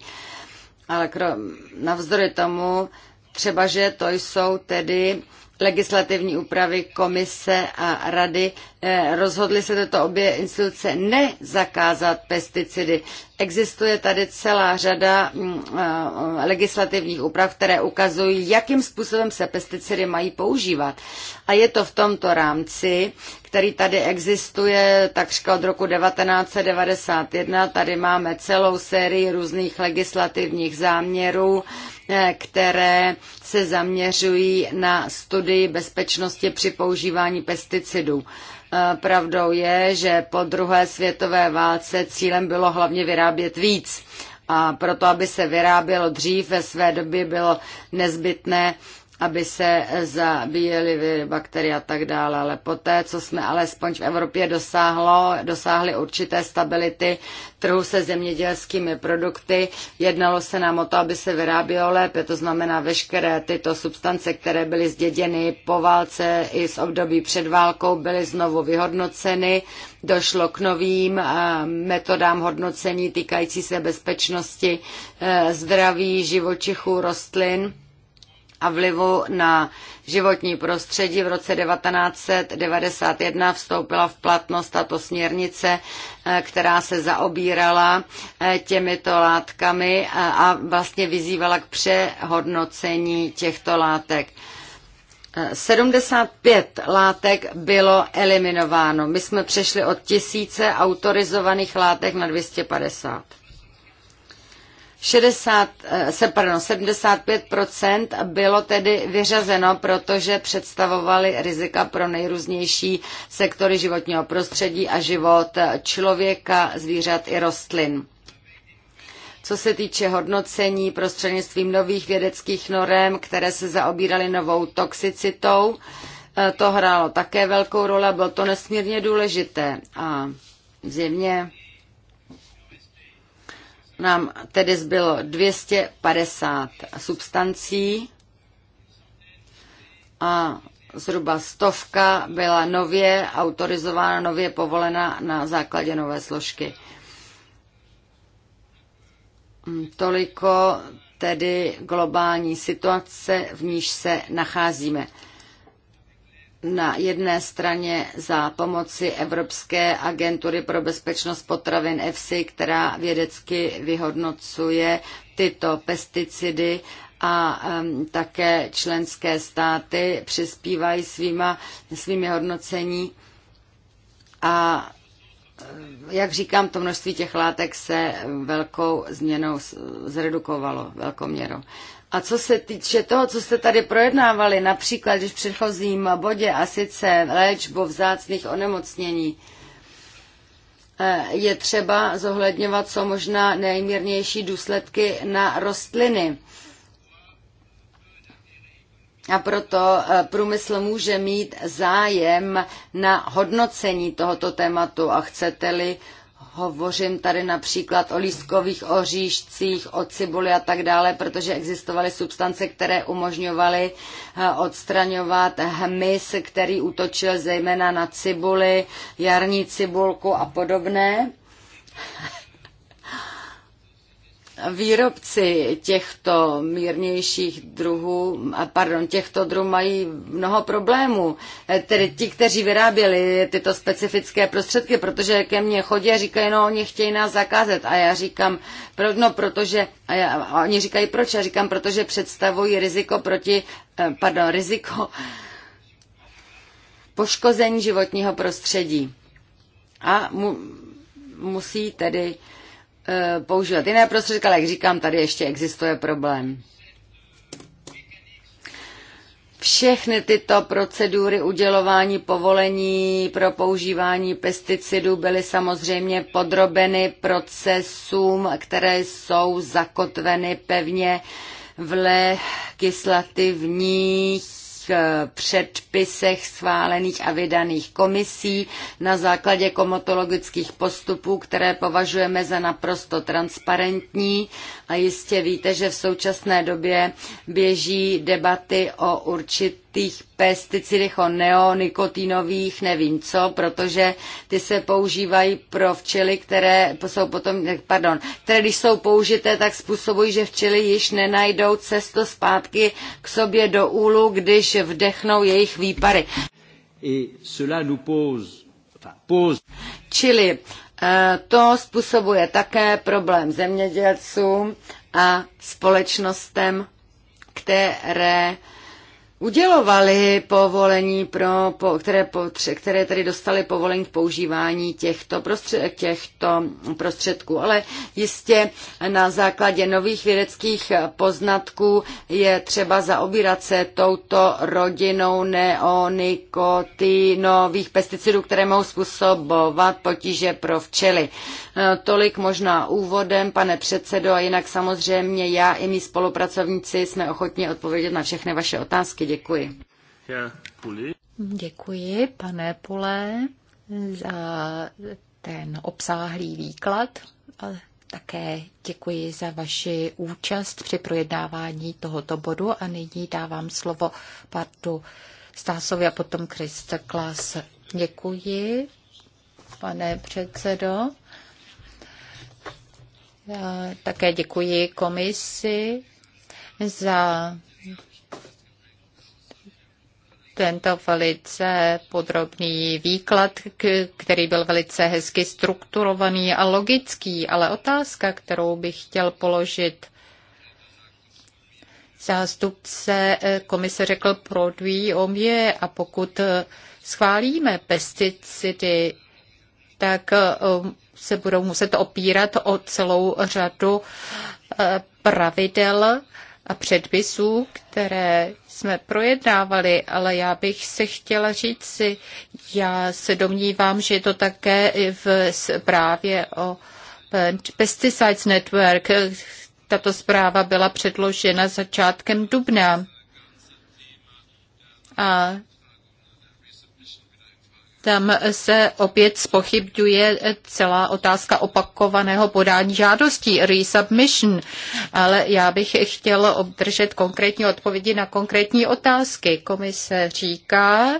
S2: Ale krom navzdory tomu, třeba že to jsou tedy legislativní úpravy komise a rady, Eh, rozhodly se tyto obě instituce nezakázat pesticidy. Existuje tady celá řada mm, eh, legislativních úprav, které ukazují, jakým způsobem se pesticidy mají používat. A je to v tomto rámci, který tady existuje takřka od roku 1991. Tady máme celou sérii různých legislativních záměrů, eh, které se zaměřují na studii bezpečnosti při používání pesticidů. Pravdou je, že po druhé světové válce cílem bylo hlavně vyrábět víc. A proto, aby se vyrábělo dřív ve své době, bylo nezbytné aby se zabíjely bakterie a tak dále. Ale poté, co jsme alespoň v Evropě dosáhlo, dosáhli určité stability trhu se zemědělskými produkty, jednalo se nám o to, aby se vyrábělo lépe, to znamená veškeré tyto substance, které byly zděděny po válce i z období před válkou, byly znovu vyhodnoceny, došlo k novým eh, metodám hodnocení týkající se bezpečnosti eh, zdraví živočichů, rostlin a vlivu na životní prostředí v roce 1991 vstoupila v platnost tato směrnice, eh, která se zaobírala eh, těmito látkami eh, a vlastně vyzývala k přehodnocení těchto látek. 75 látek bylo eliminováno. My jsme přešli od tisíce autorizovaných látek na 250. 60, eh, se, pardon, 75% bylo tedy vyřazeno, protože představovaly rizika pro nejrůznější sektory životního prostředí a život člověka, zvířat i rostlin. Co se týče hodnocení prostřednictvím nových vědeckých norem, které se zaobíraly novou toxicitou, eh, to hrálo také velkou roli a bylo to nesmírně důležité. A zjevně nám tedy zbylo 250 substancí a zhruba stovka byla nově autorizována, nově povolena na základě nové složky. Toliko tedy globální situace, v níž se nacházíme na jedné straně za pomoci Evropské agentury pro bezpečnost potravin EFSI, která vědecky vyhodnocuje tyto pesticidy a um, také členské státy přispívají svýma, svými hodnocení a jak říkám, to množství těch látek se velkou změnou zredukovalo, velkou měrou. A co se týče toho, co jste tady projednávali, například když v předchozím bodě a sice léčbu vzácných onemocnění, eh, je třeba zohledňovat co možná nejmírnější důsledky na rostliny. A proto eh, průmysl může mít zájem na hodnocení tohoto tématu a chcete-li Hovořím tady například o lístkových oříšcích, o cibuli a tak dále, protože existovaly substance, které umožňovaly eh, odstraňovat hmyz, který útočil zejména na cibuli, jarní cibulku a podobné. Výrobci těchto mírnějších druhů, pardon, těchto druhů mají mnoho problémů. E, tedy ti, kteří vyráběli tyto specifické prostředky, protože ke mně chodí a říkají, no oni chtějí nás zakázat. A já říkám, no protože, a, já, a oni říkají proč, já říkám, protože představují riziko proti, e, pardon, riziko poškození životního prostředí. A mu, musí tedy E, používat jiné prostředky, ale jak říkám, tady ještě existuje problém. Všechny tyto procedury udělování povolení pro používání pesticidů byly samozřejmě podrobeny procesům, které jsou zakotveny pevně v legislativních Eh, předpisech schválených a vydaných komisí na základě komotologických postupů, které považujeme za naprosto transparentní. A jistě víte, že v současné době běží debaty o určitých těch pesticidech, o neonikotinových, nevím co, protože ty se používají pro včely, které jsou potom, eh, pardon, které když jsou použité, tak způsobují, že včely již nenajdou cestu zpátky k sobě do úlu, když vdechnou jejich výpary. Čili eh, to způsobuje také problém zemědělcům a společnostem, které udělovali povolení, pro, po, které, potře, které tedy dostali povolení k používání těchto, prostře, těchto prostředků. Ale jistě na základě nových vědeckých poznatků je třeba zaobírat se touto rodinou neonikotinových pesticidů, které mohou způsobovat potíže pro včely. Eh, tolik možná úvodem, pane předsedo, a jinak samozřejmě já i mý spolupracovníci jsme ochotni odpovědět na všechny vaše otázky. Děkuji.
S3: Děkuji,
S2: pane Pule,
S3: za ten obsáhlý výklad. Také děkuji za vaši účast při projednávání tohoto bodu a nyní dávám slovo Partu Stásovi a potom Krista Klas. Děkuji, pane předsedo také děkuji komisi za tento velice podrobný výklad, který byl velice hezky strukturovaný a logický, ale otázka, kterou bych chtěl položit zástupce eh, komise řekl pro dví omě a pokud eh, schválíme pesticidy, tak eh, se budou muset opírat o celou řadu eh, pravidel a předpisů, které jsme projednávali, ale já bych se chtěla říct si, já se domnívám, že je to také i v zprávě o Pesticides Network. Tato zpráva byla předložena začátkem dubna. A tam se opět spochybňuje celá otázka opakovaného podání žádostí, resubmission, ale já bych chtěla obdržet konkrétní odpovědi na konkrétní otázky. Komise říká,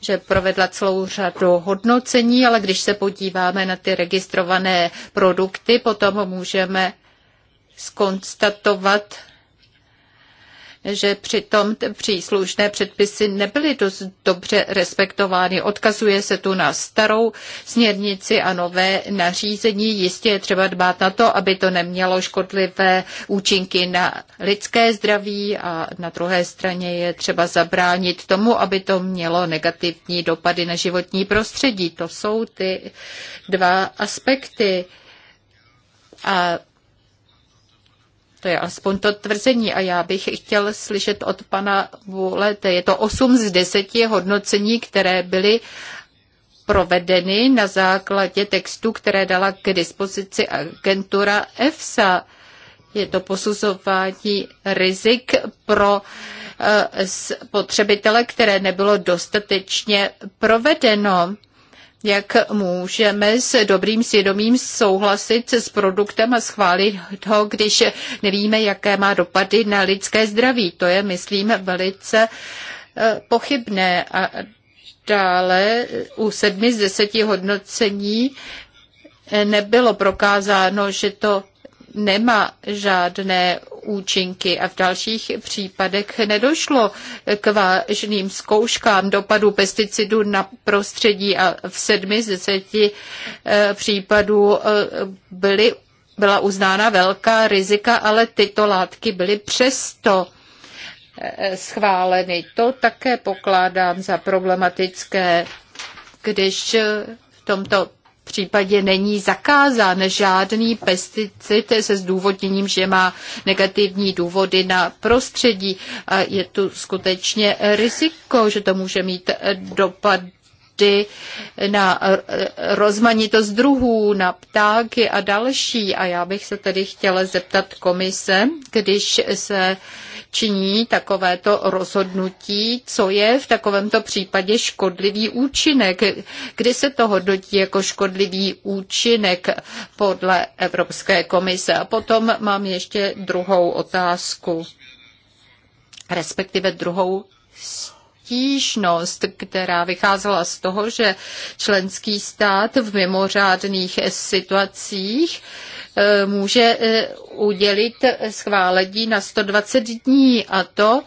S3: že provedla celou řadu hodnocení, ale když se podíváme na ty registrované produkty, potom můžeme skonstatovat, že přitom příslušné předpisy nebyly dost dobře respektovány. Odkazuje se tu na starou směrnici a nové nařízení. Jistě je třeba dbát na to, aby to nemělo škodlivé účinky na lidské zdraví a na druhé straně je třeba zabránit tomu, aby to mělo negativní dopady na životní prostředí. To jsou ty dva aspekty. A to je aspoň to tvrzení a já bych chtěl slyšet od pana Vulete. Je to 8 z 10 hodnocení, které byly provedeny na základě textu, které dala k dispozici agentura EFSA. Je to posuzování rizik pro eh, spotřebitele, které nebylo dostatečně provedeno. Jak můžeme s dobrým svědomím souhlasit s produktem a schválit ho, když nevíme, jaké má dopady na lidské zdraví? To je, myslím, velice eh, pochybné. A dále u sedmi z deseti hodnocení nebylo prokázáno, že to nemá žádné účinky a v dalších případech nedošlo k vážným zkouškám dopadu pesticidů na prostředí a v sedmi z deseti eh, případů eh, byly, byla uznána velká rizika, ale tyto látky byly přesto eh, schváleny. To také pokládám za problematické, když v tomto případě není zakázán žádný pesticid se zdůvodněním, že má negativní důvody na prostředí. A je tu skutečně riziko, že to může mít dopad na rozmanitost druhů, na ptáky a další. A já bych se tedy chtěla zeptat komise, když se uh, činí takovéto rozhodnutí, co je v takovémto případě škodlivý účinek, kdy se to hodnotí jako škodlivý účinek podle Evropské komise. A potom mám ještě druhou otázku, respektive druhou stížnost, která vycházela z toho, že členský stát v mimořádných situacích E, může e, udělit schválení na 120 dní a to,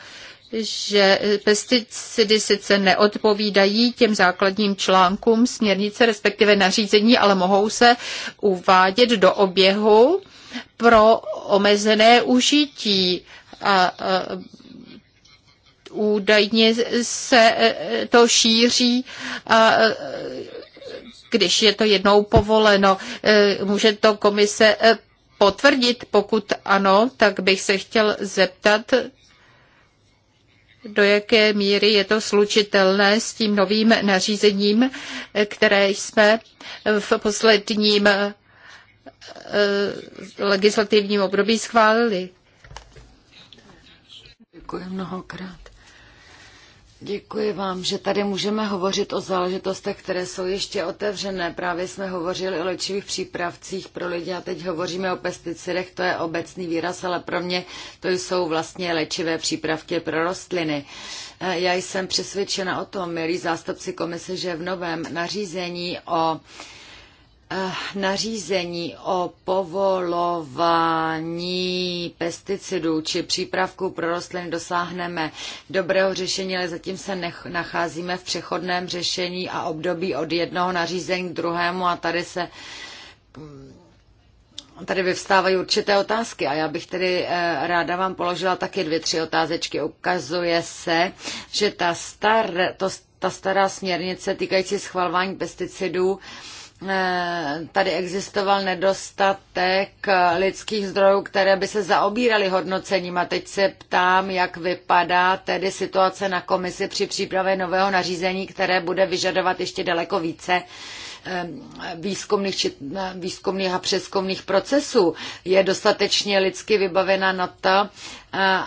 S3: že pesticidy sice neodpovídají těm základním článkům směrnice, respektive nařízení, ale mohou se uvádět do oběhu pro omezené užití. A, a údajně se e, to šíří a když je to jednou povoleno. E, může to komise e, potvrdit? Pokud ano, tak bych se chtěl zeptat, do jaké míry je to slučitelné s tím novým nařízením, e, které jsme v posledním legislativním období schválili.
S2: Děkuji mnohokrát. Děkuji vám, že tady můžeme hovořit o záležitostech, které jsou ještě otevřené. Právě jsme hovořili o léčivých přípravcích pro lidi a teď hovoříme o pesticidech, to je obecný výraz, ale pro mě to jsou vlastně léčivé přípravky pro rostliny. E, já jsem přesvědčena o tom, milí zástupci komise, že v novém nařízení o Eh, nařízení o povolování pesticidů či přípravků pro rostliny dosáhneme dobrého řešení, ale zatím se nech, nacházíme v přechodném řešení a období od jednoho nařízení k druhému a tady se mm, tady vyvstávají určité otázky a já bych tedy eh, ráda vám položila taky dvě, tři otázečky. Ukazuje se, že ta, star, to, ta stará směrnice týkající schvalování pesticidů Eh, tady existoval nedostatek eh, lidských zdrojů, které by se zaobíraly hodnocením. A teď se ptám, jak vypadá tedy situace na komisi při přípravě nového nařízení, které bude vyžadovat ještě daleko více výzkumných, či, výzkumných a přeskumných procesů je dostatečně lidsky vybavena na to, eh,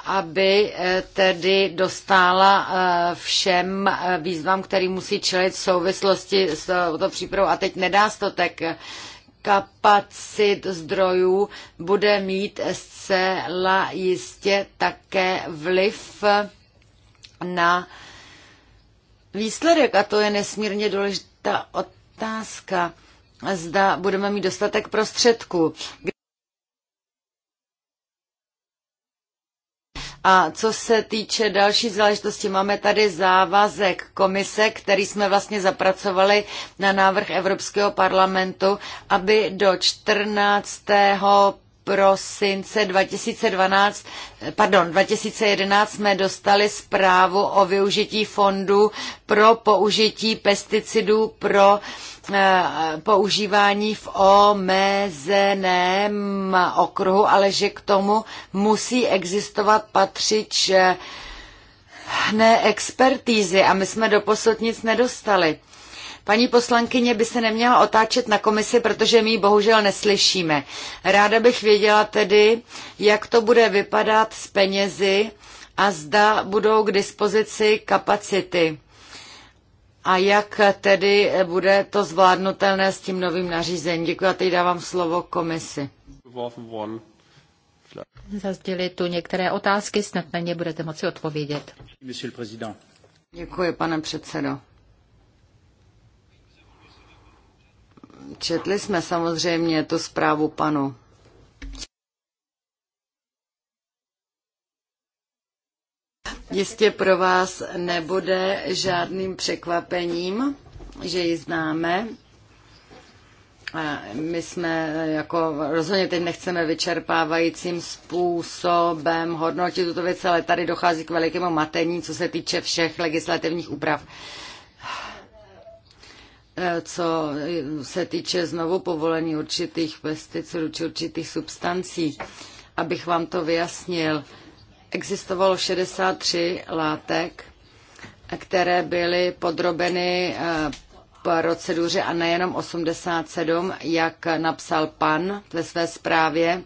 S2: aby eh, tedy dostála eh, všem výzvám, který musí čelit v souvislosti s to přípravou. A teď tak kapacit zdrojů bude mít zcela jistě také vliv na výsledek. A to je nesmírně důležitá otázka otázka, zda budeme mít dostatek prostředků. A co se týče další záležitosti, máme tady závazek komise, který jsme vlastně zapracovali na návrh Evropského parlamentu, aby do 14 prosince 2012, pardon, 2011 jsme dostali zprávu o využití fondu pro použití pesticidů pro eh, používání v omezeném okruhu, ale že k tomu musí existovat patřič eh, expertizy a my jsme doposud nic nedostali. Paní poslankyně by se neměla otáčet na komisi, protože my ji bohužel neslyšíme. Ráda bych věděla tedy, jak to bude vypadat s penězi a zda budou k dispozici kapacity. A jak tedy bude to zvládnutelné s tím novým nařízením? Děkuji a teď dávám slovo komisi.
S3: Zazděli tu některé otázky, snad na ně budete moci odpovědět.
S2: Děkuji, pane předsedo. Četli jsme samozřejmě tu zprávu panu Jistě pro vás nebude žádným překvapením, že ji známe. My jsme jako rozhodně teď nechceme vyčerpávajícím způsobem hodnotit tuto věc, ale tady dochází k velikému matení, co se týče všech legislativních úprav co se týče znovu povolení určitých pesticidů či určitých substancí. Abych vám to vyjasnil, existovalo 63 látek, které byly podrobeny eh, proceduře a nejenom 87, jak napsal pan ve své zprávě.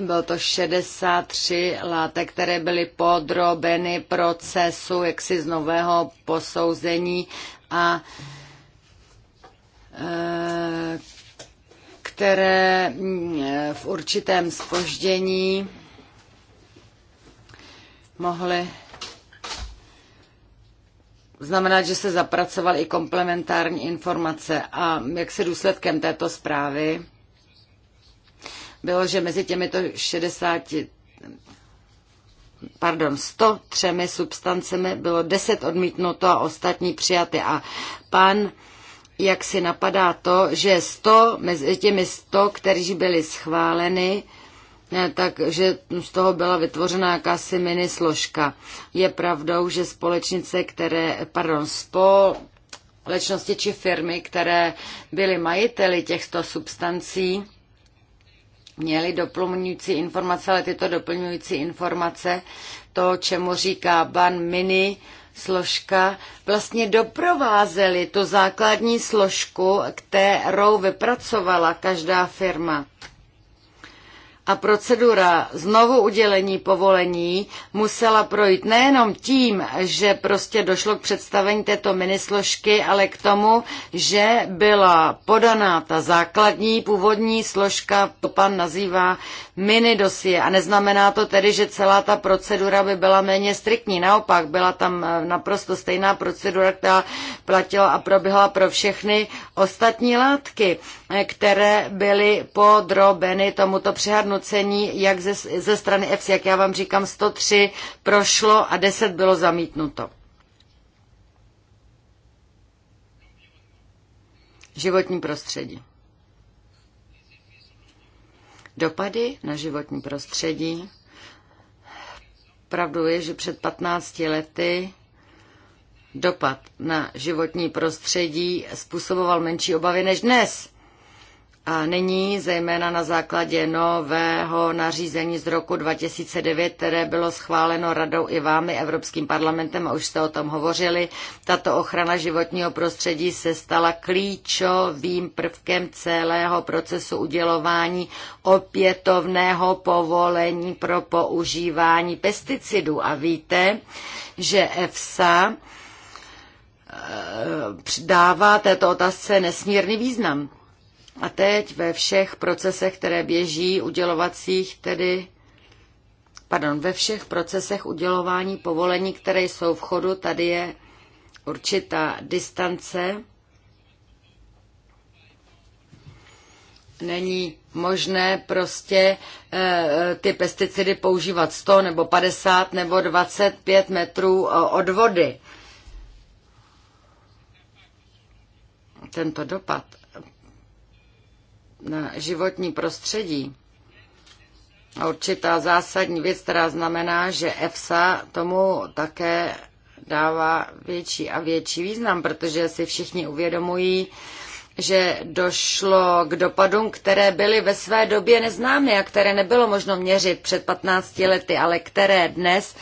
S2: Bylo to 63 látek, které byly podrobeny procesu jaksi z nového posouzení a Eh, které mm, v určitém spoždění mohly znamenat, že se zapracovaly i komplementární informace. A jak se důsledkem této zprávy bylo, že mezi těmito 60, pardon, 103 substancemi bylo 10 odmítnuto a ostatní přijaty. A pan jak si napadá to, že 100, mezi těmi 100, kteří byli schváleny, eh, takže z toho byla vytvořena jakási mini složka. Je pravdou, že společnice, které, pardon, spo, společnosti či firmy, které byly majiteli těchto substancí, měly doplňující informace, ale tyto doplňující informace, to, čemu říká ban mini, složka vlastně doprovázely tu základní složku, kterou vypracovala každá firma a procedura znovu udělení povolení musela projít nejenom tím, že prostě došlo k představení této minisložky, ale k tomu, že byla podaná ta základní původní složka, to pan nazývá minidosie. A neznamená to tedy, že celá ta procedura by byla méně striktní. Naopak, byla tam eh, naprosto stejná procedura, která platila a proběhla pro všechny Ostatní látky, které byly podrobeny tomuto přehodnocení, jak ze, ze strany EFS, jak já vám říkám, 103 prošlo a 10 bylo zamítnuto. Životní prostředí. Dopady na životní prostředí. Pravdou je, že před 15 lety dopad na životní prostředí způsoboval menší obavy než dnes. A nyní, zejména na základě nového nařízení z roku 2009, které bylo schváleno radou i vámi, Evropským parlamentem, a už jste o tom hovořili, tato ochrana životního prostředí se stala klíčovým prvkem celého procesu udělování opětovného povolení pro používání pesticidů. A víte, že EFSA Eh, dává této otázce nesmírný význam. A teď ve všech procesech, které běží, udělovacích, tedy, pardon, ve všech procesech udělování povolení, které jsou v chodu, tady je určitá distance. Není možné prostě e, ty pesticidy používat 100 nebo 50 nebo 25 metrů eh, od vody tento dopad na životní prostředí a určitá zásadní věc, která znamená, že EFSA tomu také dává větší a větší význam, protože si všichni uvědomují, že došlo k dopadům, které byly ve své době neznámy a které nebylo možno měřit před 15 lety, ale které dnes uh,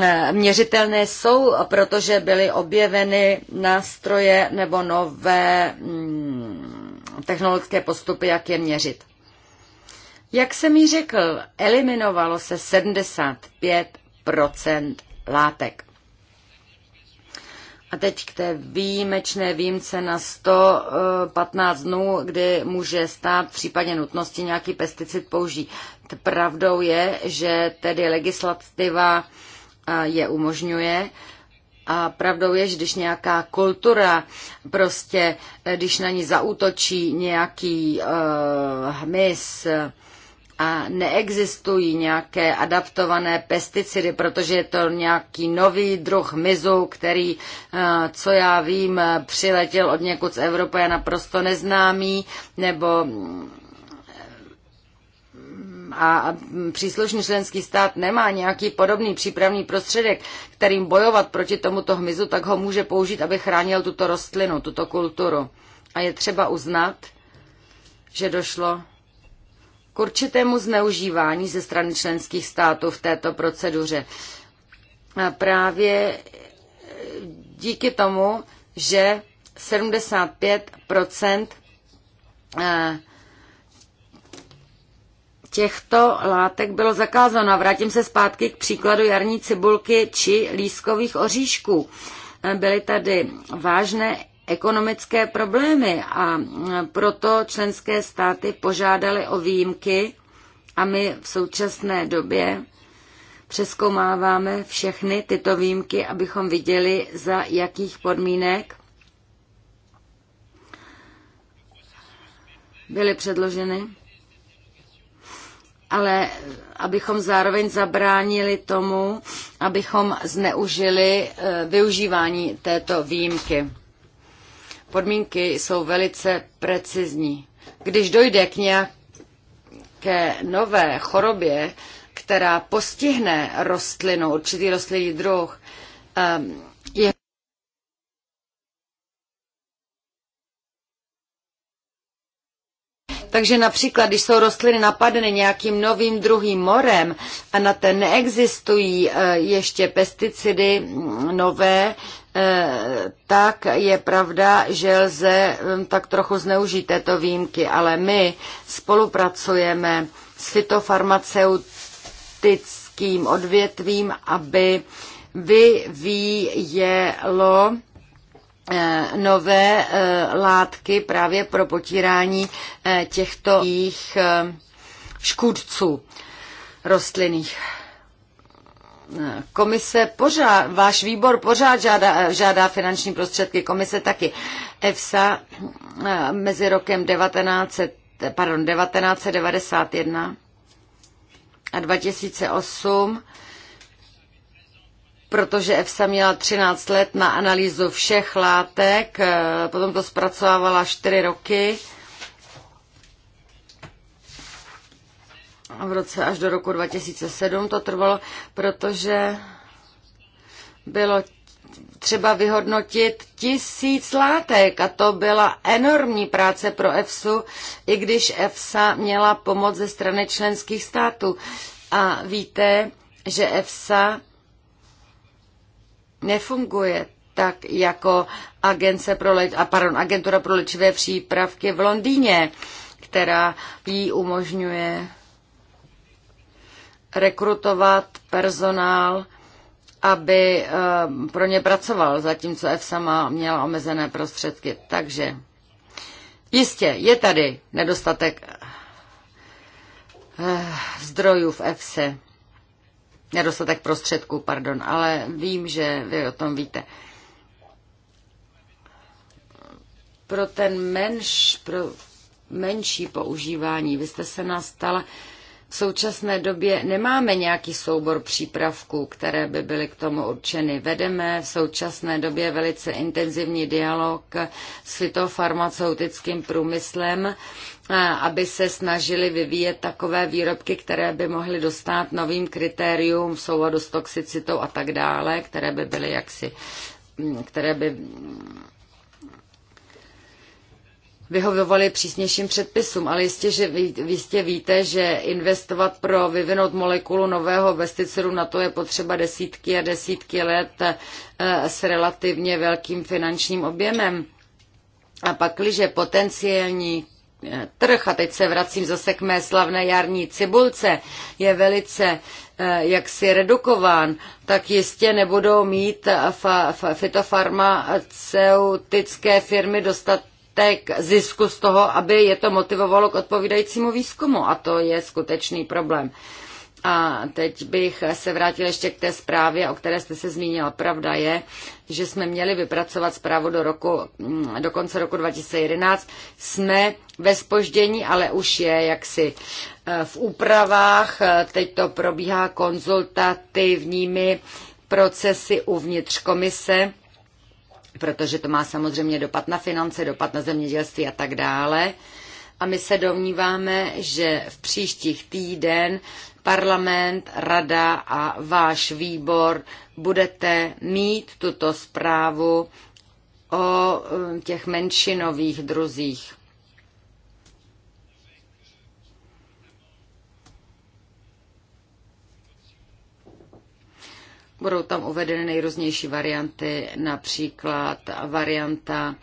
S2: Eh, měřitelné jsou, protože byly objeveny nástroje nebo nové mm, technologické postupy, jak je měřit. Jak jsem mi řekl, eliminovalo se 75 látek. A teď k té výjimečné výjimce na 115 dnů, kdy může stát v případě nutnosti nějaký pesticid použít. Pravdou je, že tedy legislativa je umožňuje. A pravdou je, že když nějaká kultura, prostě eh, když na ní zautočí nějaký uh, hmyz, eh, a neexistují nějaké adaptované pesticidy, protože je to nějaký nový druh hmyzu, který, co já vím, přiletěl od někud z Evropy a naprosto neznámý, nebo mm, a příslušný členský stát nemá nějaký podobný přípravný prostředek, kterým bojovat proti tomuto hmyzu, tak ho může použít, aby chránil tuto rostlinu, tuto kulturu. A je třeba uznat, že došlo k určitému zneužívání ze strany členských států v této proceduře. A právě díky tomu, že 75 těchto látek bylo zakázáno. Vrátím se zpátky k příkladu jarní cibulky či lískových oříšků. Byly tady vážné ekonomické problémy a proto členské státy požádaly o výjimky a my v současné době přeskoumáváme všechny tyto výjimky, abychom viděli, za jakých podmínek byly předloženy ale abychom zároveň zabránili tomu, abychom zneužili eh, využívání této výjimky. Podmínky jsou velice precizní. Když dojde k nějaké nové chorobě, která postihne rostlinu, určitý rostlinný druh, ehm, Takže například, když jsou rostliny napadeny nějakým novým druhým morem a na ten neexistují eh, ještě pesticidy nové, eh, tak je pravda, že lze hm, tak trochu zneužít této výjimky, ale my spolupracujeme s fitofarmaceutickým odvětvím, aby vyvíjelo Eh, nové eh, látky právě pro potírání eh, těchto jejich škůdců rostlinných. Komise pořád, váš výbor pořád žádá, žádá finanční prostředky, komise taky. EFSA mezi rokem 19, pardon, 1991 a 2008 protože EFSA měla 13 let na analýzu všech látek, eh, potom to zpracovávala 4 roky. v roce až do roku 2007 to trvalo, protože bylo třeba vyhodnotit tisíc látek a to byla enormní práce pro EFSU, i když EFSA měla pomoc ze strany členských států. A víte, že EFSA nefunguje tak jako agence pro leč- a pardon, agentura pro léčivé přípravky v Londýně, která jí umožňuje rekrutovat personál, aby eh, pro ně pracoval, zatímco EFSA má, měla omezené prostředky. Takže jistě je tady nedostatek eh, zdrojů v EFSA nedostatek prostředků, pardon, ale vím, že vy o tom víte. Pro ten menš, pro menší používání, vy jste se nastala v současné době nemáme nějaký soubor přípravků, které by byly k tomu určeny. Vedeme v současné době velice intenzivní dialog s fitofarmaceutickým průmyslem aby se snažili vyvíjet takové výrobky, které by mohly dostat novým kritériům v souladu s toxicitou a tak dále, které by byly jaksi, mm, které by mm, vyhovovaly přísnějším předpisům, ale jistě, že jistě víte, že investovat pro vyvinout molekulu nového pesticidu na to je potřeba desítky a desítky let e, s relativně velkým finančním objemem. A pakliže potenciální trh, a teď se vracím zase k mé slavné jarní cibulce, je velice eh, jaksi redukován, tak jistě nebudou mít fitofarmaceutické firmy dostatek zisku z toho, aby je to motivovalo k odpovídajícímu výzkumu. A to je skutečný problém. A teď bych se vrátil ještě k té zprávě, o které jste se zmínila. Pravda je, že jsme měli vypracovat zprávu do, roku, mm, do konce roku 2011. Jsme ve spoždění, ale už je jaksi eh, v úpravách. Teď to probíhá konzultativními procesy uvnitř komise protože to má samozřejmě dopad na finance, dopad na zemědělství a tak dále a my se domníváme, že v příštích týden parlament, rada a váš výbor budete mít tuto zprávu o eh, těch menšinových druzích. Budou tam uvedeny nejrůznější varianty, například varianta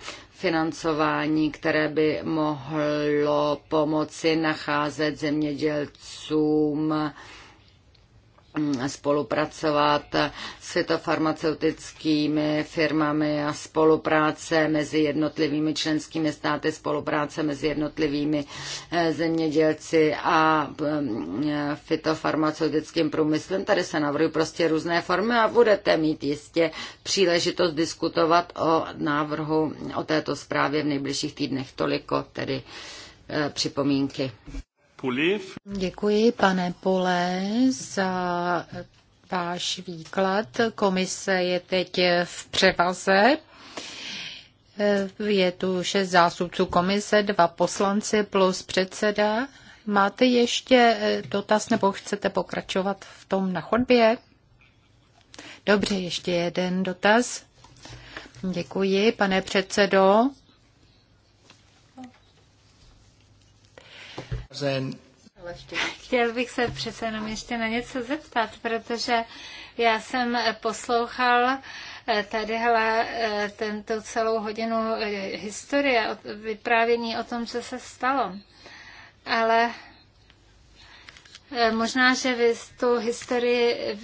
S2: financování, které by mohlo pomoci nacházet zemědělcům spolupracovat s fytofarmaceutickými firmami a spolupráce mezi jednotlivými členskými státy, spolupráce mezi jednotlivými eh, zemědělci a mm, eh, fytofarmaceutickým průmyslem. Tady se navrhují prostě různé formy a budete mít jistě příležitost diskutovat o návrhu o této zprávě v nejbližších týdnech. Toliko tedy eh, připomínky. Děkuji, pane Pole,
S3: za váš výklad. Komise je teď v převaze. Je tu šest zástupců komise, dva poslanci plus předseda. Máte ještě dotaz nebo chcete pokračovat v tom na chodbě? Dobře, ještě jeden dotaz. Děkuji, pane předsedo.
S1: Chtěl bych se přece jenom ještě na něco zeptat, protože já jsem poslouchal eh, tady hele, eh, tento celou hodinu eh, historie, vyprávění o tom, co se stalo. Ale Eh, možná, že vy tu historii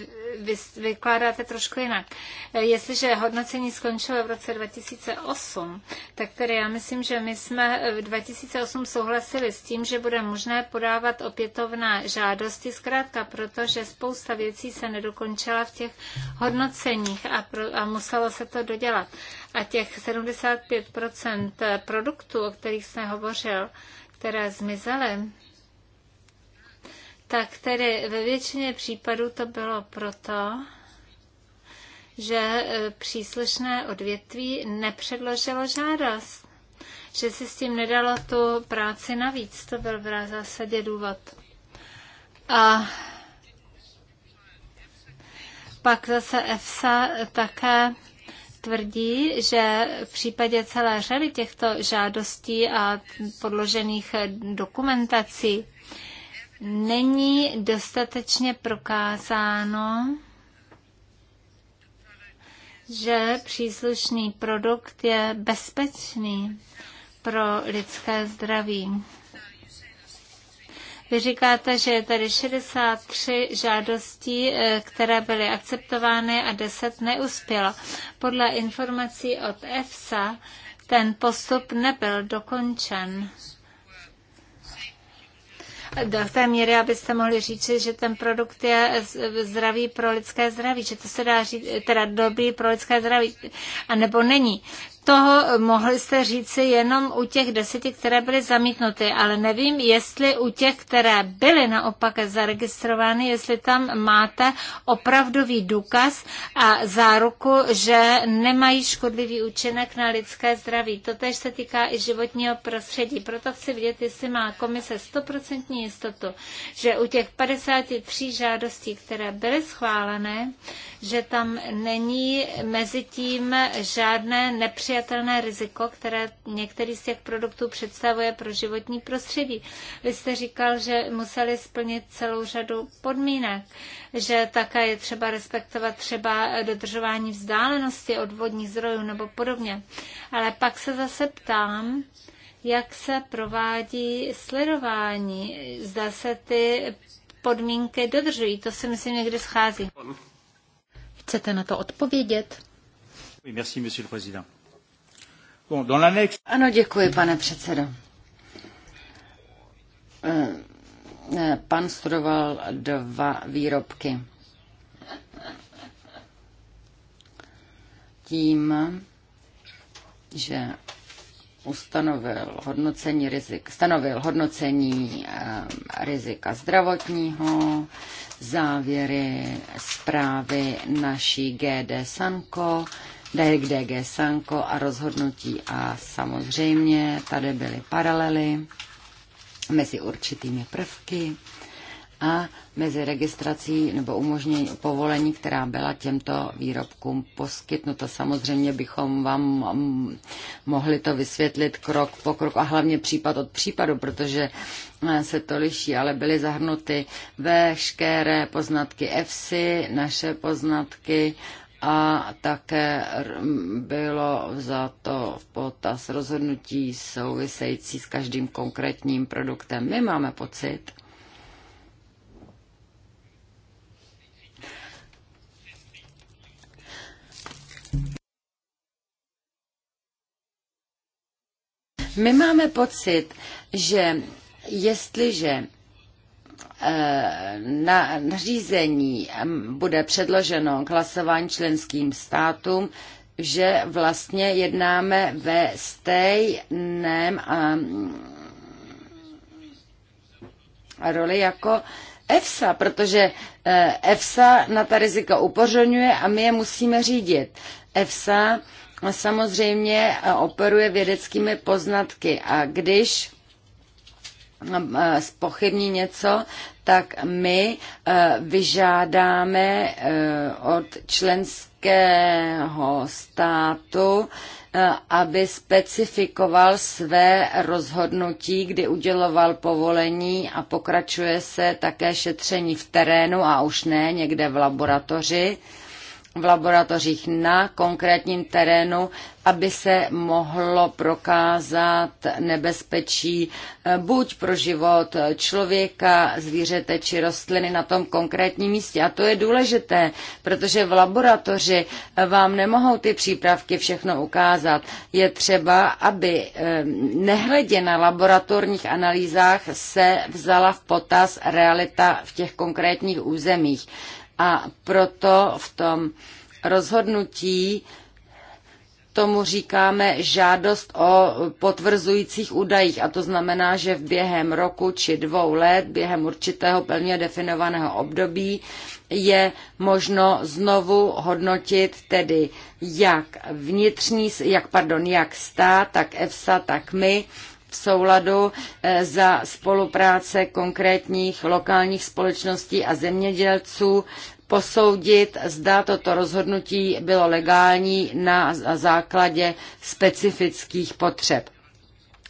S1: vykládáte trošku jinak. Eh, jestliže hodnocení skončilo v roce 2008, tak tedy já myslím, že my jsme v 2008 souhlasili s tím, že bude možné podávat opětovná žádosti, zkrátka protože spousta věcí se nedokončila v těch hodnoceních a, pro, a muselo se to dodělat. A těch 75% produktů, o kterých jsem hovořil, které zmizely, tak tedy ve většině případů to bylo proto, že e, příslušné odvětví nepředložilo žádost, že si s tím nedalo tu práci navíc. To byl v zásadě důvod. A pak zase EFSA také tvrdí, že v případě celé řady těchto žádostí a podložených dokumentací není dostatečně prokázáno, že příslušný produkt je bezpečný pro lidské zdraví. Vy říkáte, že je tady 63 žádostí, eh, které byly akceptovány a 10 neuspělo. Podle informací od EFSA ten postup nebyl dokončen do té míry, abyste mohli říct, že ten produkt je zdravý pro lidské zdraví, že to se dá říct, teda dobrý pro lidské zdraví, a nebo není toho mohli jste říci jenom u těch deseti, které byly zamítnuty, ale nevím, jestli u těch, které byly naopak zaregistrovány, jestli tam máte opravdový důkaz a záruku, že nemají škodlivý účinek na lidské zdraví. Totež se týká i životního prostředí. Proto chci vidět, jestli má komise stoprocentní jistotu, že u těch 53 žádostí, které byly schválené, že tam není mezi tím žádné nepřijatelné nepřijatelné riziko, které některý z těch produktů představuje pro životní prostředí. Vy jste říkal, že museli splnit celou řadu podmínek, že také je třeba respektovat třeba dodržování vzdálenosti od vodních zdrojů nebo podobně. Ale pak se zase ptám, jak se provádí sledování. Zda se ty podmínky dodržují. To si myslím někdy schází. Chcete na to odpovědět? Oui, merci, monsieur le président. Ano, děkuji, pane předsedo.
S2: Eh, eh, pan studoval dva výrobky. Tím, že ustanovil hodnocení rizik, stanovil hodnocení eh, rizika zdravotního, závěry zprávy naší GD Sanko, DG Sanko a rozhodnutí. A samozřejmě tady byly paralely mezi určitými prvky a mezi registrací nebo umožnění povolení, která byla těmto výrobkům poskytnuta. Samozřejmě bychom vám mm, mohli to vysvětlit krok po kroku a hlavně případ od případu, protože eh, se to liší, ale byly zahrnuty veškeré poznatky EFSI, naše poznatky a také bylo za to v potaz rozhodnutí související s každým konkrétním produktem. My máme pocit, My máme pocit, že jestliže Eh, na nařízení bude předloženo k hlasování členským státům, že vlastně jednáme ve stejném a, eh, a roli jako EFSA, protože eh, EFSA na ta rizika upozorňuje a my je musíme řídit. EFSA samozřejmě operuje vědeckými poznatky a když Eh, spochybní něco, tak my eh, vyžádáme eh, od členského státu, aby specifikoval své rozhodnutí, kdy uděloval povolení a pokračuje se také šetření v terénu a už ne někde v laboratoři v laboratořích na konkrétním terénu, aby se mohlo prokázat nebezpečí eh, buď pro život člověka, zvířete či rostliny na tom konkrétním místě. A to je důležité, protože v laboratoři vám nemohou ty přípravky všechno ukázat. Je třeba, aby eh, nehledě na laboratorních analýzách se vzala v potaz realita v těch konkrétních územích. A proto v tom rozhodnutí tomu říkáme žádost o potvrzujících údajích a to znamená, že v během roku či dvou let, během určitého plně definovaného období je možno znovu hodnotit tedy jak vnitřní, jak, pardon, jak stát, tak EFSA, tak my v souladu eh, za spolupráce konkrétních lokálních společností a zemědělců posoudit, zda toto rozhodnutí bylo legální na základě specifických potřeb.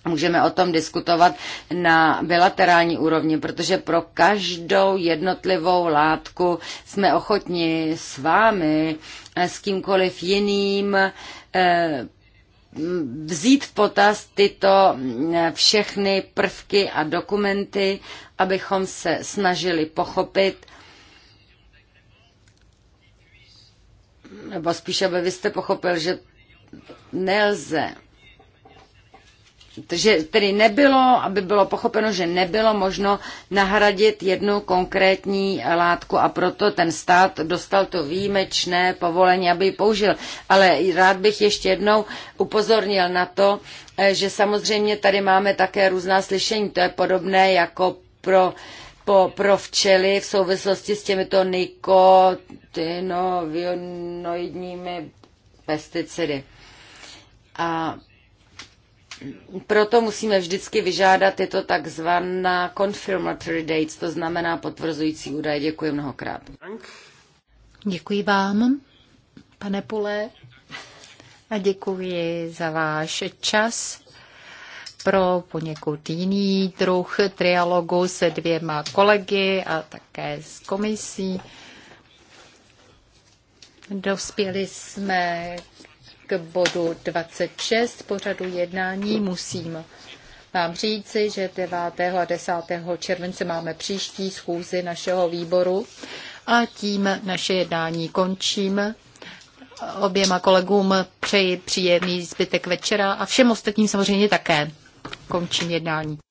S2: Můžeme o tom diskutovat na bilaterální úrovni, protože pro každou jednotlivou látku jsme ochotni s vámi, eh, s kýmkoliv jiným eh, vzít v potaz tyto mm, všechny prvky a dokumenty, abychom se snažili pochopit, nebo spíš, aby vy jste pochopil, že nelze že tedy nebylo, aby bylo pochopeno, že nebylo možno nahradit jednu konkrétní látku a proto ten stát dostal to výjimečné povolení, aby ji použil. Ale rád bych ještě jednou upozornil na to, eh, že samozřejmě tady máme také různá slyšení. To je podobné jako pro po, pro včely v souvislosti s těmito nikotinovionoidními pesticidy. A proto musíme vždycky vyžádat tyto takzvaná confirmatory dates, to znamená potvrzující údaje. Děkuji mnohokrát.
S3: Děkuji vám, pane Pule, a děkuji za váš čas pro poněkud jiný druh trialogu se dvěma kolegy a také s komisí. Dospěli jsme k bodu 26 pořadu jednání musím vám říci, že 9. a 10. července máme příští schůzi našeho výboru a tím naše jednání končím. Oběma kolegům přeji příjemný zbytek večera a všem ostatním samozřejmě také. Končím jednání.